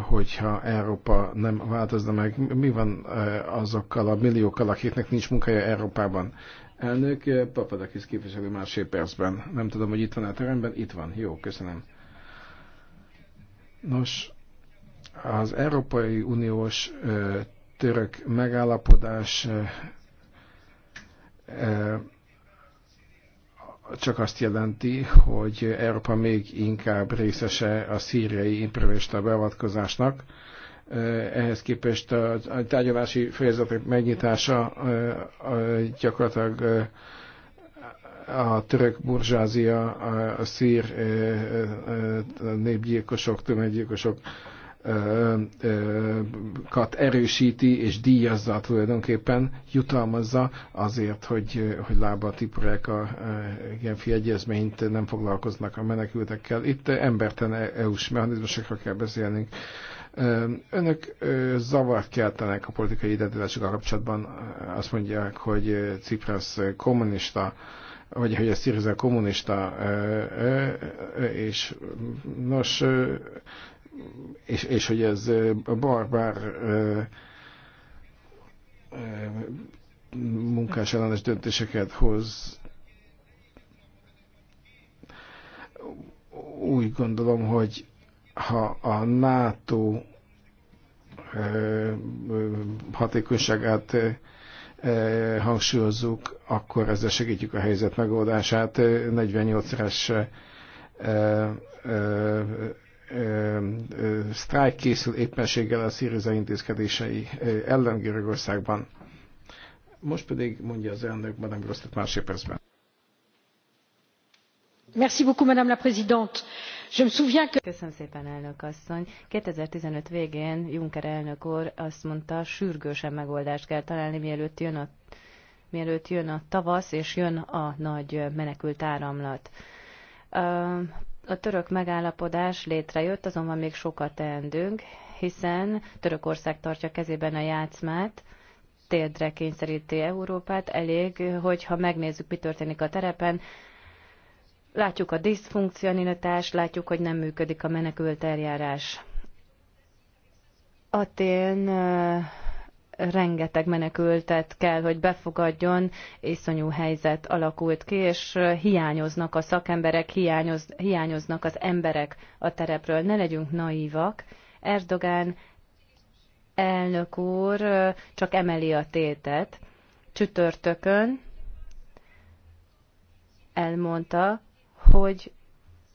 hogyha Európa nem változna meg, mi van azokkal a milliókkal, akiknek nincs munkája Európában? Elnök, Papadakis képviselő másfél percben. Nem tudom, hogy itt van a teremben. Itt van. Jó, köszönöm. Nos, az Európai Uniós török megállapodás e, csak azt jelenti, hogy Európa még inkább részese a szíriai imperialista beavatkozásnak. E, ehhez képest a tárgyalási fejezetek megnyitása e, gyakorlatilag a török burzsázia, a szír népgyilkosok, tömeggyilkosok kat erősíti és díjazza tulajdonképpen, jutalmazza azért, hogy, hogy lába tipurák a Genfi egyezményt, nem foglalkoznak a menekültekkel. Itt emberten EU-s mechanizmusokra kell beszélnünk. Önök zavart keltenek a politikai identitásokkal kapcsolatban. Azt mondják, hogy Ciprasz kommunista, vagy hogy a Syriza kommunista, és nos, és, és hogy ez a barbár munkás ellenes döntéseket hoz. Úgy gondolom, hogy ha a NATO hatékonyságát hangsúlyozzuk, akkor ezzel segítjük a helyzet megoldását. 48-es sztrájk készül éppenséggel a Syriza intézkedései ellen Görögországban. Most pedig mondja az elnök Madame Grosztet másik percben. Merci beaucoup, Madame la Présidente. Je me souviens que... Köszönöm szépen, elnök asszony. 2015 végén Juncker elnök úr azt mondta, sürgősen megoldást kell találni, mielőtt jön a, mielőtt jön a tavasz és jön a nagy menekült áramlat a török megállapodás létrejött, azonban még sokat teendünk, hiszen Törökország tartja kezében a játszmát, térdre kényszeríti Európát, elég, hogyha megnézzük, mi történik a terepen, látjuk a diszfunkcionalitást, látjuk, hogy nem működik a menekült eljárás. Atén rengeteg menekültet kell, hogy befogadjon, iszonyú helyzet alakult ki, és hiányoznak a szakemberek, hiányoz, hiányoznak az emberek a terepről. Ne legyünk naívak. Erdogán elnök úr csak emeli a tétet. Csütörtökön elmondta, hogy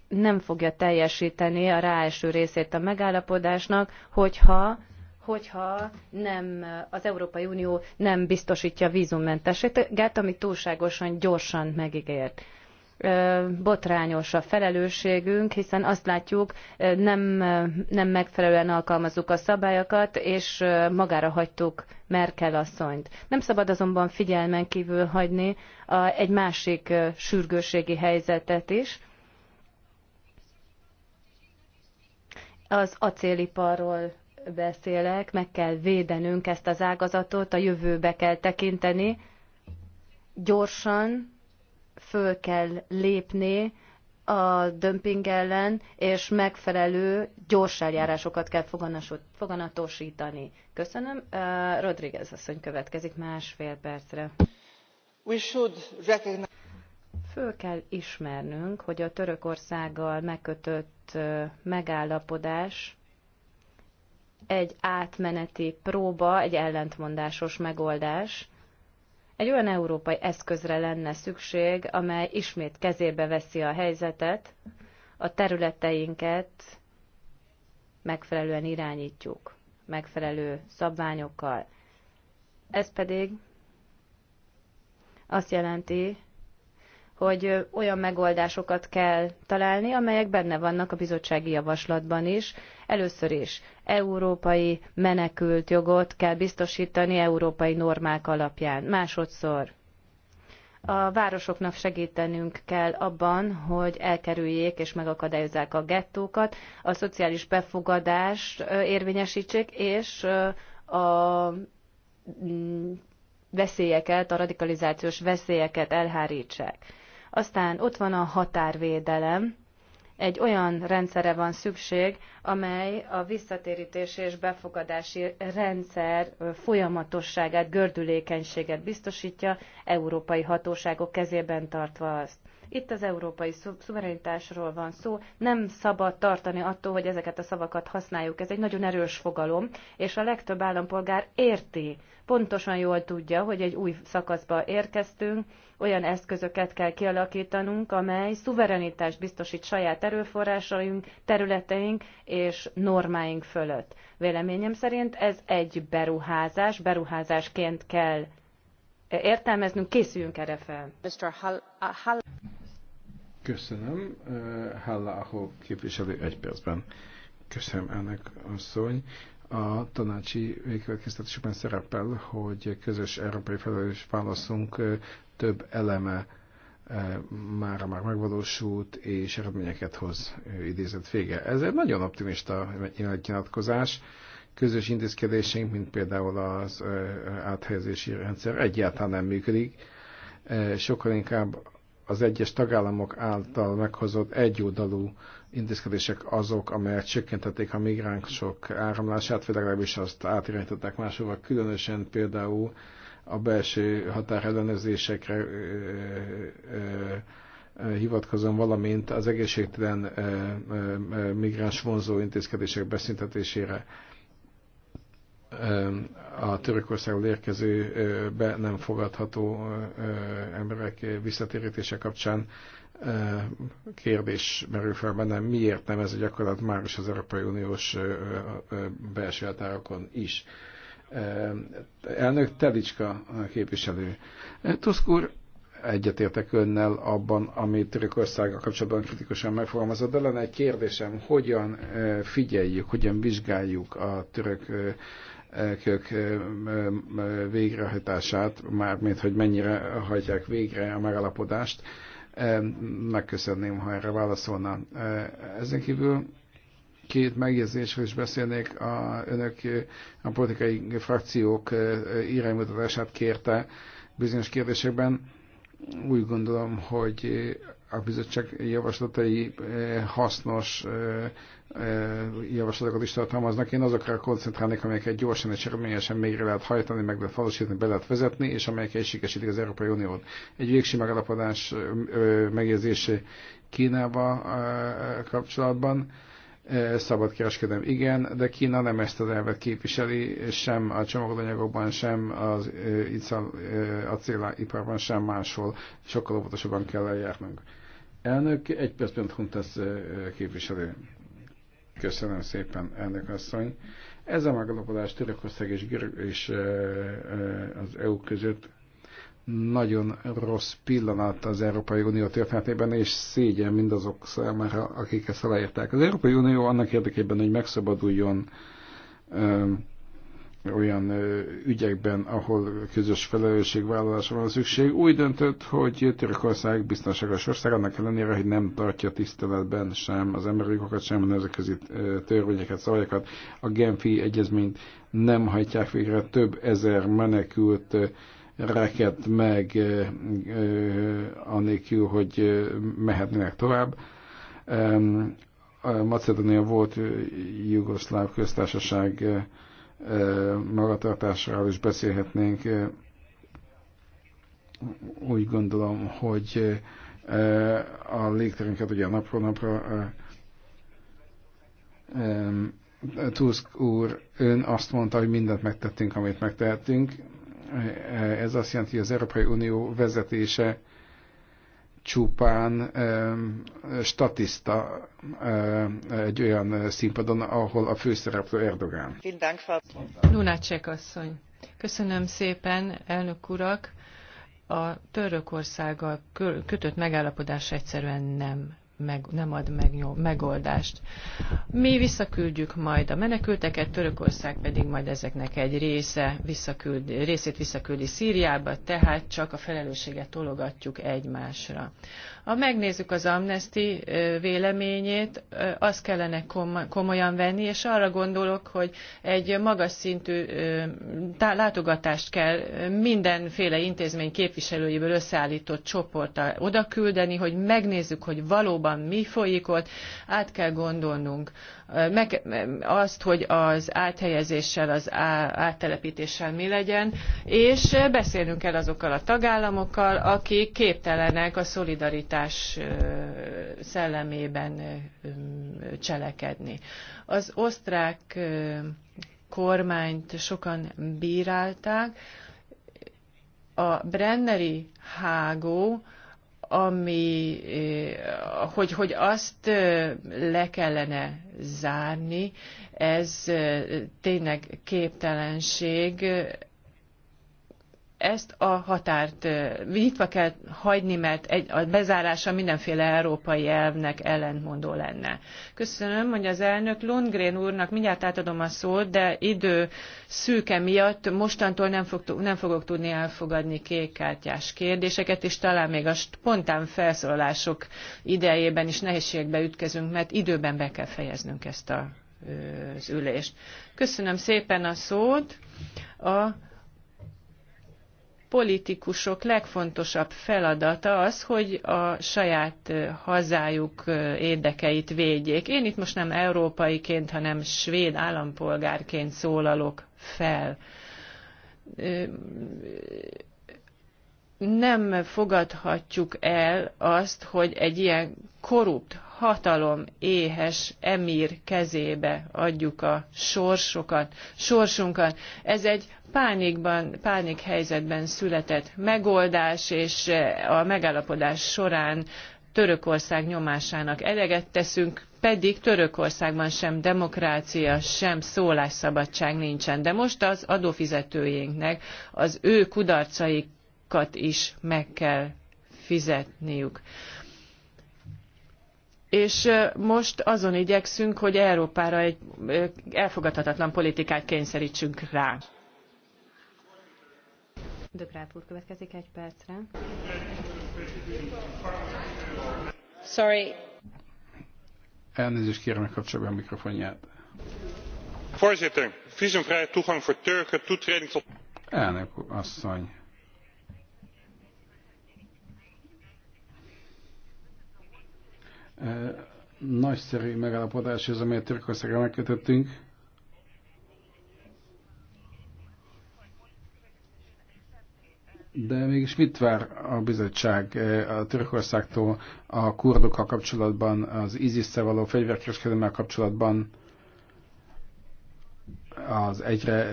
nem fogja teljesíteni a ráeső részét a megállapodásnak, hogyha hogyha nem, az Európai Unió nem biztosítja vízummentességet, amit túlságosan gyorsan megígért botrányos a felelősségünk, hiszen azt látjuk, nem, nem megfelelően alkalmazzuk a szabályokat, és magára hagytuk Merkel asszonyt. Nem szabad azonban figyelmen kívül hagyni a, egy másik sürgőségi helyzetet is. Az acéliparról beszélek, meg kell védenünk ezt az ágazatot, a jövőbe kell tekinteni, gyorsan föl kell lépni a dömping ellen, és megfelelő gyors eljárásokat kell foganatosítani. Köszönöm. Rodriguez asszony következik másfél percre. We should recognize... Föl kell ismernünk, hogy a Törökországgal megkötött megállapodás egy átmeneti próba, egy ellentmondásos megoldás. Egy olyan európai eszközre lenne szükség, amely ismét kezébe veszi a helyzetet, a területeinket megfelelően irányítjuk, megfelelő szabványokkal. Ez pedig azt jelenti, hogy olyan megoldásokat kell találni, amelyek benne vannak a bizottsági javaslatban is. Először is európai menekült jogot kell biztosítani európai normák alapján. Másodszor a városoknak segítenünk kell abban, hogy elkerüljék és megakadályozzák a gettókat, a szociális befogadást érvényesítsék, és a veszélyeket, a radikalizációs veszélyeket elhárítsák. Aztán ott van a határvédelem. Egy olyan rendszere van szükség, amely a visszatérítés és befogadási rendszer folyamatosságát, gördülékenységet biztosítja, európai hatóságok kezében tartva azt. Itt az európai szuverenitásról van szó, nem szabad tartani attól, hogy ezeket a szavakat használjuk. Ez egy nagyon erős fogalom, és a legtöbb állampolgár érti pontosan jól tudja, hogy egy új szakaszba érkeztünk, olyan eszközöket kell kialakítanunk, amely szuverenitást biztosít saját erőforrásaink, területeink és normáink fölött. Véleményem szerint ez egy beruházás, beruházásként kell értelmeznünk, készüljünk erre fel. Köszönöm. Halla, ahol képviselő egy percben. Köszönöm ennek asszony a tanácsi végkövetkeztetésben szerepel, hogy közös európai felelős válaszunk több eleme már már megvalósult és eredményeket hoz idézett vége. Ez egy nagyon optimista nyilatkozás. Közös intézkedéseink, mint például az áthelyezési rendszer egyáltalán nem működik. Sokkal inkább az egyes tagállamok által meghozott egyoldalú intézkedések azok, amelyek csökkentették a migránsok áramlását, vagy legalábbis azt átirányították máshova, különösen például a belső határellenőrzésekre hivatkozom, valamint az egészségtelen migráns vonzó intézkedések beszüntetésére a Törökországból érkező be nem fogadható emberek visszatérítése kapcsán kérdés merül fel bennem, miért nem ez a gyakorlat már is az Európai Uniós belső határokon is. Elnök Telicska képviselő. Tusk úr, egyetértek önnel abban, amit Törökországgal kapcsolatban kritikusan megfogalmazott, de lenne egy kérdésem, hogyan figyeljük, hogyan vizsgáljuk a török kök végrehajtását, mármint hogy mennyire hajtják végre a megalapodást, Megköszönném, ha erre válaszolna. Ezen kívül két megjegyzésről is beszélnék. A, önök a politikai frakciók iránymutatását kérte bizonyos kérdésekben. Úgy gondolom, hogy a bizottság javaslatai eh, hasznos eh, eh, javaslatokat is tartalmaznak. Én azokra koncentrálnék, amelyeket gyorsan és eredményesen mégre lehet hajtani, meg lehet valósítani, be lehet vezetni, és amelyek egységesítik az Európai Uniót. Egy végső megalapodás megjegyzése Kínába kapcsolatban szabad kereskedem, igen, de Kína nem ezt az elvet képviseli, sem a csomagodanyagokban, sem az acéliparban, sem máshol. Sokkal óvatosabban kell eljárnunk. Elnök, egy percben Huntas képviselő. Köszönöm szépen, elnök asszony. Ez a megalapodás Törökország és, Görög és az EU között nagyon rossz pillanat az Európai Unió történetében, és szégyen mindazok számára, akik ezt aláírták. Az Európai Unió annak érdekében, hogy megszabaduljon olyan ügyekben, ahol közös felelősségvállalásra van szükség. Úgy döntött, hogy Törökország biztonságos ország, annak ellenére, hogy nem tartja tiszteletben sem az emberi jogokat, sem a nemzetközi törvényeket, szabályokat. A Genfi egyezményt nem hajtják végre, több ezer menekült reket meg anélkül, hogy mehetnének tovább. Macedónia volt Jugoszláv köztársaság magatartásáról is beszélhetnénk. Úgy gondolom, hogy a légterünket ugye napról napra Tusk úr, ön azt mondta, hogy mindent megtettünk, amit megtehetünk. Ez azt jelenti, hogy az Európai Unió vezetése csupán statiszta egy olyan színpadon, ahol a főszereplő Erdogán. Lunácsek asszony. Köszönöm szépen, elnök urak. A Törökországgal kötött megállapodás egyszerűen nem meg, nem ad meg, megoldást. Mi visszaküldjük majd a menekülteket, Törökország pedig majd ezeknek egy része visszaküld, részét visszaküldi Szíriába, tehát csak a felelősséget tologatjuk egymásra. Ha megnézzük az Amnesty véleményét, azt kellene komolyan venni, és arra gondolok, hogy egy magas szintű látogatást kell mindenféle intézmény képviselőjéből összeállított csoporttal odaküldeni, hogy megnézzük, hogy valóban van, mi folyik ott, át kell gondolnunk meg, azt, hogy az áthelyezéssel, az áttelepítéssel mi legyen, és beszélünk kell azokkal a tagállamokkal, akik képtelenek a szolidaritás szellemében cselekedni. Az osztrák kormányt sokan bírálták, a Brenneri hágó ami, eh, hogy, hogy azt eh, le kellene zárni, ez eh, tényleg képtelenség ezt a határt nyitva kell hagyni, mert egy, a bezárása mindenféle európai elvnek ellentmondó lenne. Köszönöm, hogy az elnök Lundgren úrnak mindjárt átadom a szót, de idő szűke miatt mostantól nem, fog, nem fogok tudni elfogadni kékkártyás kérdéseket, és talán még a spontán felszólalások idejében is nehézségbe ütkezünk, mert időben be kell fejeznünk ezt a, az ülést. Köszönöm szépen a szót. A politikusok legfontosabb feladata az, hogy a saját hazájuk érdekeit védjék. Én itt most nem európaiként, hanem svéd állampolgárként szólalok fel nem fogadhatjuk el azt, hogy egy ilyen korrupt, hatalom éhes emír kezébe adjuk a sorsokat, sorsunkat. Ez egy pánikban, pánik helyzetben született megoldás, és a megállapodás során Törökország nyomásának eleget teszünk, pedig Törökországban sem demokrácia, sem szólásszabadság nincsen. De most az adófizetőjénknek az ő kudarcaik díjakat is meg kell fizetniük. És most azon igyekszünk, hogy Európára egy elfogadhatatlan politikát kényszerítsünk rá. Dögráv úr következik egy percre. Sorry. Elnézést kérem, kapcsolja a mikrofonját. Voorzitter, visumvrije toegang voor Turken, toetreding tot... Elnök asszony, nagyszerű megállapodás ez, amelyet Törökországgal megkötöttünk. De mégis mit vár a bizottság a Törökországtól a kurdokkal kapcsolatban, az isis való fegyverkereskedelemmel kapcsolatban, az egyre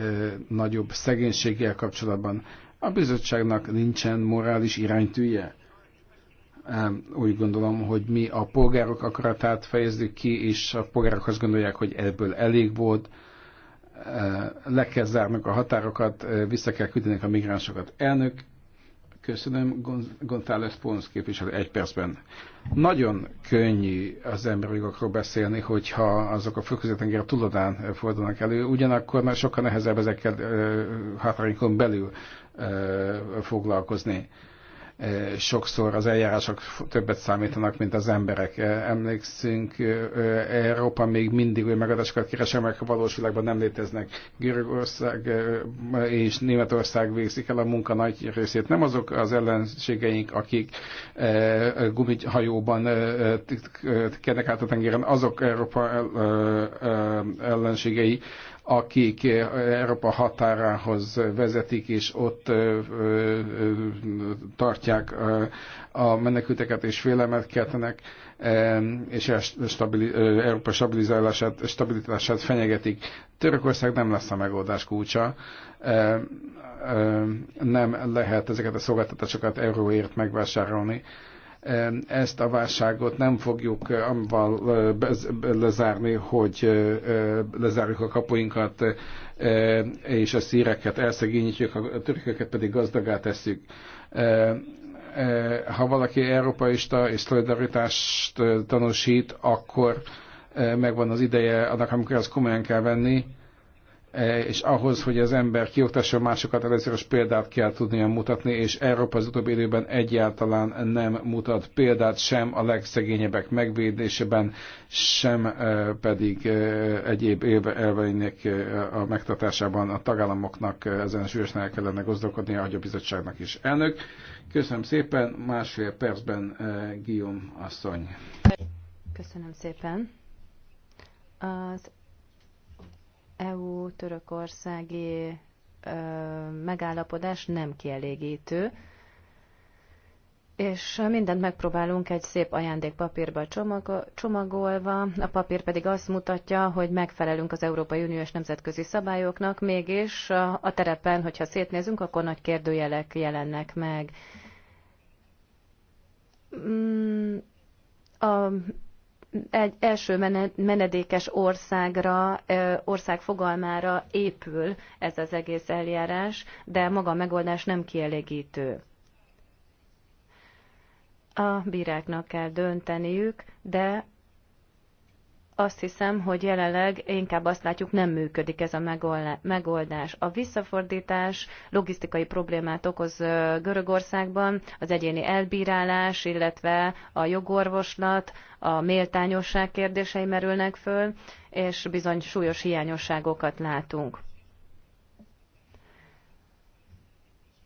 nagyobb szegénységgel kapcsolatban? A bizottságnak nincsen morális iránytűje úgy gondolom, hogy mi a polgárok akaratát fejezzük ki, és a polgárok azt gondolják, hogy ebből elég volt, le kell zárnunk a határokat, vissza kell küldeni a migránsokat. Elnök, köszönöm, González Pons képviselő egy percben. Nagyon könnyű az emberi jogokról beszélni, hogyha azok a fölközetenger tudatán fordulnak elő, ugyanakkor már sokkal nehezebb ezekkel határainkon belül foglalkozni Eh, sokszor az eljárások többet számítanak, mint az emberek. Eh, emlékszünk, eh, Európa még mindig olyan megadásokat keres, amelyek a valós világban nem léteznek. Görögország és Németország végzik el a munka nagy részét. Nem azok az ellenségeink, akik gumihajóban kenek át a tengeren, azok Európa ellenségei, akik eh, Európa határához vezetik, és ott eh, eh, tartják a menekülteket és félelmet keltenek, és Európa stabilizálását, stabilitását fenyegetik. Törökország nem lesz a megoldás kulcsa. Nem lehet ezeket a szolgáltatásokat euróért megvásárolni ezt a válságot nem fogjuk eh, amivel eh, lezárni, hogy eh, lezárjuk a kapuinkat, és a szíreket elszegényítjük, a törököket pedig gazdagá tesszük. Ha valaki európaista és szolidaritást tanúsít, akkor megvan az ideje annak, amikor ezt komolyan kell venni, E, és ahhoz, hogy az ember a másokat, először példát kell tudnia mutatni, és Európa az utóbbi időben egyáltalán nem mutat példát sem a legszegényebbek megvédésében, sem e, pedig e, egyéb elveinek a megtartásában a tagállamoknak ezen sűrűsen el kellene gondolkodni, ahogy a bizottságnak is. Elnök, köszönöm szépen, másfél percben Guillaume asszony. Köszönöm szépen. Az EU-törökországi megállapodás nem kielégítő, és mindent megpróbálunk egy szép ajándékpapírba csomagolva, a papír pedig azt mutatja, hogy megfelelünk az Európai Uniós nemzetközi szabályoknak, mégis a terepen, hogyha szétnézünk, akkor nagy kérdőjelek jelennek meg. Mm, a egy első menedékes országra, ország fogalmára épül ez az egész eljárás, de maga a megoldás nem kielégítő. A bíráknak kell dönteniük, de azt hiszem, hogy jelenleg inkább azt látjuk, nem működik ez a megoldás. A visszafordítás logisztikai problémát okoz Görögországban, az egyéni elbírálás, illetve a jogorvoslat, a méltányosság kérdései merülnek föl, és bizony súlyos hiányosságokat látunk.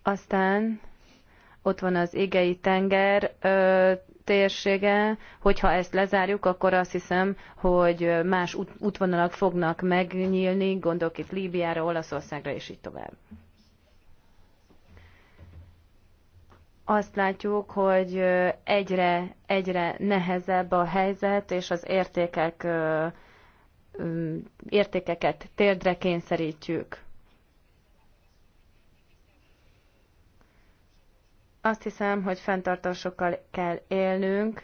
Aztán ott van az égei tenger térsége, hogyha ezt lezárjuk, akkor azt hiszem, hogy más út, útvonalak fognak megnyílni, gondolok itt Líbiára, Olaszországra és így tovább. Azt látjuk, hogy egyre, egyre nehezebb a helyzet, és az értékek, értékeket térdre kényszerítjük Azt hiszem, hogy fenntartásokkal kell élnünk,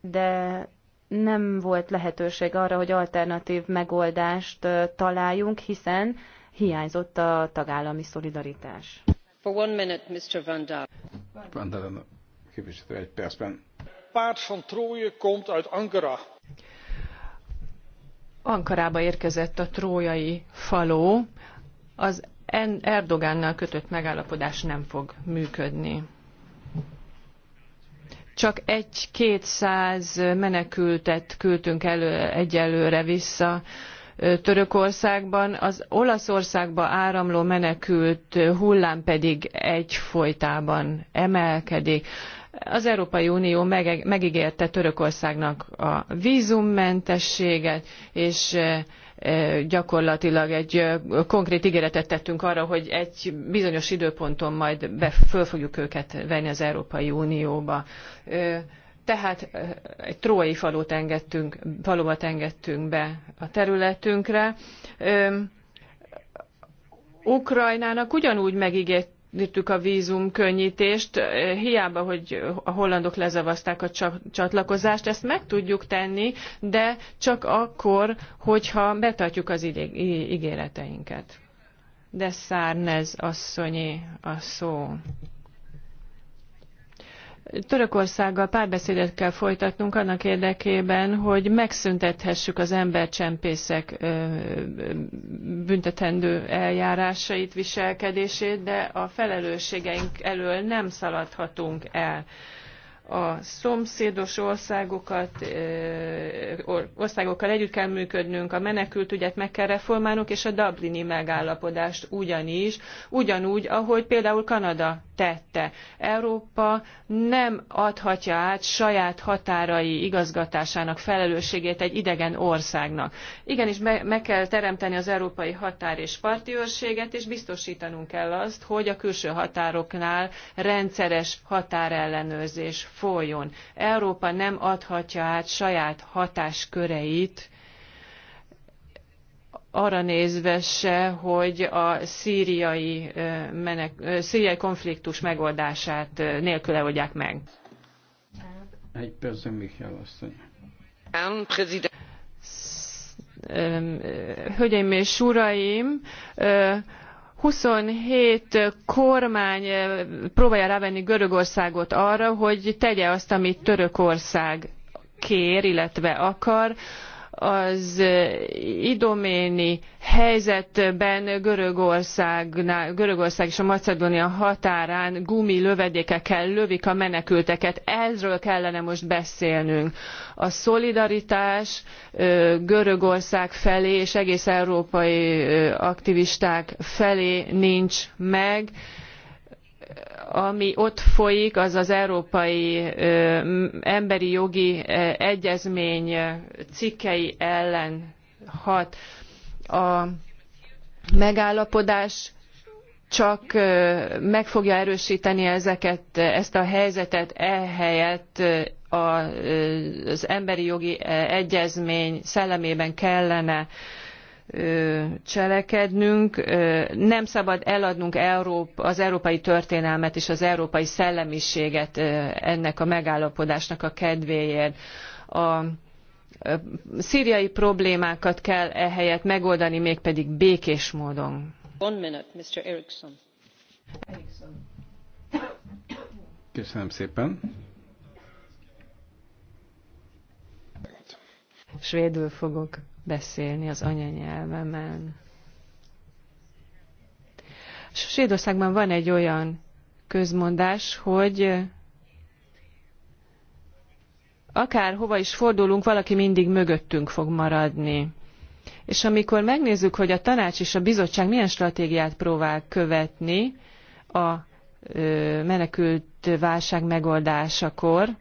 de nem volt lehetőség arra, hogy alternatív megoldást találjunk, hiszen hiányzott a tagállami szolidaritás. For one minute, Mr. Van Dalen. Van Dalen, képviselő egy percben. Párt van Trója, komt uit Ankara. Ankarába érkezett a trójai faló. Az Erdogánnal kötött megállapodás nem fog működni. Csak egy 200 menekültet küldtünk elő egyelőre vissza Törökországban, az Olaszországba áramló menekült hullám pedig egyfolytában emelkedik az Európai Unió meg, megígérte Törökországnak a vízummentességet, és gyakorlatilag egy konkrét ígéretet tettünk arra, hogy egy bizonyos időponton majd be, föl fogjuk őket venni az Európai Unióba. Tehát egy trói falut engedtünk, falubat engedtünk be a területünkre. Ukrajnának ugyanúgy megígért megértük a vízum könnyítést, hiába, hogy a hollandok lezavazták a csatlakozást, ezt meg tudjuk tenni, de csak akkor, hogyha betartjuk az ígéreteinket. De Szárnez asszonyi a szó. Törökországgal párbeszédet kell folytatnunk annak érdekében, hogy megszüntethessük az embercsempészek büntetendő eljárásait, viselkedését, de a felelősségeink elől nem szaladhatunk el a szomszédos országokat, országokkal együtt kell működnünk, a menekültügyet meg kell reformálnunk, és a Dublini megállapodást ugyanis, ugyanúgy, ahogy például Kanada tette. Európa nem adhatja át saját határai igazgatásának felelősségét egy idegen országnak. Igenis meg kell teremteni az európai határ és parti őrséget, és biztosítanunk kell azt, hogy a külső határoknál rendszeres határellenőrzés folyjon. Európa nem adhatja át saját hatásköreit, arra nézve se, hogy a szíriai, menek, szíriai konfliktus megoldását nélküle oldják meg. Egy persze, Mihály asszony. Hölgyeim és uraim, 27 kormány eh, próbálja rávenni Görögországot arra, hogy tegye azt, amit Törökország kér, illetve akar az idoméni helyzetben Görögországnál, Görögország és a Macedónia határán gumilövedékekkel lövik a menekülteket. Erről kellene most beszélnünk. A szolidaritás Görögország felé és egész európai aktivisták felé nincs meg ami ott folyik, az az Európai Emberi Jogi Egyezmény cikkei ellen hat. A megállapodás csak meg fogja erősíteni ezeket, ezt a helyzetet ehelyett az emberi jogi egyezmény szellemében kellene cselekednünk, nem szabad eladnunk az európai történelmet és az európai szellemiséget ennek a megállapodásnak a kedvéért. A szíriai problémákat kell ehelyett megoldani, mégpedig békés módon. One minute, Mr. Erickson. Köszönöm szépen. Svédül fogok beszélni az anyanyelvemen. Svédországban van egy olyan közmondás, hogy akár hova is fordulunk, valaki mindig mögöttünk fog maradni. És amikor megnézzük, hogy a tanács és a bizottság milyen stratégiát próbál követni a menekült válság megoldásakor,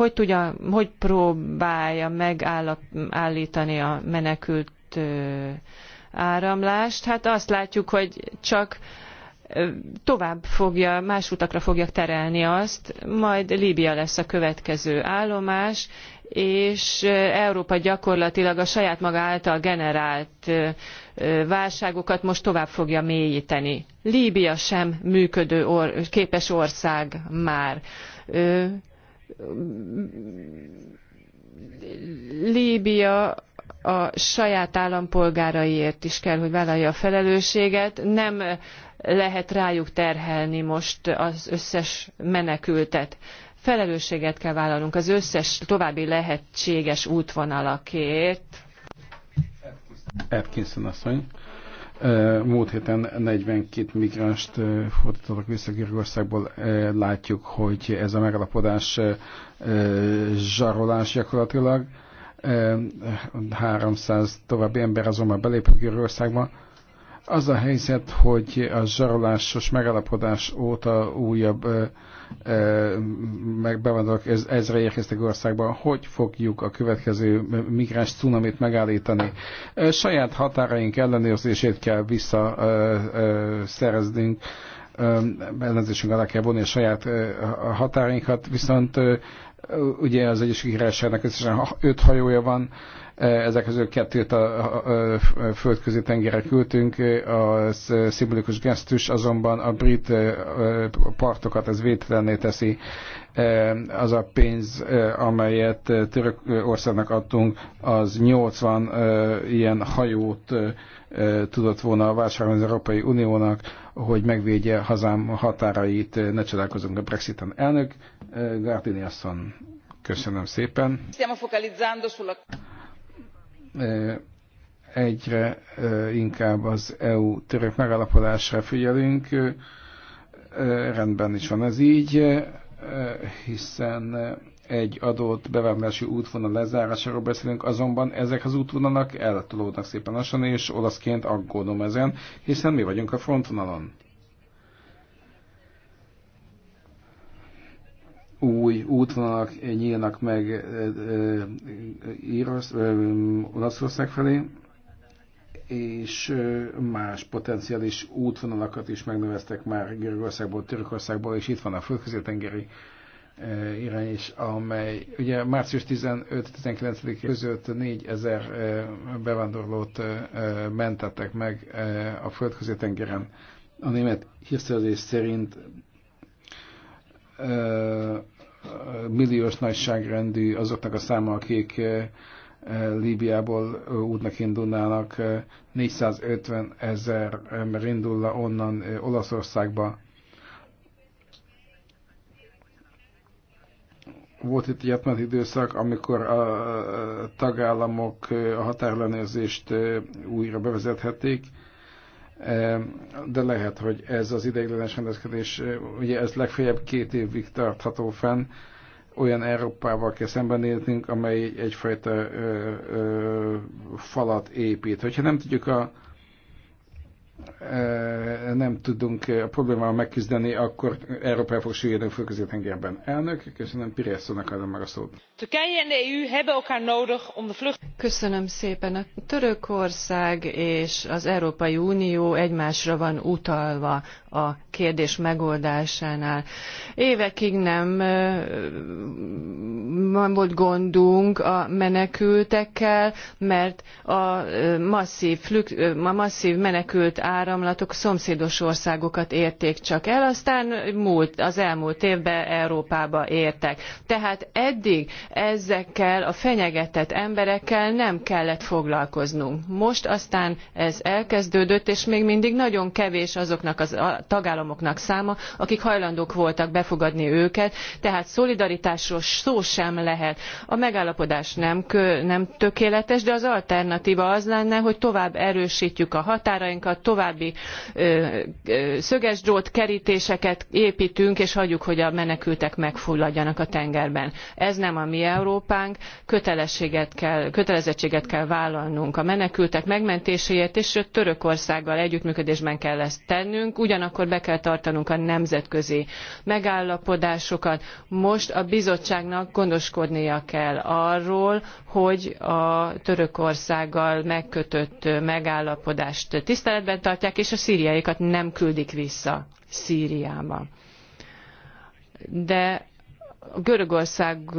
hogy, tudja, hogy próbálja megállítani a menekült áramlást? Hát azt látjuk, hogy csak tovább fogja, más utakra fogja terelni azt, majd Líbia lesz a következő állomás, és Európa gyakorlatilag a saját maga által generált válságokat most tovább fogja mélyíteni. Líbia sem működő or képes ország már Líbia a saját állampolgáraiért is kell, hogy vállalja a felelősséget. Nem lehet rájuk terhelni most az összes menekültet. Felelősséget kell vállalnunk az összes további lehetséges útvonalakért. Erkinson asszony. Múlt héten 42 migránst fordítottak vissza Görögországból. Látjuk, hogy ez a megalapodás zsarolás gyakorlatilag. 300 további ember azonban belépett Görögországba. Az a helyzet, hogy a zsarolásos megalapodás óta újabb meg bevándorlók ez, ezre érkeztek országba, hogy fogjuk a következő migráns cunamit megállítani. Saját határaink ellenőrzését kell visszaszereznünk, ellenőrzésünk alá kell vonni a saját határainkat, viszont ugye az Egyesült Királyságnak összesen öt hajója van, E, Ezek közül kettőt a földközi tengerre küldtünk, e, a e, szimbolikus gesztus azonban a brit partokat ez védtelenné teszi. Az a pénz, amelyet Törökországnak adtunk, az 80 ilyen hajót tudott volna vásárolni az Európai Uniónak, hogy megvédje hazám határait, ne csodálkozunk a Brexiten. Elnök, Gárdini asszony, köszönöm szépen egyre inkább az EU-török megalapodásra figyelünk. Rendben is van ez így, hiszen egy adott bevándorlási útvonal lezárásáról beszélünk, azonban ezek az útvonalak eltolódnak szépen lassan, és olaszként aggódom ezen, hiszen mi vagyunk a frontvonalon. új útvonalak nyílnak meg Olaszország felé, és más potenciális útvonalakat is megneveztek már Görögországból, Törökországból, és itt van a földközi-tengeri irány is, amely ugye március 15-19 között 4000 bevándorlót mentettek meg a földközi tengeren. A német hírszerzés szerint milliós nagyságrendű azoknak a száma, akik Líbiából útnak indulnának, 450 ezer ember indulna onnan Olaszországba. Volt itt egy átmeneti időszak, amikor a tagállamok a határlenőrzést újra bevezethették, de lehet, hogy ez az ideiglenes rendezkedés, ugye ez legfeljebb két évig tartható fenn, olyan Európával kell szembenéznünk, amely egyfajta ö, ö, falat épít. Hogyha nem tudjuk a nem tudunk a problémával megküzdeni, akkor Európa fog süllyedni a Fölközi-tengerben. Elnök, köszönöm, Pirészónak adom meg a szót. E köszönöm szépen. A Törökország és az Európai Unió egymásra van utalva a kérdés megoldásánál. Évekig nem, nem volt gondunk a menekültekkel, mert a masszív, a masszív menekült áramlatok szomszédos országokat érték csak el, aztán múlt, az elmúlt évben Európába értek. Tehát eddig ezekkel a fenyegetett emberekkel nem kellett foglalkoznunk. Most aztán ez elkezdődött, és még mindig nagyon kevés azoknak az a tagállamoknak száma, akik hajlandók voltak befogadni őket, tehát szolidaritásról szó sem lehet. A megállapodás nem, kö, nem tökéletes, de az alternatíva az lenne, hogy tovább erősítjük a határainkat, tovább további szöges kertéseket éptünk és hagyjuk hogy a menekültek megfulladjanak a tengerben. ez nem a mi európánk kötelességet kell, kötelezettséget kell vállalnunk a menekültek megmentéséért és törökországgal együttműködésben kell ezt tennünk ugyanakkor be kell tartanunk a nemzetközi megállapodásokat. most a bizottságnak gondoskodnia kell arról hogy a törökországgal megkötött megállapodást tiszteletben tartják, és a szíriaikat nem küldik vissza Szíriába. De a Görögország,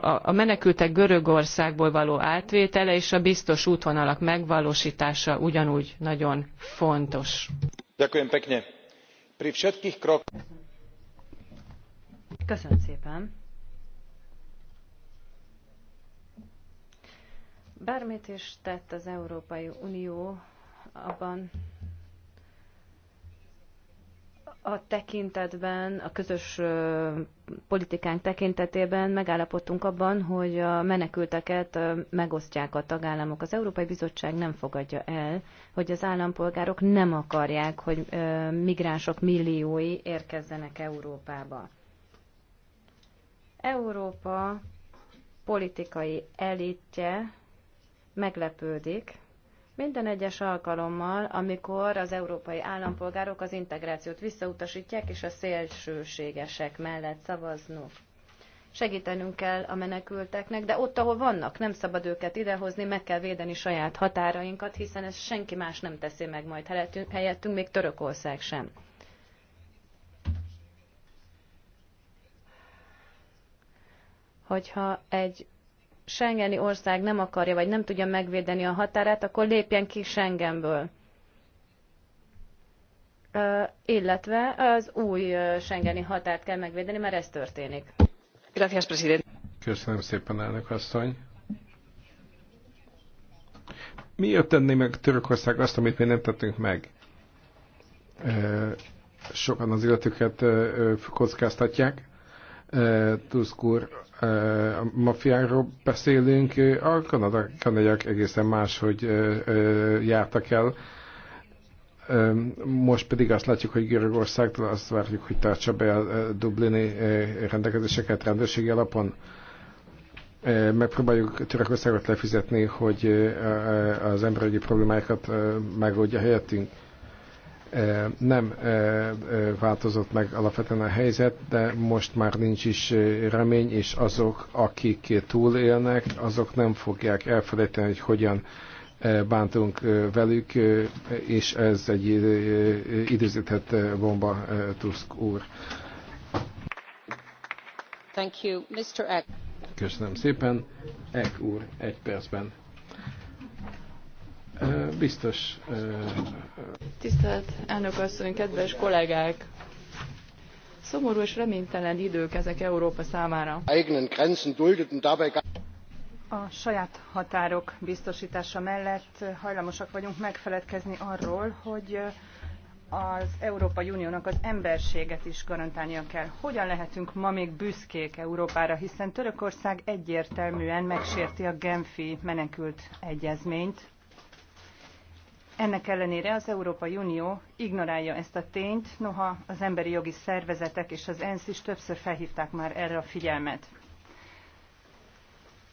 a menekültek Görögországból való átvétele és a biztos útvonalak megvalósítása ugyanúgy nagyon fontos. Köszönöm szépen. Bármit is tett az Európai Unió abban a tekintetben, a közös politikánk tekintetében megállapodtunk abban, hogy a menekülteket megosztják a tagállamok. Az Európai Bizottság nem fogadja el, hogy az állampolgárok nem akarják, hogy migránsok milliói érkezzenek Európába. Európa politikai elitje meglepődik, minden egyes alkalommal, amikor az európai állampolgárok az integrációt visszautasítják, és a szélsőségesek mellett szavaznak. Segítenünk kell a menekülteknek, de ott, ahol vannak, nem szabad őket idehozni, meg kell védeni saját határainkat, hiszen ezt senki más nem teszi meg majd helyettünk, még Törökország sem. Hogyha egy Schengeni ország nem akarja vagy nem tudja megvédeni a határát, akkor lépjen ki Schengenből. Illetve az új Schengeni határt kell megvédeni, mert ez történik. Gracias, president. Köszönöm szépen, elnök asszony. Miért tenné meg Törökország azt, amit mi nem tettünk meg? Sokan az életüket kockáztatják Tusk úr, a mafiáról beszélünk, a kanada, kanadaiak egészen máshogy jártak el. Most pedig azt látjuk, hogy Görögországtól azt várjuk, hogy tartsa be a dublini rendelkezéseket rendőrségi alapon. Megpróbáljuk Törökországot lefizetni, hogy az emberi problémákat megoldja helyettünk nem változott meg alapvetően a helyzet, de most már nincs is remény, és azok, akik túlélnek, azok nem fogják elfelejteni, hogy hogyan bántunk velük, és ez egy időzített bomba, Tusk úr. Thank you. Mr. Köszönöm szépen. Eck úr, egy percben. Biztos. Tisztelt elnök asszony, kedves kollégák! Szomorú és reménytelen idők ezek Európa számára. A saját határok biztosítása mellett hajlamosak vagyunk megfeledkezni arról, hogy az Európai Uniónak az emberséget is garantálnia kell. Hogyan lehetünk ma még büszkék Európára, hiszen Törökország egyértelműen megsérti a Genfi menekült egyezményt, ennek ellenére az Európai Unió ignorálja ezt a tényt, noha az emberi jogi szervezetek és az ENSZ is többször felhívták már erre a figyelmet.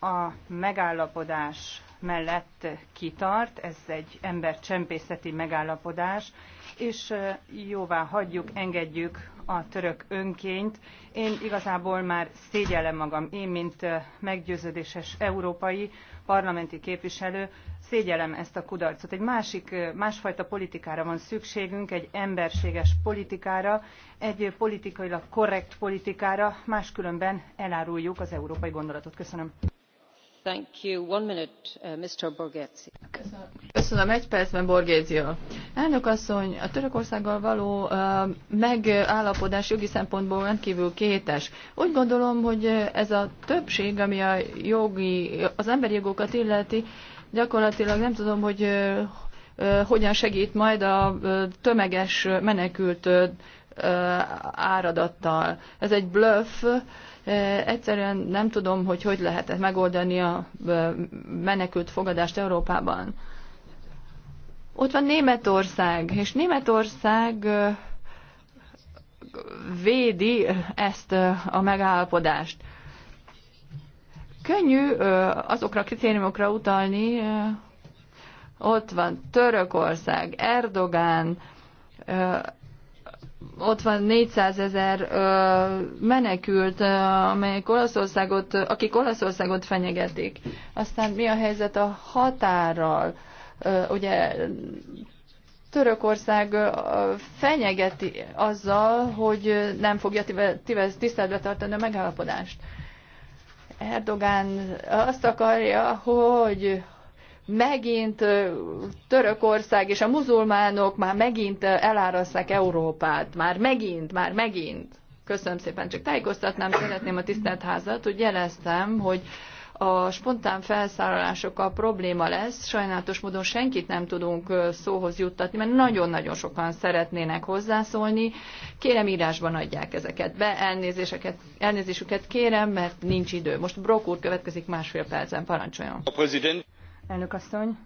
A megállapodás mellett kitart, ez egy embercsempészeti megállapodás, és jóvá hagyjuk, engedjük a török önként. Én igazából már szégyellem magam, én, mint meggyőződéses európai parlamenti képviselő, Szégyelem ezt a kudarcot. Egy másik, másfajta politikára van szükségünk, egy emberséges politikára, egy politikailag korrekt politikára, máskülönben eláruljuk az európai gondolatot. Köszönöm. Thank you. One Minute, uh, Köszönöm. Köszönöm. egy percben Borgézia. elnök asszony a törökországgal való uh, megállapodás jogi szempontból rendkívül kétes. úgy gondolom hogy ez a többség ami a jogi az emberi jogokat illeti Gyakorlatilag nem tudom, hogy hogyan segít majd a tömeges menekült áradattal. Ez egy bluff, egyszerűen nem tudom, hogy hogy lehet megoldani a menekült fogadást Európában. Ott van Németország, és Németország védi ezt a megállapodást. Könnyű azokra a kritériumokra utalni, ott van Törökország, Erdogán, ott van 400 ezer menekült, amelyek Olaszországot, akik Olaszországot fenyegetik. Aztán mi a helyzet a határral? Ugye Törökország fenyegeti azzal, hogy nem fogja tiszteletbe tartani a megállapodást. Erdogán azt akarja, hogy megint Törökország és a muzulmánok már megint elárasszák Európát, már megint, már megint. Köszönöm szépen, csak tájékoztatnám, szeretném a tisztelt házat, hogy jeleztem, hogy a spontán felszállalások probléma lesz. Sajnálatos módon senkit nem tudunk szóhoz juttatni, mert nagyon-nagyon sokan szeretnének hozzászólni. Kérem írásban adják ezeket be, elnézéseket, elnézésüket kérem, mert nincs idő. Most Brok úr következik másfél percen, parancsoljon. Elnök asszony,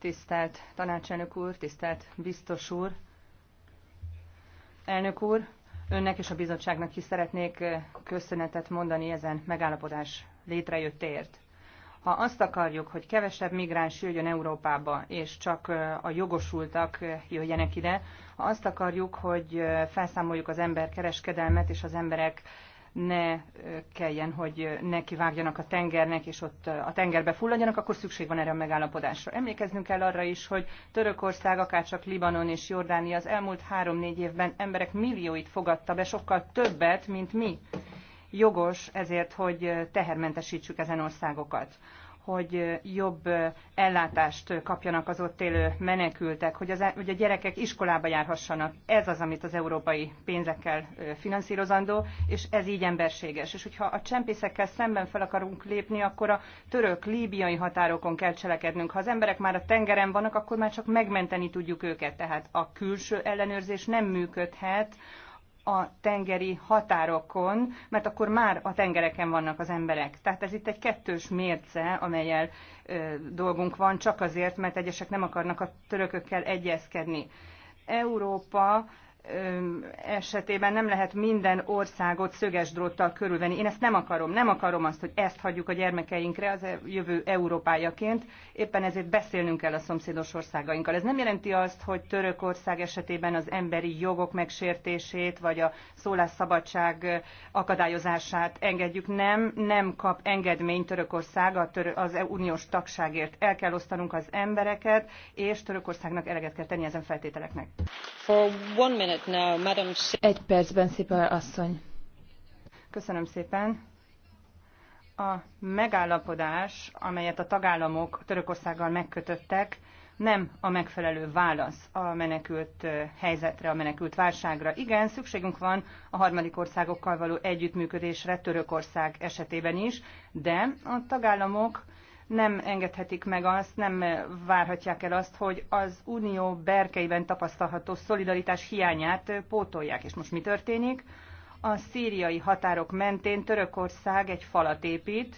tisztelt tanácselnök úr, tisztelt biztos úr, elnök úr, önnek és a bizottságnak is szeretnék köszönetet mondani ezen megállapodás létrejöttért. Ha azt akarjuk, hogy kevesebb migráns jöjjön Európába, és csak a jogosultak jöjjenek ide, ha azt akarjuk, hogy felszámoljuk az kereskedelmet, és az emberek ne kelljen, hogy ne kivágjanak a tengernek, és ott a tengerbe fulladjanak, akkor szükség van erre a megállapodásra. Emlékeznünk kell arra is, hogy Törökország, akárcsak Libanon és Jordánia az elmúlt három-négy évben emberek millióit fogadta be, sokkal többet, mint mi jogos ezért, hogy tehermentesítsük ezen országokat hogy jobb ellátást kapjanak az ott élő menekültek, hogy, az, e- hogy a gyerekek iskolába járhassanak. Ez az, amit az európai pénzekkel finanszírozandó, és ez így emberséges. És hogyha a csempészekkel szemben fel akarunk lépni, akkor a török-líbiai határokon kell cselekednünk. Ha az emberek már a tengeren vannak, akkor már csak megmenteni tudjuk őket. Tehát a külső ellenőrzés nem működhet, a tengeri határokon, mert akkor már a tengereken vannak az emberek. Tehát ez itt egy kettős mérce, amelyel ö, dolgunk van, csak azért, mert egyesek nem akarnak a törökökkel egyezkedni. Európa esetében nem lehet minden országot szöges dróttal körülvenni. Én ezt nem akarom. Nem akarom azt, hogy ezt hagyjuk a gyermekeinkre az e- jövő európájaként. Éppen ezért beszélnünk kell a szomszédos országainkkal. Ez nem jelenti azt, hogy Törökország esetében az emberi jogok megsértését, vagy a szólásszabadság akadályozását engedjük. Nem, nem kap engedmény Törökország az e- uniós tagságért. El kell osztanunk az embereket, és Törökországnak eleget kell tenni ezen feltételeknek. For one minute. Egy percben, asszony. Köszönöm szépen. A megállapodás, amelyet a tagállamok Törökországgal megkötöttek, nem a megfelelő válasz a menekült helyzetre, a menekült válságra. Igen, szükségünk van a harmadik országokkal való együttműködésre Törökország esetében is, de a tagállamok nem engedhetik meg azt, nem várhatják el azt, hogy az unió berkeiben tapasztalható szolidaritás hiányát pótolják. És most mi történik? A szíriai határok mentén Törökország egy falat épít,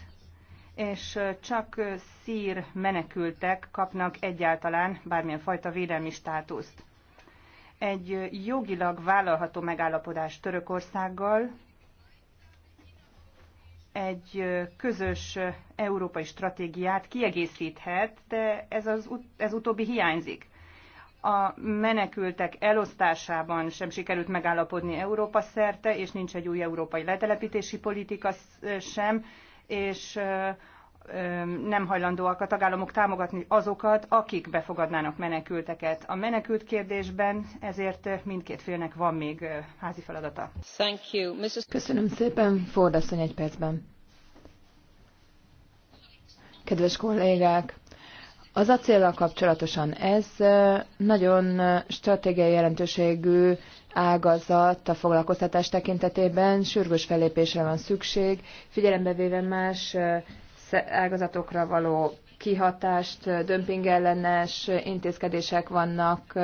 és csak szír menekültek kapnak egyáltalán bármilyen fajta védelmi státuszt. Egy jogilag vállalható megállapodás Törökországgal egy közös európai stratégiát kiegészíthet, de ez, az, ez utóbbi hiányzik. A menekültek elosztásában sem sikerült megállapodni Európa szerte, és nincs egy új európai letelepítési politika sem, és nem hajlandóak a tagállamok támogatni azokat, akik befogadnának menekülteket. A menekült kérdésben ezért mindkét félnek van még házi feladata. Thank you. Mrs. Köszönöm szépen. Ford asszony egy percben. Kedves kollégák, az acéllal kapcsolatosan ez nagyon stratégiai jelentőségű ágazat a foglalkoztatás tekintetében, sürgős felépésre van szükség, figyelembe véve más ágazatokra való kihatást, dömpingellenes intézkedések vannak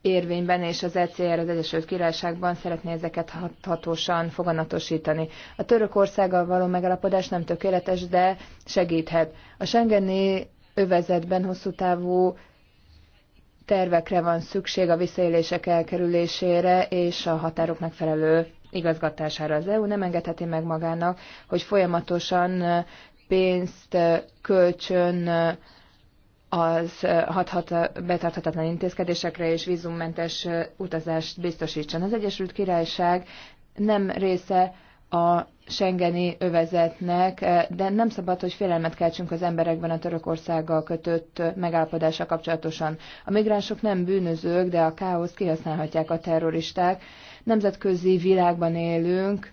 érvényben, és az ECR az Egyesült Királyságban szeretné ezeket hatósan foganatosítani. A Törökországgal való megalapodás nem tökéletes, de segíthet. A Schengeni övezetben hosszú távú tervekre van szükség a visszaélések elkerülésére és a határok megfelelő igazgatására. Az EU nem engedheti meg magának, hogy folyamatosan pénzt kölcsön az hathat, betarthatatlan intézkedésekre és vízummentes utazást biztosítson. Az Egyesült Királyság nem része a Schengeni övezetnek, de nem szabad, hogy félelmet keltsünk az emberekben a Törökországgal kötött megállapodása kapcsolatosan. A migránsok nem bűnözők, de a káoszt kihasználhatják a terroristák. Nemzetközi világban élünk,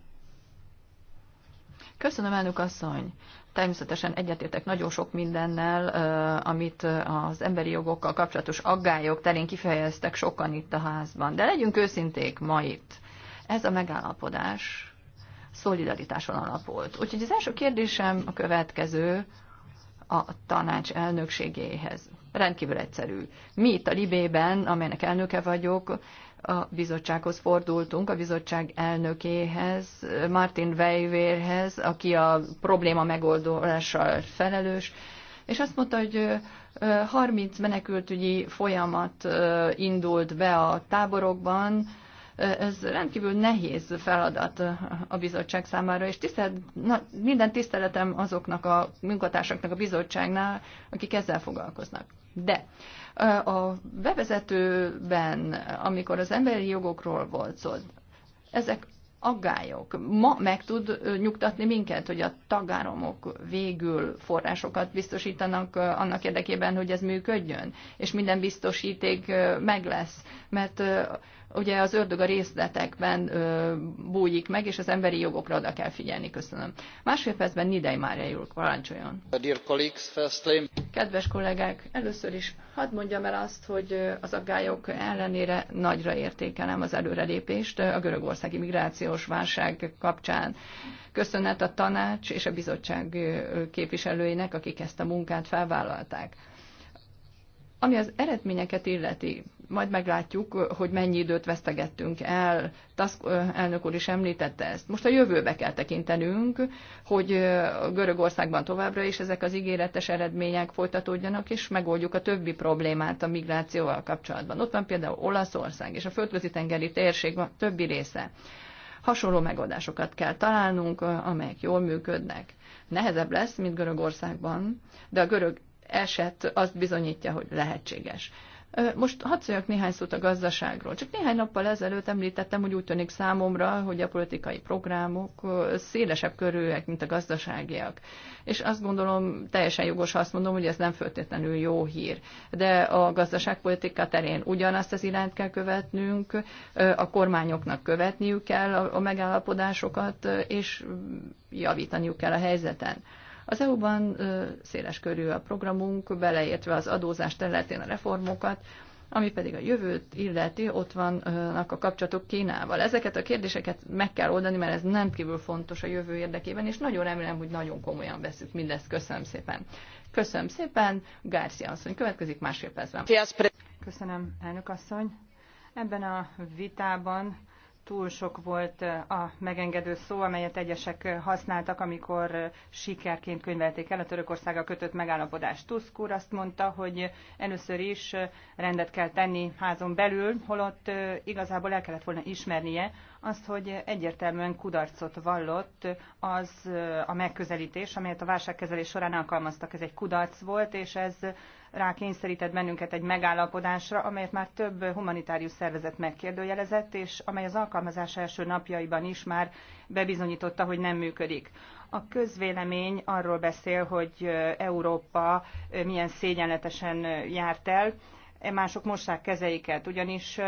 Köszönöm, elnök asszony! Természetesen egyetértek nagyon sok mindennel, amit az emberi jogokkal kapcsolatos aggályok terén kifejeztek sokan itt a házban. De legyünk őszinték ma itt. Ez a megállapodás szolidaritáson alapult. Úgyhogy az első kérdésem a következő a tanács elnökségéhez. Rendkívül egyszerű. Mi itt a Libében, amelynek elnöke vagyok, a bizottsághoz fordultunk, a bizottság elnökéhez, Martin Weivérhez, aki a probléma megoldással felelős, és azt mondta, hogy 30 menekültügyi folyamat indult be a táborokban, ez rendkívül nehéz feladat a bizottság számára, és tisztelt, na, minden tiszteletem azoknak a munkatársaknak a bizottságnál, akik ezzel foglalkoznak. De a bevezetőben, amikor az emberi jogokról volt szó, ezek aggályok. Ma meg tud nyugtatni minket, hogy a tagáromok végül forrásokat biztosítanak annak érdekében, hogy ez működjön, és minden biztosíték meg lesz. Mert ugye az ördög a részletekben ö, bújik meg, és az emberi jogokra oda kell figyelni. Köszönöm. Másfél percben Nidei Mária úr, parancsoljon. Kedves kollégák, először is hadd mondjam el azt, hogy az aggályok ellenére nagyra értékelem az előrelépést a görögországi migrációs válság kapcsán. Köszönet a tanács és a bizottság képviselőinek, akik ezt a munkát felvállalták. Ami az eredményeket illeti, majd meglátjuk, hogy mennyi időt vesztegettünk el. Tusk elnök úr is említette ezt. Most a jövőbe kell tekintenünk, hogy Görögországban továbbra is ezek az ígéretes eredmények folytatódjanak, és megoldjuk a többi problémát a migrációval kapcsolatban. Ott van például Olaszország és a földközi-tengeri térség többi része. Hasonló megoldásokat kell találnunk, amelyek jól működnek. Nehezebb lesz, mint Görögországban, de a görög eset azt bizonyítja, hogy lehetséges. Most hadd szóljak néhány szót a gazdaságról. Csak néhány nappal ezelőtt említettem, hogy úgy tűnik számomra, hogy a politikai programok szélesebb körűek, mint a gazdaságiak. És azt gondolom, teljesen jogos, ha azt mondom, hogy ez nem föltétlenül jó hír. De a gazdaságpolitika terén ugyanazt az irányt kell követnünk, a kormányoknak követniük kell a megállapodásokat, és javítaniuk kell a helyzeten. Az EU-ban széles körű a programunk, beleértve az adózás területén a reformokat, ami pedig a jövőt illeti, ott vannak a kapcsolatok Kínával. Ezeket a kérdéseket meg kell oldani, mert ez nem kívül fontos a jövő érdekében, és nagyon remélem, hogy nagyon komolyan veszük mindezt. Köszönöm szépen. Köszönöm szépen. Garcia asszony következik másfél percben. Köszönöm, elnök asszony. Ebben a vitában túl sok volt a megengedő szó, amelyet egyesek használtak, amikor sikerként könyvelték el a Törökországgal kötött megállapodást. Tusk úr azt mondta, hogy először is rendet kell tenni házon belül, holott igazából el kellett volna ismernie azt, hogy egyértelműen kudarcot vallott az a megközelítés, amelyet a válságkezelés során alkalmaztak. Ez egy kudarc volt, és ez rákényszerített bennünket egy megállapodásra, amelyet már több humanitárius szervezet megkérdőjelezett, és amely az alkalmazás első napjaiban is már bebizonyította, hogy nem működik. A közvélemény arról beszél, hogy Európa milyen szégyenletesen járt el, e mások mossák kezeiket, ugyanis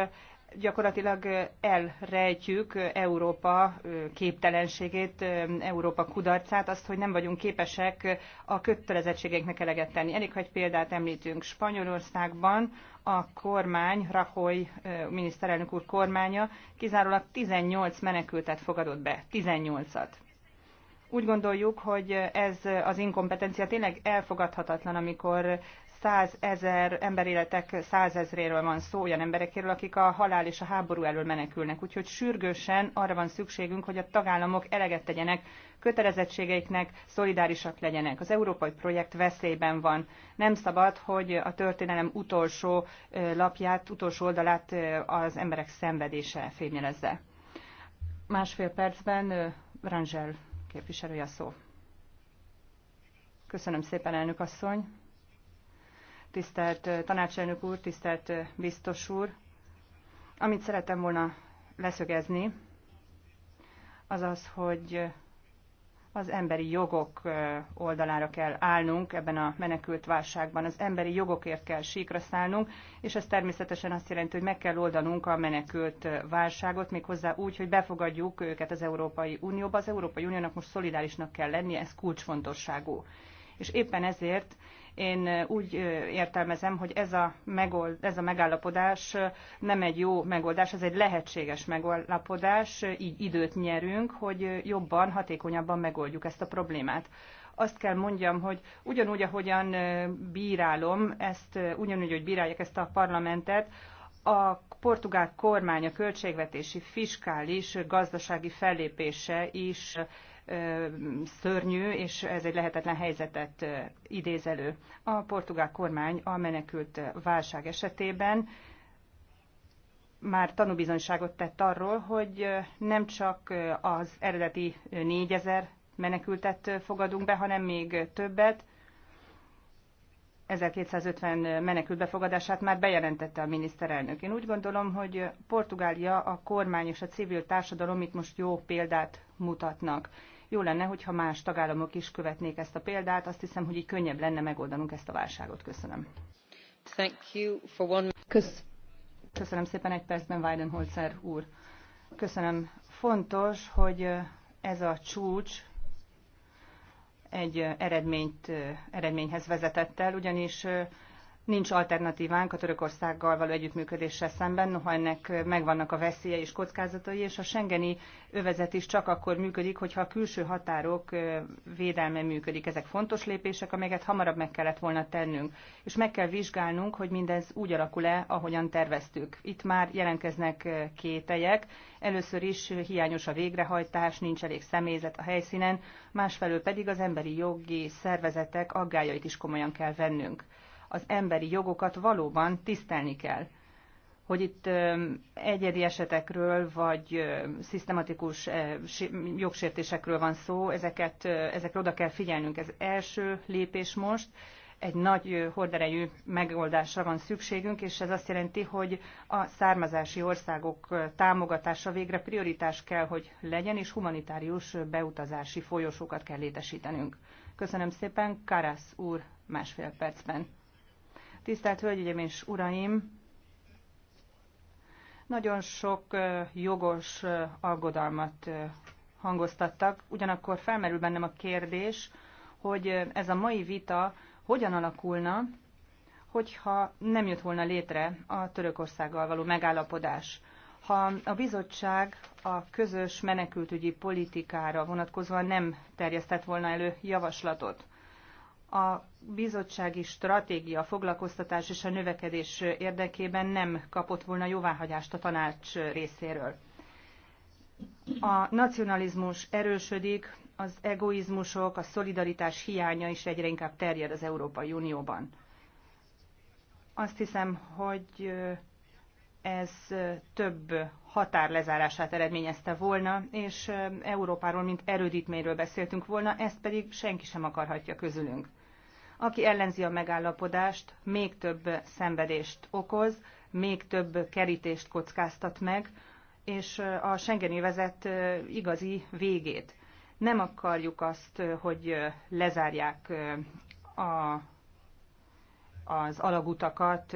gyakorlatilag elrejtjük Európa képtelenségét, Európa kudarcát, azt, hogy nem vagyunk képesek a kötelezettségeknek eleget tenni. Elég, hogy egy példát említünk. Spanyolországban a kormány, Rajoy miniszterelnök úr kormánya kizárólag 18 menekültet fogadott be. 18-at úgy gondoljuk, hogy ez az inkompetencia tényleg elfogadhatatlan, amikor százezer emberéletek százezréről van szó, olyan emberekéről, akik a halál és a háború elől menekülnek. Úgyhogy sürgősen arra van szükségünk, hogy a tagállamok eleget tegyenek kötelezettségeiknek, szolidárisak legyenek. Az európai projekt veszélyben van. Nem szabad, hogy a történelem utolsó lapját, utolsó oldalát az emberek szenvedése fémjelezze. Másfél percben Rangel képviselője a szó. Köszönöm szépen, elnök asszony! tisztelt tanácselnök úr, tisztelt biztos úr. Amit szerettem volna leszögezni, az az, hogy az emberi jogok oldalára kell állnunk ebben a menekült válságban. Az emberi jogokért kell síkra szállnunk, és ez természetesen azt jelenti, hogy meg kell oldanunk a menekült válságot, méghozzá úgy, hogy befogadjuk őket az Európai Unióba. Az Európai Uniónak most szolidárisnak kell lennie, ez kulcsfontosságú. És éppen ezért én úgy értelmezem, hogy ez a, megold, ez a megállapodás nem egy jó megoldás, ez egy lehetséges megállapodás, így időt nyerünk, hogy jobban, hatékonyabban megoldjuk ezt a problémát. Azt kell mondjam, hogy ugyanúgy, ahogyan bírálom ezt, ugyanúgy, hogy bírálják ezt a parlamentet, a portugál kormány a költségvetési, fiskális, gazdasági fellépése is szörnyű, és ez egy lehetetlen helyzetet idéz elő. A portugál kormány a menekült válság esetében már tanúbizonyságot tett arról, hogy nem csak az eredeti 4000 menekültet fogadunk be, hanem még többet. 1250 menekült befogadását már bejelentette a miniszterelnök. Én úgy gondolom, hogy Portugália, a kormány és a civil társadalom itt most jó példát mutatnak. Jó lenne, hogyha más tagállamok is követnék ezt a példát, azt hiszem, hogy így könnyebb lenne megoldanunk ezt a válságot. Köszönöm. Thank you for one... Kösz. Köszönöm szépen egy percben, Weidenholzer úr. Köszönöm. Fontos, hogy ez a csúcs egy eredményt, eredményhez vezetett el, ugyanis nincs alternatívánk a Törökországgal való együttműködéssel szemben, noha ennek megvannak a veszélye és kockázatai, és a Schengeni övezet is csak akkor működik, hogyha a külső határok védelme működik. Ezek fontos lépések, amelyeket hamarabb meg kellett volna tennünk, és meg kell vizsgálnunk, hogy mindez úgy alakul-e, ahogyan terveztük. Itt már jelentkeznek kételyek. Először is hiányos a végrehajtás, nincs elég személyzet a helyszínen, másfelől pedig az emberi jogi szervezetek aggájait is komolyan kell vennünk az emberi jogokat valóban tisztelni kell. Hogy itt egyedi esetekről vagy szisztematikus jogsértésekről van szó, ezeket, ezekre oda kell figyelnünk. Ez első lépés most, egy nagy horderejű megoldásra van szükségünk, és ez azt jelenti, hogy a származási országok támogatása végre prioritás kell, hogy legyen, és humanitárius beutazási folyosókat kell létesítenünk. Köszönöm szépen, Karasz úr másfél percben. Tisztelt Hölgyeim és Uraim! Nagyon sok jogos aggodalmat hangoztattak, ugyanakkor felmerül bennem a kérdés, hogy ez a mai vita hogyan alakulna, hogyha nem jött volna létre a Törökországgal való megállapodás. Ha a bizottság a közös menekültügyi politikára vonatkozóan nem terjesztett volna elő javaslatot, a bizottsági stratégia, a foglalkoztatás és a növekedés érdekében nem kapott volna jóváhagyást a tanács részéről. A nacionalizmus erősödik, az egoizmusok, a szolidaritás hiánya is egyre inkább terjed az Európai Unióban. Azt hiszem, hogy ez több határ lezárását eredményezte volna, és Európáról, mint erődítményről beszéltünk volna, ezt pedig senki sem akarhatja közülünk. Aki ellenzi a megállapodást, még több szenvedést okoz, még több kerítést kockáztat meg, és a Schengeni vezet igazi végét. Nem akarjuk azt, hogy lezárják a az alagutakat,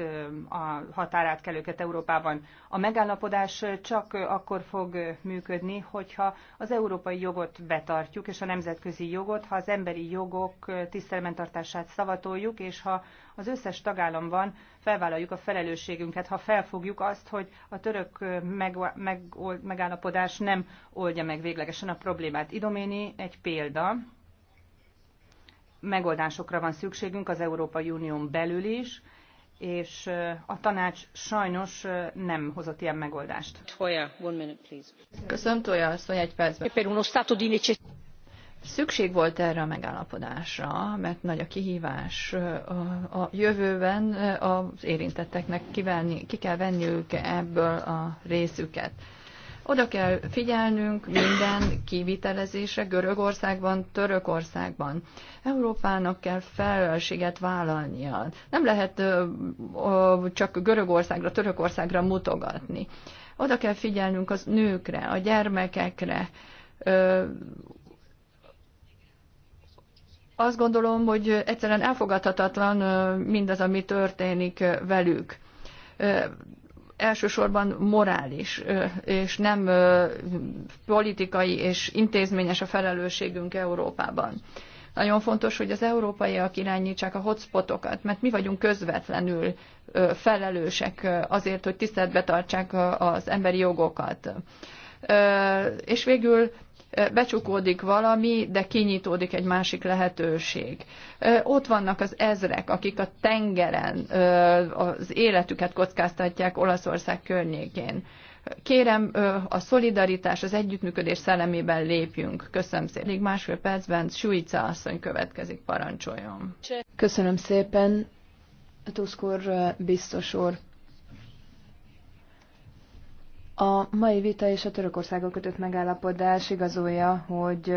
a határátkelőket Európában. A megállapodás csak akkor fog működni, hogyha az európai jogot betartjuk, és a nemzetközi jogot, ha az emberi jogok tiszteletben tartását szavatoljuk, és ha az összes tagállamban felvállaljuk a felelősségünket, ha felfogjuk azt, hogy a török meg, meg, megállapodás nem oldja meg véglegesen a problémát. Idoméni egy példa, megoldásokra van szükségünk az Európai Unión belül is, és a tanács sajnos nem hozott ilyen megoldást. Toya, one minute, please. Köszönöm, Toya, asszony, egy percben. Szükség volt erre a megállapodásra, mert nagy a kihívás. A jövőben az érintetteknek ki kell venniük ebből a részüket. Oda kell figyelnünk minden kivitelezésre Görögországban, Törökországban. Európának kell felelősséget vállalnia. Nem lehet csak Görögországra, Törökországra mutogatni. Oda kell figyelnünk az nőkre, a gyermekekre, azt gondolom, hogy egyszerűen elfogadhatatlan mindaz, ami történik velük elsősorban morális, és nem politikai és intézményes a felelősségünk Európában. Nagyon fontos, hogy az európaiak irányítsák a hotspotokat, mert mi vagyunk közvetlenül felelősek azért, hogy tiszteletbe tartsák az emberi jogokat. És végül becsukódik valami, de kinyitódik egy másik lehetőség. Ott vannak az ezrek, akik a tengeren az életüket kockáztatják Olaszország környékén. Kérem, a szolidaritás, az együttműködés szellemében lépjünk. Köszönöm szépen. Még másfél percben Suica asszony következik, parancsoljon. Köszönöm szépen, Tuszkor biztos úr. A mai vita és a Törökországok kötött megállapodás igazolja, hogy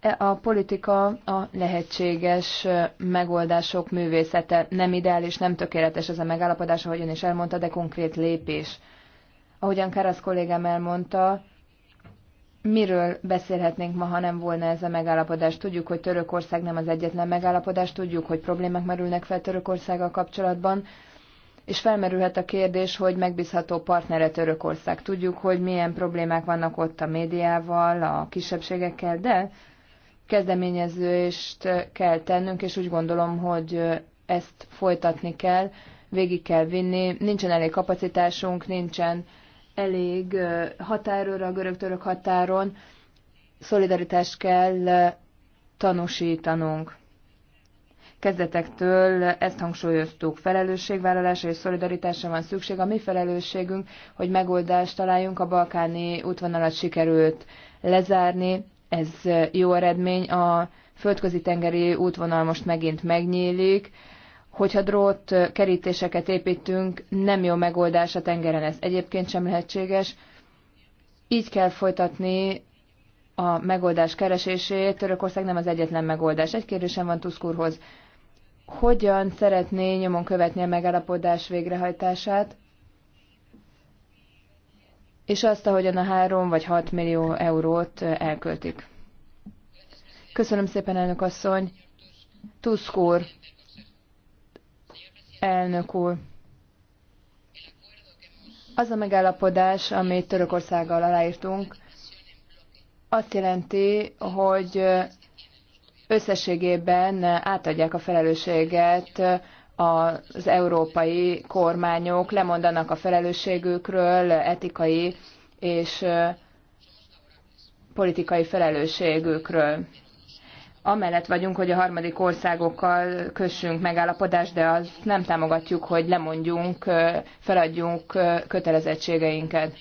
e a politika a lehetséges megoldások művészete. Nem ideális, nem tökéletes ez a megállapodás, ahogy ön is elmondta, de konkrét lépés. Ahogyan Karasz kollégám elmondta, miről beszélhetnénk ma, ha nem volna ez a megállapodás? Tudjuk, hogy Törökország nem az egyetlen megállapodás, tudjuk, hogy problémák merülnek fel Törökországgal kapcsolatban, és felmerülhet a kérdés, hogy megbízható partnere Törökország. Tudjuk, hogy milyen problémák vannak ott a médiával, a kisebbségekkel, de kezdeményezést kell tennünk, és úgy gondolom, hogy ezt folytatni kell, végig kell vinni. Nincsen elég kapacitásunk, nincsen elég határőr a görög-török határon, szolidaritást kell tanúsítanunk. Kezdetektől ezt hangsúlyoztuk. Felelősségvállalásra és szolidaritásra van szükség. A mi felelősségünk, hogy megoldást találjunk. A balkáni útvonalat sikerült lezárni. Ez jó eredmény. A földközi tengeri útvonal most megint megnyílik hogyha drót kerítéseket építünk, nem jó megoldás a tengeren, ez egyébként sem lehetséges. Így kell folytatni a megoldás keresését. Törökország nem az egyetlen megoldás. Egy kérdésem van Tusk úrhoz hogyan szeretné nyomon követni a megállapodás végrehajtását, és azt, ahogyan a három vagy hat millió eurót elköltik. Köszönöm szépen, elnök asszony. Tusk úr, elnök úr, az a megállapodás, amit Törökországgal aláírtunk, azt jelenti, hogy összességében átadják a felelősséget az európai kormányok, lemondanak a felelősségükről, etikai és politikai felelősségükről. Amellett vagyunk, hogy a harmadik országokkal kössünk megállapodást, de azt nem támogatjuk, hogy lemondjunk, feladjunk kötelezettségeinket.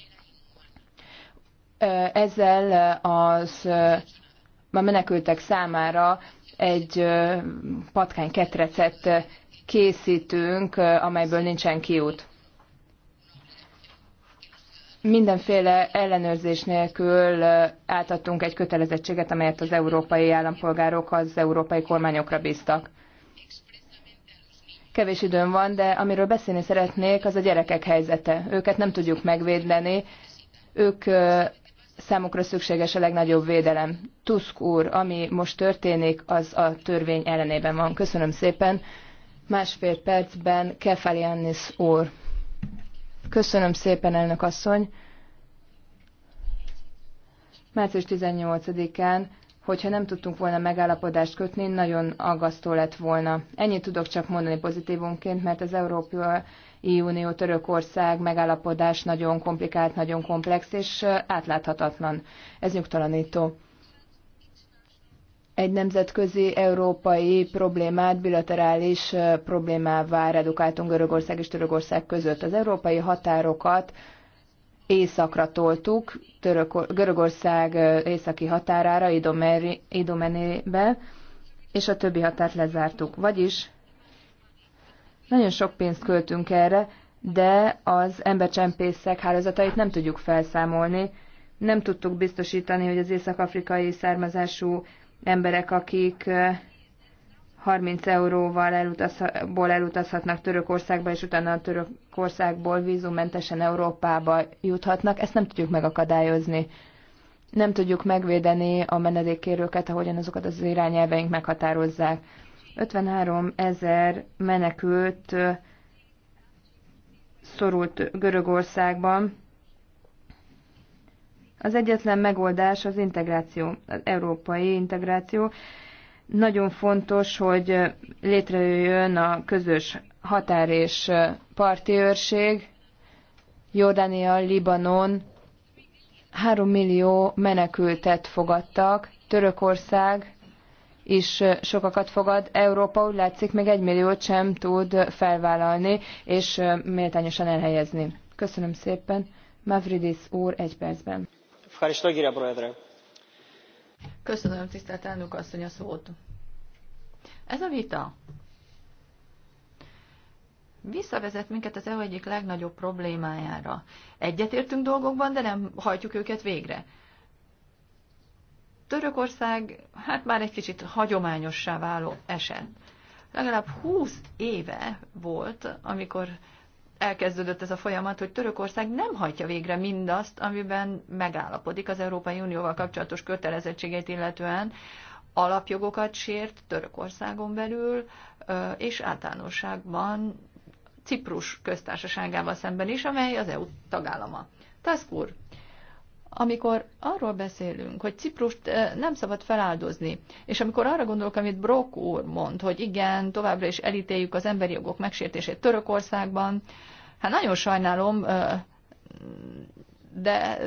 Ezzel az a menekültek számára egy patkány ketrecet készítünk, amelyből nincsen kiút. Mindenféle ellenőrzés nélkül átadtunk egy kötelezettséget, amelyet az európai állampolgárok az európai kormányokra bíztak. Kevés időm van, de amiről beszélni szeretnék, az a gyerekek helyzete. Őket nem tudjuk megvédeni, ők számukra szükséges a legnagyobb védelem. Tusk úr, ami most történik, az a törvény ellenében van. Köszönöm szépen. Másfél percben Kefaliannis úr. Köszönöm szépen, elnök asszony. Március 18-án, hogyha nem tudtunk volna megállapodást kötni, nagyon aggasztó lett volna. Ennyit tudok csak mondani pozitívunként, mert az Európai Unió Törökország megállapodás nagyon komplikált, nagyon komplex és átláthatatlan. Ez nyugtalanító. Egy nemzetközi európai problémát bilaterális problémává redukáltunk Görögország és Törökország között. Az európai határokat északra toltuk, Török, Görögország északi határára, Idomenébe, és a többi határt lezártuk. Vagyis nagyon sok pénzt költünk erre, de az embercsempészek hálózatait nem tudjuk felszámolni. Nem tudtuk biztosítani, hogy az észak-afrikai származású emberek, akik 30 euróval elutazha, elutazhatnak Törökországba, és utána a Törökországból vízumentesen Európába juthatnak, ezt nem tudjuk megakadályozni. Nem tudjuk megvédeni a menedékkérőket, ahogyan azokat az irányelveink meghatározzák. 53 ezer menekült szorult Görögországban. Az egyetlen megoldás az integráció, az európai integráció. Nagyon fontos, hogy létrejöjjön a közös határ és parti őrség, Jordánia, Libanon, 3 millió menekültet fogadtak, Törökország is sokakat fogad. Európa úgy látszik, még egy milliót sem tud felvállalni és méltányosan elhelyezni. Köszönöm szépen. Mavridis úr egy percben. Köszönöm, tisztelt elnök asszony, a szót. Ez a vita visszavezet minket az EU egyik legnagyobb problémájára. Egyetértünk dolgokban, de nem hajtjuk őket végre. Törökország hát már egy kicsit hagyományossá váló eset. Legalább 20 éve volt, amikor elkezdődött ez a folyamat, hogy Törökország nem hagyja végre mindazt, amiben megállapodik az Európai Unióval kapcsolatos kötelezettségeit illetően, alapjogokat sért Törökországon belül, és általánosságban Ciprus köztársaságával szemben is, amely az EU tagállama. Taskur, amikor arról beszélünk, hogy Ciprust nem szabad feláldozni, és amikor arra gondolok, amit Brock úr mond, hogy igen, továbbra is elítéljük az emberi jogok megsértését Törökországban, hát nagyon sajnálom, de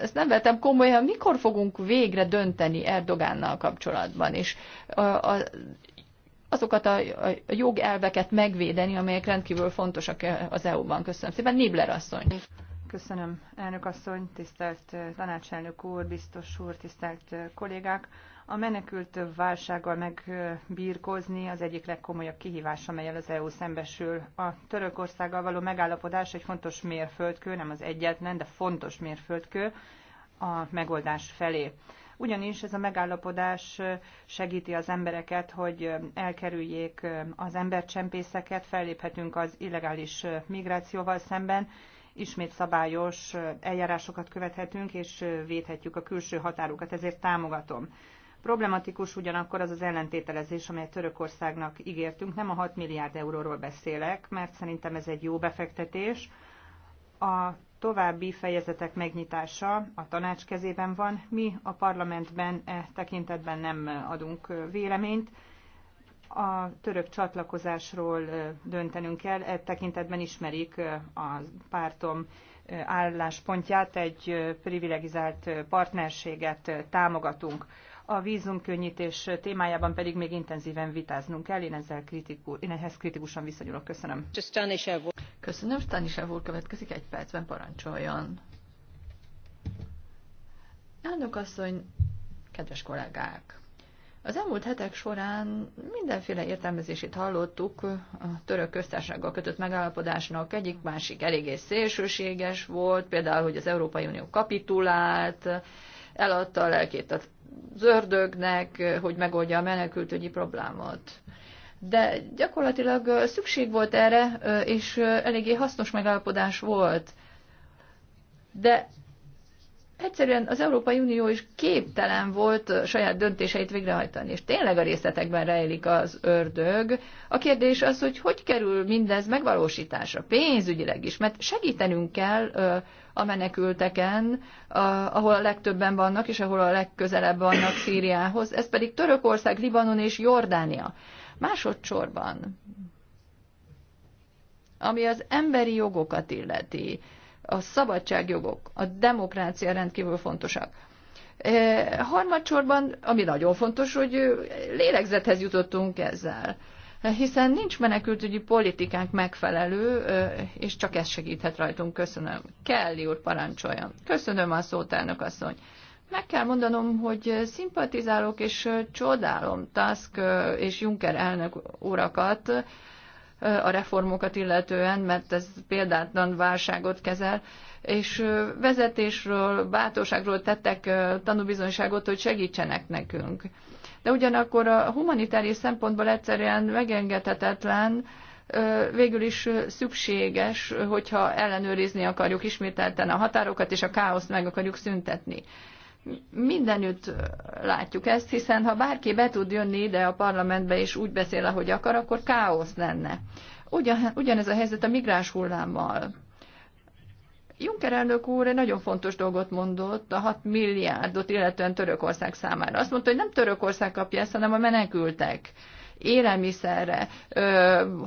ezt nem vettem komolyan, mikor fogunk végre dönteni Erdogánnal kapcsolatban, és azokat a jogelveket megvédeni, amelyek rendkívül fontosak az EU-ban. Köszönöm szépen. Nibler asszony. Köszönöm, elnök asszony, tisztelt tanácselnök úr, biztos úr, tisztelt kollégák. A menekült válsággal megbírkozni az egyik legkomolyabb kihívás, amelyel az EU szembesül. A Törökországgal való megállapodás egy fontos mérföldkő, nem az egyetlen, de fontos mérföldkő a megoldás felé. Ugyanis ez a megállapodás segíti az embereket, hogy elkerüljék az embercsempészeket, felléphetünk az illegális migrációval szemben, ismét szabályos eljárásokat követhetünk, és védhetjük a külső határokat, ezért támogatom. Problematikus ugyanakkor az az ellentételezés, amelyet Törökországnak ígértünk. Nem a 6 milliárd euróról beszélek, mert szerintem ez egy jó befektetés. A további fejezetek megnyitása a tanács kezében van. Mi a parlamentben e tekintetben nem adunk véleményt a török csatlakozásról döntenünk kell. E tekintetben ismerik a pártom álláspontját, egy privilegizált partnerséget támogatunk. A vízumkönnyítés témájában pedig még intenzíven vitáznunk kell, én, ezzel kritikus, én ehhez kritikusan viszonyulok. Köszönöm. Köszönöm, Stanisev úr következik egy percben, parancsoljon. Elnök asszony, kedves kollégák! Az elmúlt hetek során mindenféle értelmezését hallottuk a török köztársággal kötött megállapodásnak. Egyik másik eléggé szélsőséges volt, például, hogy az Európai Unió kapitulált, eladta a lelkét a zördögnek, hogy megoldja a menekültügyi problémát. De gyakorlatilag szükség volt erre, és eléggé hasznos megállapodás volt. De egyszerűen az Európai Unió is képtelen volt saját döntéseit végrehajtani, és tényleg a részletekben rejlik az ördög. A kérdés az, hogy hogy kerül mindez megvalósításra, pénzügyileg is, mert segítenünk kell a menekülteken, ahol a legtöbben vannak, és ahol a legközelebb vannak Szíriához, ez pedig Törökország, Libanon és Jordánia. Másodszorban, ami az emberi jogokat illeti, a szabadságjogok, a demokrácia rendkívül fontosak. E, harmadsorban, ami nagyon fontos, hogy lélegzethez jutottunk ezzel, hiszen nincs menekültügyi politikánk megfelelő, és csak ez segíthet rajtunk. Köszönöm. Kelly úr parancsoljon. Köszönöm a szót, elnök asszony. Meg kell mondanom, hogy szimpatizálok és csodálom Tusk és Juncker elnök urakat, a reformokat illetően, mert ez példátlan válságot kezel, és vezetésről, bátorságról tettek tanúbizonyságot, hogy segítsenek nekünk. De ugyanakkor a humanitári szempontból egyszerűen megengedhetetlen, végül is szükséges, hogyha ellenőrizni akarjuk ismételten a határokat, és a káoszt meg akarjuk szüntetni mindenütt látjuk ezt, hiszen ha bárki be tud jönni ide a parlamentbe és úgy beszél, ahogy akar, akkor káosz lenne. Ugyan, ugyanez a helyzet a migráns hullámmal. Juncker elnök úr egy nagyon fontos dolgot mondott, a 6 milliárdot illetően Törökország számára. Azt mondta, hogy nem Törökország kapja ezt, hanem a menekültek élelmiszerre,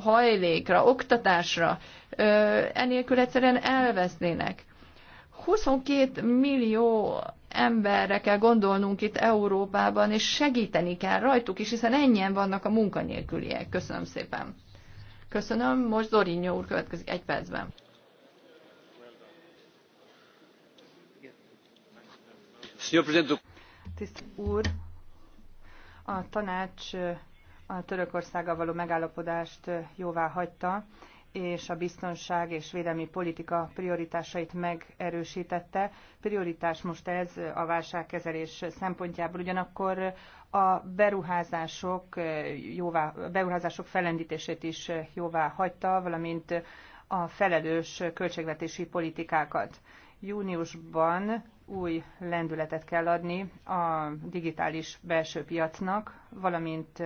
hajlékra, oktatásra, enélkül egyszerűen elvesznének. 22 millió emberre kell gondolnunk itt Európában, és segíteni kell rajtuk is, hiszen ennyien vannak a munkanélküliek. Köszönöm szépen. Köszönöm. Most Zorinyó úr következik egy percben. Tiszt úr, a tanács a Törökországgal való megállapodást jóvá hagyta, és a biztonság és védelmi politika prioritásait megerősítette. Prioritás most ez a válságkezelés szempontjából, ugyanakkor a beruházások, jóvá, beruházások felendítését is jóvá hagyta, valamint a felelős költségvetési politikákat. Júniusban új lendületet kell adni a digitális belső piacnak, valamint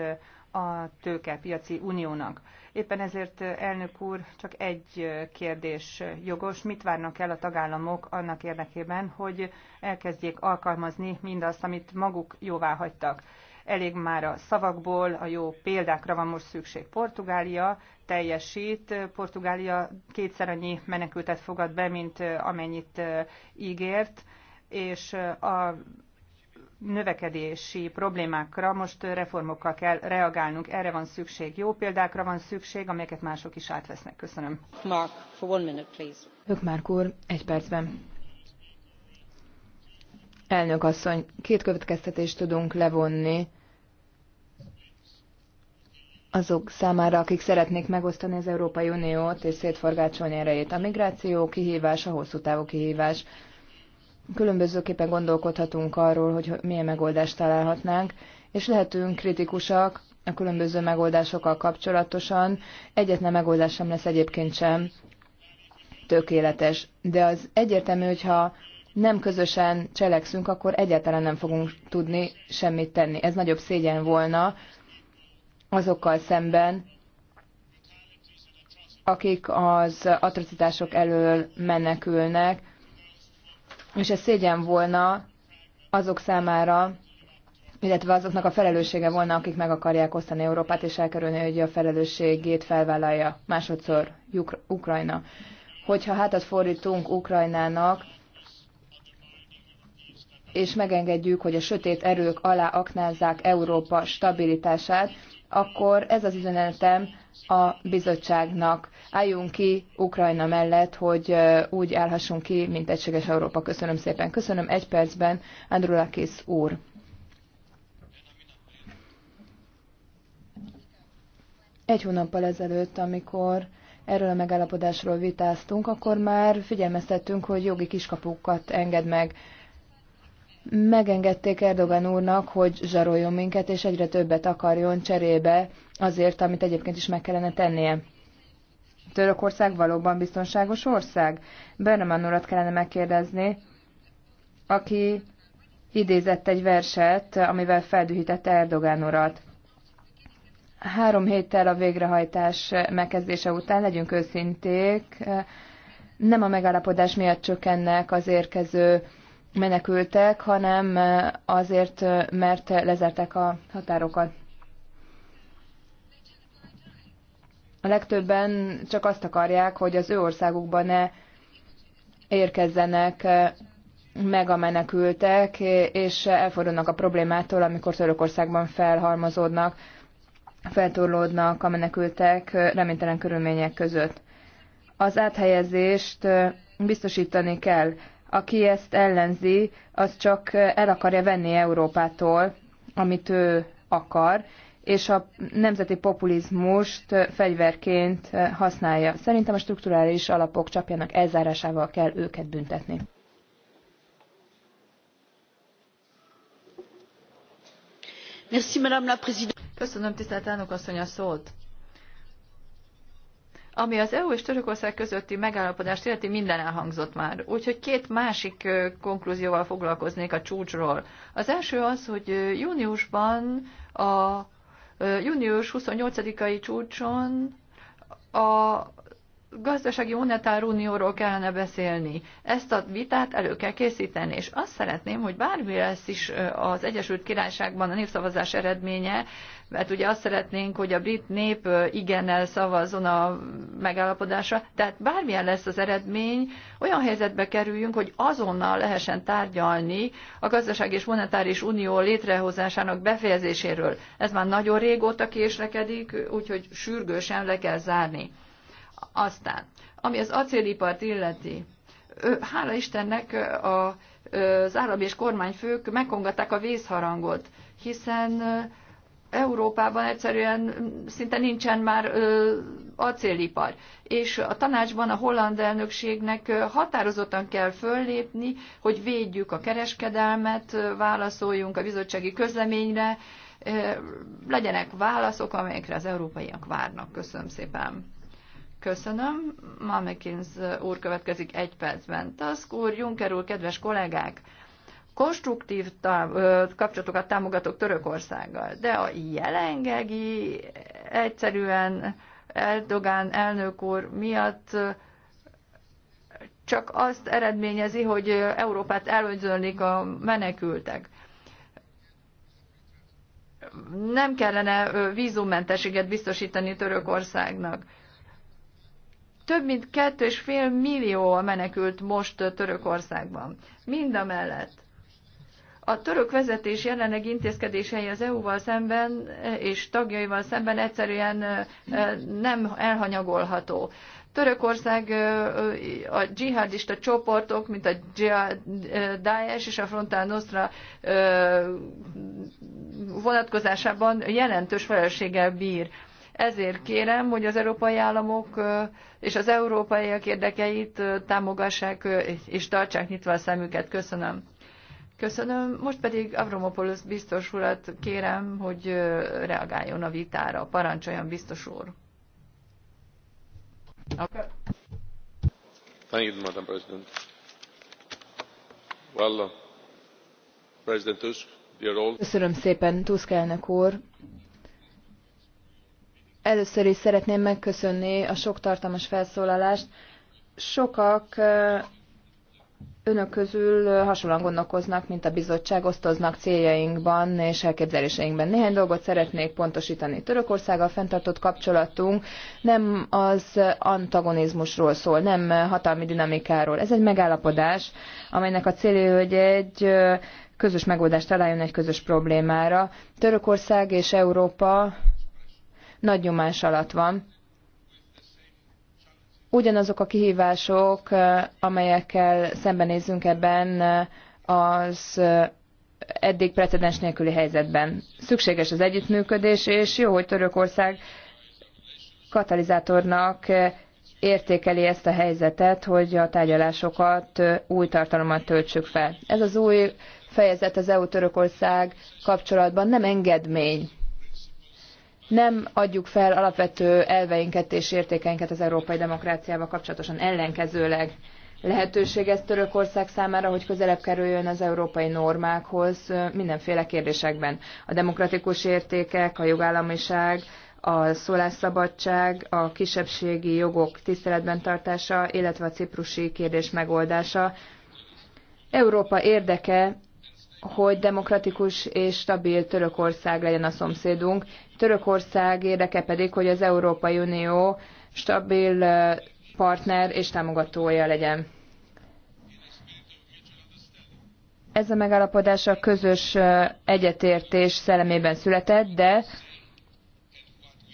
a tőkepiaci uniónak. Éppen ezért, elnök úr, csak egy kérdés jogos. Mit várnak el a tagállamok annak érdekében, hogy elkezdjék alkalmazni mindazt, amit maguk jóvá hagytak? Elég már a szavakból, a jó példákra van most szükség. Portugália teljesít, Portugália kétszer annyi menekültet fogad be, mint amennyit ígért, és a növekedési problémákra most reformokkal kell reagálnunk. Erre van szükség. Jó példákra van szükség, amelyeket mások is átvesznek. Köszönöm. Mark, for one minute, please. Ökmárk úr, egy percben. Elnök asszony, két következtetést tudunk levonni azok számára, akik szeretnék megosztani az Európai Uniót és szétforgácsolni erejét. A migráció kihívása, hosszú távú kihívás különbözőképpen gondolkodhatunk arról, hogy milyen megoldást találhatnánk, és lehetünk kritikusak a különböző megoldásokkal kapcsolatosan. Egyetlen megoldás sem lesz egyébként sem tökéletes, de az egyértelmű, hogyha nem közösen cselekszünk, akkor egyáltalán nem fogunk tudni semmit tenni. Ez nagyobb szégyen volna azokkal szemben, akik az atrocitások elől menekülnek, és ez szégyen volna azok számára, illetve azoknak a felelőssége volna, akik meg akarják osztani Európát, és elkerülni, hogy a felelősségét felvállalja másodszor Ukra- Ukrajna. Hogyha hátat fordítunk Ukrajnának, és megengedjük, hogy a sötét erők alá aknázzák Európa stabilitását, akkor ez az üzenetem a bizottságnak. Álljunk ki Ukrajna mellett, hogy úgy állhassunk ki, mint egységes Európa. Köszönöm szépen. Köszönöm egy percben, Andrulakis úr. Egy hónappal ezelőtt, amikor erről a megállapodásról vitáztunk, akkor már figyelmeztettünk, hogy jogi kiskapukat enged meg megengedték Erdogan úrnak, hogy zsaroljon minket, és egyre többet akarjon cserébe azért, amit egyébként is meg kellene tennie. Törökország valóban biztonságos ország? Berneman urat kellene megkérdezni, aki idézett egy verset, amivel feldühítette Erdogan urat. Három héttel a végrehajtás megkezdése után, legyünk őszinték, nem a megállapodás miatt csökkennek az érkező menekültek, hanem azért, mert lezertek a határokat. A legtöbben csak azt akarják, hogy az ő országukban ne érkezzenek meg a menekültek, és elfordulnak a problémától, amikor Törökországban felhalmozódnak, feltorlódnak a menekültek reménytelen körülmények között. Az áthelyezést biztosítani kell aki ezt ellenzi, az csak el akarja venni Európától, amit ő akar, és a nemzeti populizmust fegyverként használja. Szerintem a strukturális alapok csapjának elzárásával kell őket büntetni. Köszönöm, tisztelt elnök asszony, a szót! Ami az EU és Törökország közötti megállapodást illeti, minden elhangzott már. Úgyhogy két másik konklúzióval foglalkoznék a csúcsról. Az első az, hogy júniusban a június 28-ai csúcson a gazdasági monetár unióról kellene beszélni. Ezt a vitát elő kell készíteni, és azt szeretném, hogy bármi lesz is az Egyesült Királyságban a népszavazás eredménye, mert ugye azt szeretnénk, hogy a brit nép igennel szavazzon a megállapodásra, tehát bármilyen lesz az eredmény, olyan helyzetbe kerüljünk, hogy azonnal lehessen tárgyalni a gazdaság és monetáris unió létrehozásának befejezéséről. Ez már nagyon régóta késlekedik, úgyhogy sürgősen le kell zárni. Aztán, ami az acélipart illeti, hála Istennek a, az állam és kormányfők megkongatták a vészharangot, hiszen Európában egyszerűen szinte nincsen már acélipar. És a tanácsban a holland elnökségnek határozottan kell föllépni, hogy védjük a kereskedelmet, válaszoljunk a bizottsági közleményre, legyenek válaszok, amelyekre az európaiak várnak. Köszönöm szépen. Köszönöm. Mamekins úr következik egy percben. Tusk úr, Juncker úr, kedves kollégák! konstruktív tá ö, kapcsolatokat támogatok Törökországgal, de a jelengegi egyszerűen Erdogán elnök úr miatt csak azt eredményezi, hogy Európát elönzölnék a menekültek. Nem kellene vízummentességet biztosítani Törökországnak több mint 2,5 millió menekült most Törökországban. Mind a mellett. A török vezetés jelenleg intézkedései az EU-val szemben és tagjaival szemben egyszerűen nem elhanyagolható. Törökország a dzsihadista csoportok, mint a Daesh és a Frontal Nostra vonatkozásában jelentős felelősséggel bír. Ezért kérem, hogy az európai államok és az európaiak érdekeit támogassák és tartsák nyitva a szemüket. Köszönöm. Köszönöm. Most pedig Avromopoulos biztos urat kérem, hogy reagáljon a vitára. Parancsoljon, biztos úr. Thank you, Madam President. Well, uh, President Tusk, dear all. Köszönöm szépen, Tusk elnök úr, Először is szeretném megköszönni a sok tartalmas felszólalást. Sokak önök közül hasonlóan gondolkoznak, mint a bizottság, osztoznak céljainkban és elképzeléseinkben. Néhány dolgot szeretnék pontosítani. Törökországgal fenntartott kapcsolatunk nem az antagonizmusról szól, nem hatalmi dinamikáról. Ez egy megállapodás, amelynek a célja, hogy egy közös megoldást találjon egy közös problémára. Törökország és Európa nagy nyomás alatt van. Ugyanazok a kihívások, amelyekkel szembenézünk ebben az eddig precedens nélküli helyzetben. Szükséges az együttműködés, és jó, hogy Törökország katalizátornak értékeli ezt a helyzetet, hogy a tárgyalásokat új tartalommal töltsük fel. Ez az új fejezet az EU-Törökország kapcsolatban nem engedmény nem adjuk fel alapvető elveinket és értékeinket az európai demokráciával kapcsolatosan, ellenkezőleg lehetőség ez Törökország számára, hogy közelebb kerüljön az európai normákhoz mindenféle kérdésekben. A demokratikus értékek, a jogállamiság, a szólásszabadság, a kisebbségi jogok tiszteletben tartása, illetve a ciprusi kérdés megoldása. Európa érdeke hogy demokratikus és stabil Törökország legyen a szomszédunk. Törökország érdeke pedig, hogy az Európai Unió stabil partner és támogatója legyen. Ez a megállapodás a közös egyetértés szellemében született, de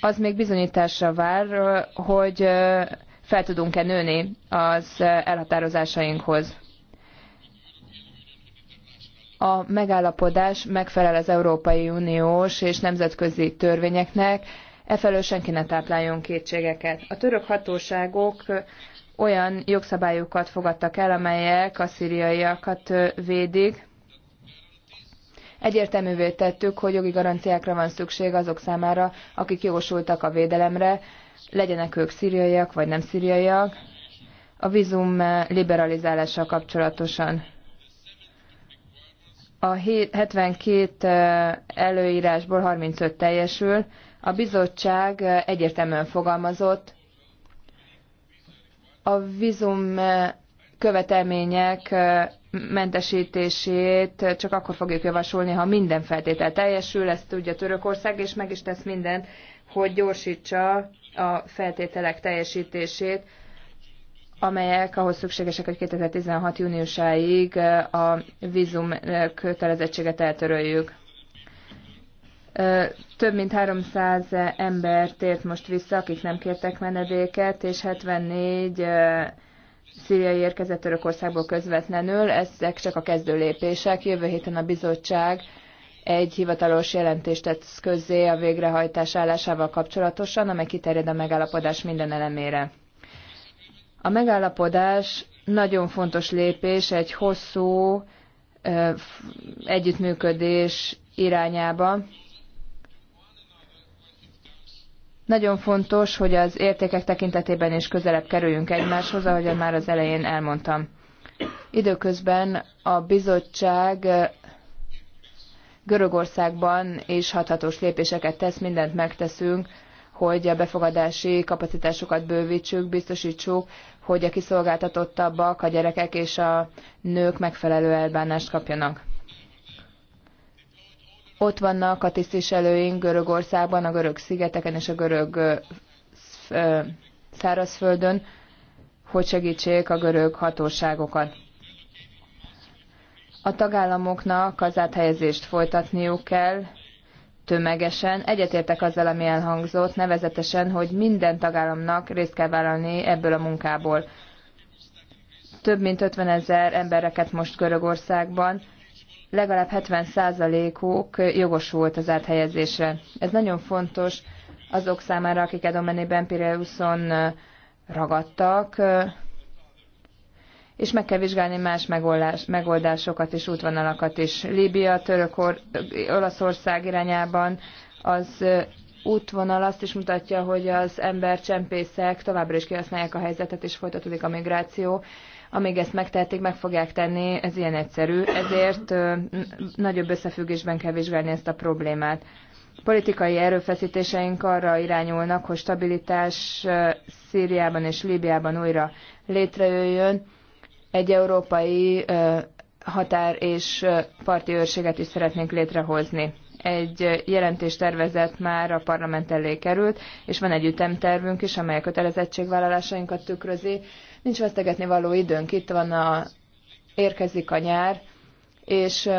az még bizonyításra vár, hogy fel tudunk-e nőni az elhatározásainkhoz a megállapodás megfelel az Európai Uniós és nemzetközi törvényeknek, efelől senki ne tápláljon kétségeket. A török hatóságok olyan jogszabályokat fogadtak el, amelyek a szíriaiakat védik. Egyértelművé tettük, hogy jogi garanciákra van szükség azok számára, akik jogosultak a védelemre, legyenek ők szíriaiak vagy nem szíriaiak, a vízum liberalizálása kapcsolatosan. A 72 előírásból 35 teljesül. A bizottság egyértelműen fogalmazott, a vízum követelmények mentesítését csak akkor fogjuk javasolni, ha minden feltétel teljesül, ezt tudja Törökország, és meg is tesz mindent, hogy gyorsítsa a feltételek teljesítését amelyek ahhoz szükségesek, hogy 2016. júniusáig a vízum kötelezettséget eltöröljük. Több mint 300 ember tért most vissza, akik nem kértek menedéket, és 74 szíriai érkezett Törökországból közvetlenül. Ezek csak a kezdő lépések. Jövő héten a bizottság egy hivatalos jelentést tesz közzé a végrehajtás állásával kapcsolatosan, amely kiterjed a megállapodás minden elemére. A megállapodás nagyon fontos lépés egy hosszú együttműködés irányába. Nagyon fontos, hogy az értékek tekintetében is közelebb kerüljünk egymáshoz, ahogy már az elején elmondtam. Időközben a bizottság Görögországban is hathatós lépéseket tesz, mindent megteszünk hogy a befogadási kapacitásokat bővítsük, biztosítsuk, hogy a kiszolgáltatottabbak, a gyerekek és a nők megfelelő elbánást kapjanak. Ott vannak a tisztviselőink Görögországban, a görög szigeteken és a görög szárazföldön, hogy segítsék a görög hatóságokat. A tagállamoknak az áthelyezést folytatniuk kell, tömegesen. Egyetértek azzal, ami elhangzott, nevezetesen, hogy minden tagállamnak részt kell vállalni ebből a munkából. Több mint 50 ezer embereket most Görögországban, legalább 70 százalékuk jogosult az áthelyezésre. Ez nagyon fontos azok számára, akik Edomeni Pireuszon ragadtak, és meg kell vizsgálni más megoldás, megoldásokat és útvonalakat is. Líbia, Or- Olaszország irányában az útvonal azt is mutatja, hogy az csempészek továbbra is kihasználják a helyzetet, és folytatódik a migráció. Amíg ezt megtehetik, meg fogják tenni, ez ilyen egyszerű. Ezért nagyobb összefüggésben kell vizsgálni ezt a problémát. Politikai erőfeszítéseink arra irányulnak, hogy stabilitás Szíriában és Líbiában újra létrejöjjön, egy európai határ és parti őrséget is szeretnénk létrehozni. Egy tervezett már a parlament elé került, és van egy ütemtervünk is, amely a kötelezettségvállalásainkat tükrözi. Nincs vesztegetni való időnk, itt van a, érkezik a nyár, és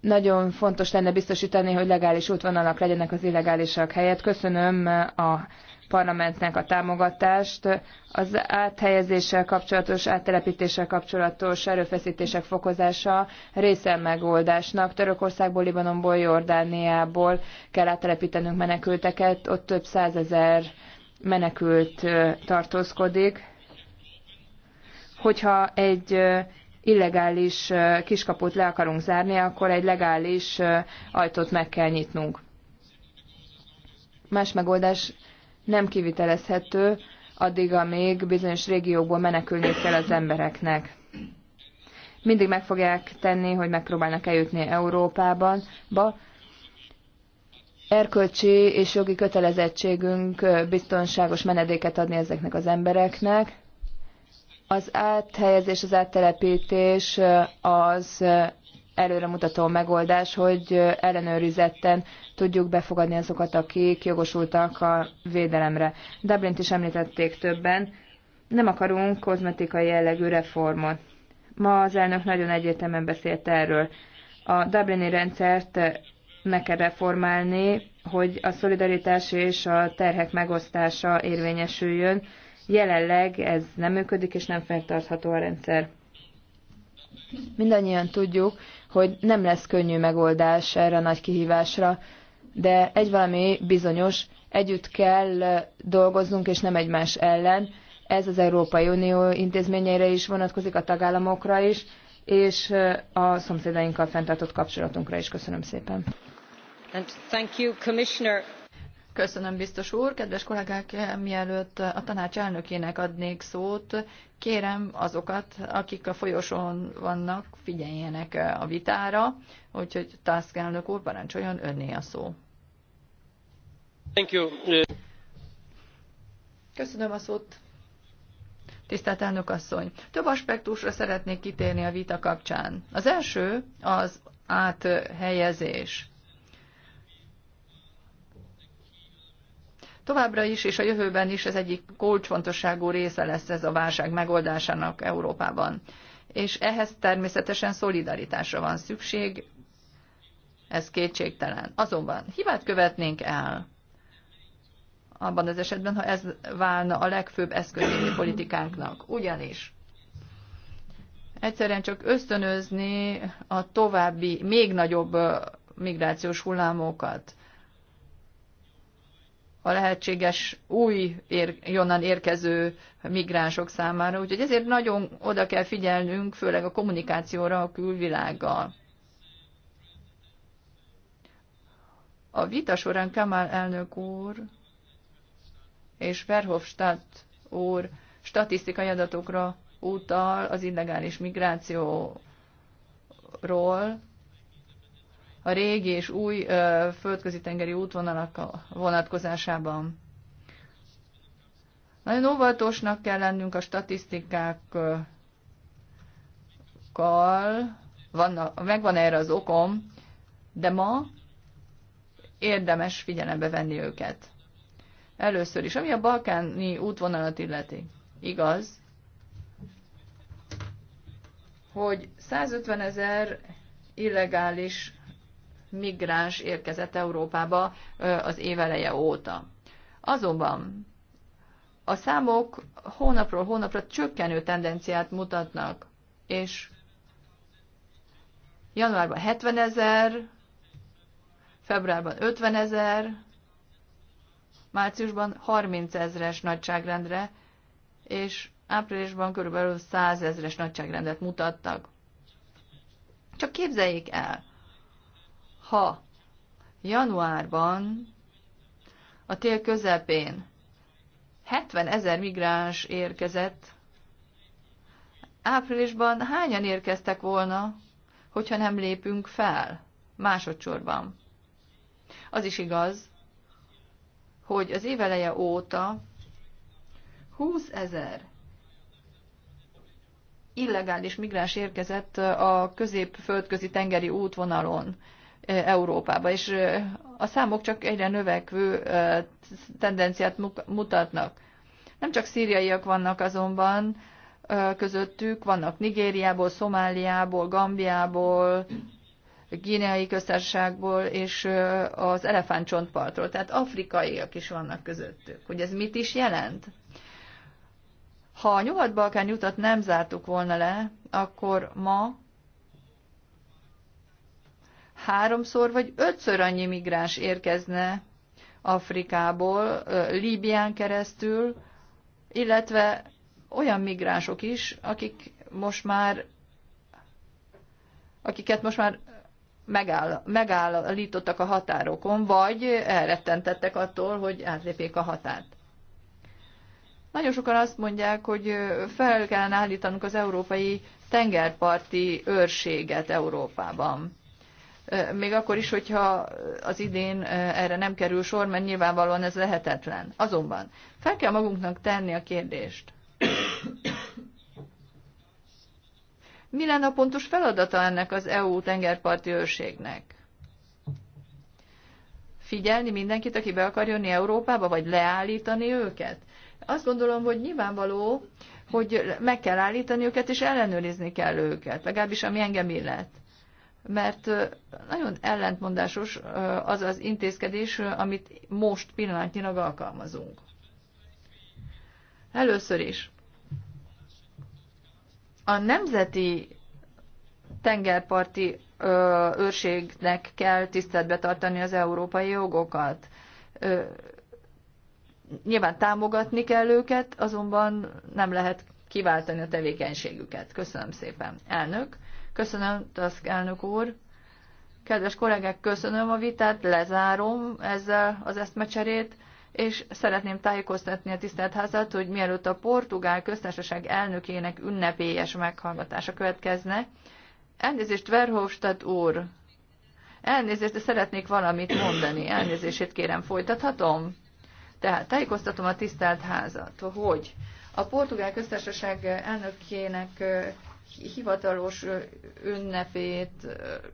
nagyon fontos lenne biztosítani, hogy legális útvonalak legyenek az illegálisak helyett. Köszönöm a Parlamentnek a támogatást az áthelyezéssel kapcsolatos, áttelepítéssel kapcsolatos erőfeszítések fokozása része megoldásnak. Törökországból, Libanonból, Jordániából kell áttelepítenünk menekülteket, ott több százezer menekült tartózkodik. Hogyha egy illegális kiskaput le akarunk zárni, akkor egy legális ajtót meg kell nyitnunk. Más megoldás nem kivitelezhető, addig, amíg bizonyos régiókból menekülni kell az embereknek. Mindig meg fogják tenni, hogy megpróbálnak eljutni Európában, ba, erkölcsi és jogi kötelezettségünk biztonságos menedéket adni ezeknek az embereknek. Az áthelyezés, az áttelepítés az előremutató megoldás, hogy ellenőrizetten tudjuk befogadni azokat, akik jogosultak a védelemre. Dublint is említették többen, nem akarunk kozmetikai jellegű reformot. Ma az elnök nagyon egyértelműen beszélt erről. A Dublini rendszert meg kell reformálni, hogy a szolidaritás és a terhek megosztása érvényesüljön. Jelenleg ez nem működik, és nem fenntartható a rendszer. Mindannyian tudjuk, hogy nem lesz könnyű megoldás erre a nagy kihívásra, de egy valami bizonyos, együtt kell dolgoznunk, és nem egymás ellen. Ez az Európai Unió intézményeire is vonatkozik, a tagállamokra is, és a szomszédainkkal fenntartott kapcsolatunkra is. Köszönöm szépen. And thank you, Commissioner. Köszönöm, biztos úr. Kedves kollégák, mielőtt a tanács elnökének adnék szót, kérem azokat, akik a folyosón vannak, figyeljenek a vitára, úgyhogy Tusk elnök úr, parancsoljon önné a szó. Thank you. Köszönöm a szót. Tisztelt elnök asszony, több aspektusra szeretnék kitérni a vita kapcsán. Az első az áthelyezés Továbbra is és a jövőben is ez egyik kulcsfontosságú része lesz ez a válság megoldásának Európában. És ehhez természetesen szolidaritásra van szükség, ez kétségtelen. Azonban hibát követnénk el abban az esetben, ha ez válna a legfőbb eszközévé politikánknak. Ugyanis egyszerűen csak ösztönözni a további, még nagyobb migrációs hullámokat a lehetséges új ér, jonnan érkező migránsok számára. Úgyhogy ezért nagyon oda kell figyelnünk, főleg a kommunikációra a külvilággal. A vita során Kamal elnök úr és Verhofstadt úr statisztikai adatokra utal az illegális migrációról, a régi és új földközi-tengeri útvonalak vonatkozásában. Nagyon óvatosnak kell lennünk a statisztikákkal, megvan erre az okom, de ma érdemes figyelembe venni őket. Először is, ami a balkáni útvonalat illeti. Igaz, hogy 150 ezer illegális migráns érkezett Európába az éveleje óta. Azonban a számok hónapról hónapra csökkenő tendenciát mutatnak, és januárban 70 ezer, februárban 50 ezer, márciusban 30 ezres nagyságrendre, és áprilisban körülbelül 100 ezres nagyságrendet mutattak. Csak képzeljék el, ha januárban a tél közepén 70 ezer migráns érkezett, áprilisban hányan érkeztek volna, hogyha nem lépünk fel? Másodszorban. Az is igaz, hogy az éveleje óta 20 ezer illegális migráns érkezett a közép-földközi tengeri útvonalon. Európába, és a számok csak egyre növekvő tendenciát mutatnak. Nem csak szíriaiak vannak azonban közöttük, vannak Nigériából, Szomáliából, Gambiából, Gineai köztársaságból és az elefántcsontpartról. Tehát afrikaiak is vannak közöttük. Hogy ez mit is jelent? Ha a Nyugat-Balkán jutat nem zártuk volna le, akkor ma háromszor vagy ötször annyi migráns érkezne Afrikából, Líbián keresztül, illetve olyan migránsok is, akik most már, akiket most már megáll, megállítottak a határokon, vagy elrettentettek attól, hogy átlépjék a határt. Nagyon sokan azt mondják, hogy fel kellene állítanunk az európai tengerparti őrséget Európában még akkor is, hogyha az idén erre nem kerül sor, mert nyilvánvalóan ez lehetetlen. Azonban fel kell magunknak tenni a kérdést. Mi lenne a pontos feladata ennek az EU tengerparti őrségnek? Figyelni mindenkit, aki be akar jönni Európába, vagy leállítani őket? Azt gondolom, hogy nyilvánvaló, hogy meg kell állítani őket, és ellenőrizni kell őket, legalábbis ami engem illet mert nagyon ellentmondásos az az intézkedés, amit most pillanatnyilag alkalmazunk. Először is a nemzeti tengerparti őrségnek kell tiszteletbe tartani az európai jogokat. Nyilván támogatni kell őket, azonban nem lehet kiváltani a tevékenységüket. Köszönöm szépen, elnök. Köszönöm, Tusk elnök úr. Kedves kollégák, köszönöm a vitát, lezárom ezzel az eszmecserét, és szeretném tájékoztatni a tisztelt házat, hogy mielőtt a portugál köztársaság elnökének ünnepélyes meghallgatása következne, elnézést Verhofstadt úr, elnézést, de szeretnék valamit mondani, elnézését kérem, folytathatom? Tehát tájékoztatom a tisztelt házat, hogy a portugál köztársaság elnökének hivatalos ünnepét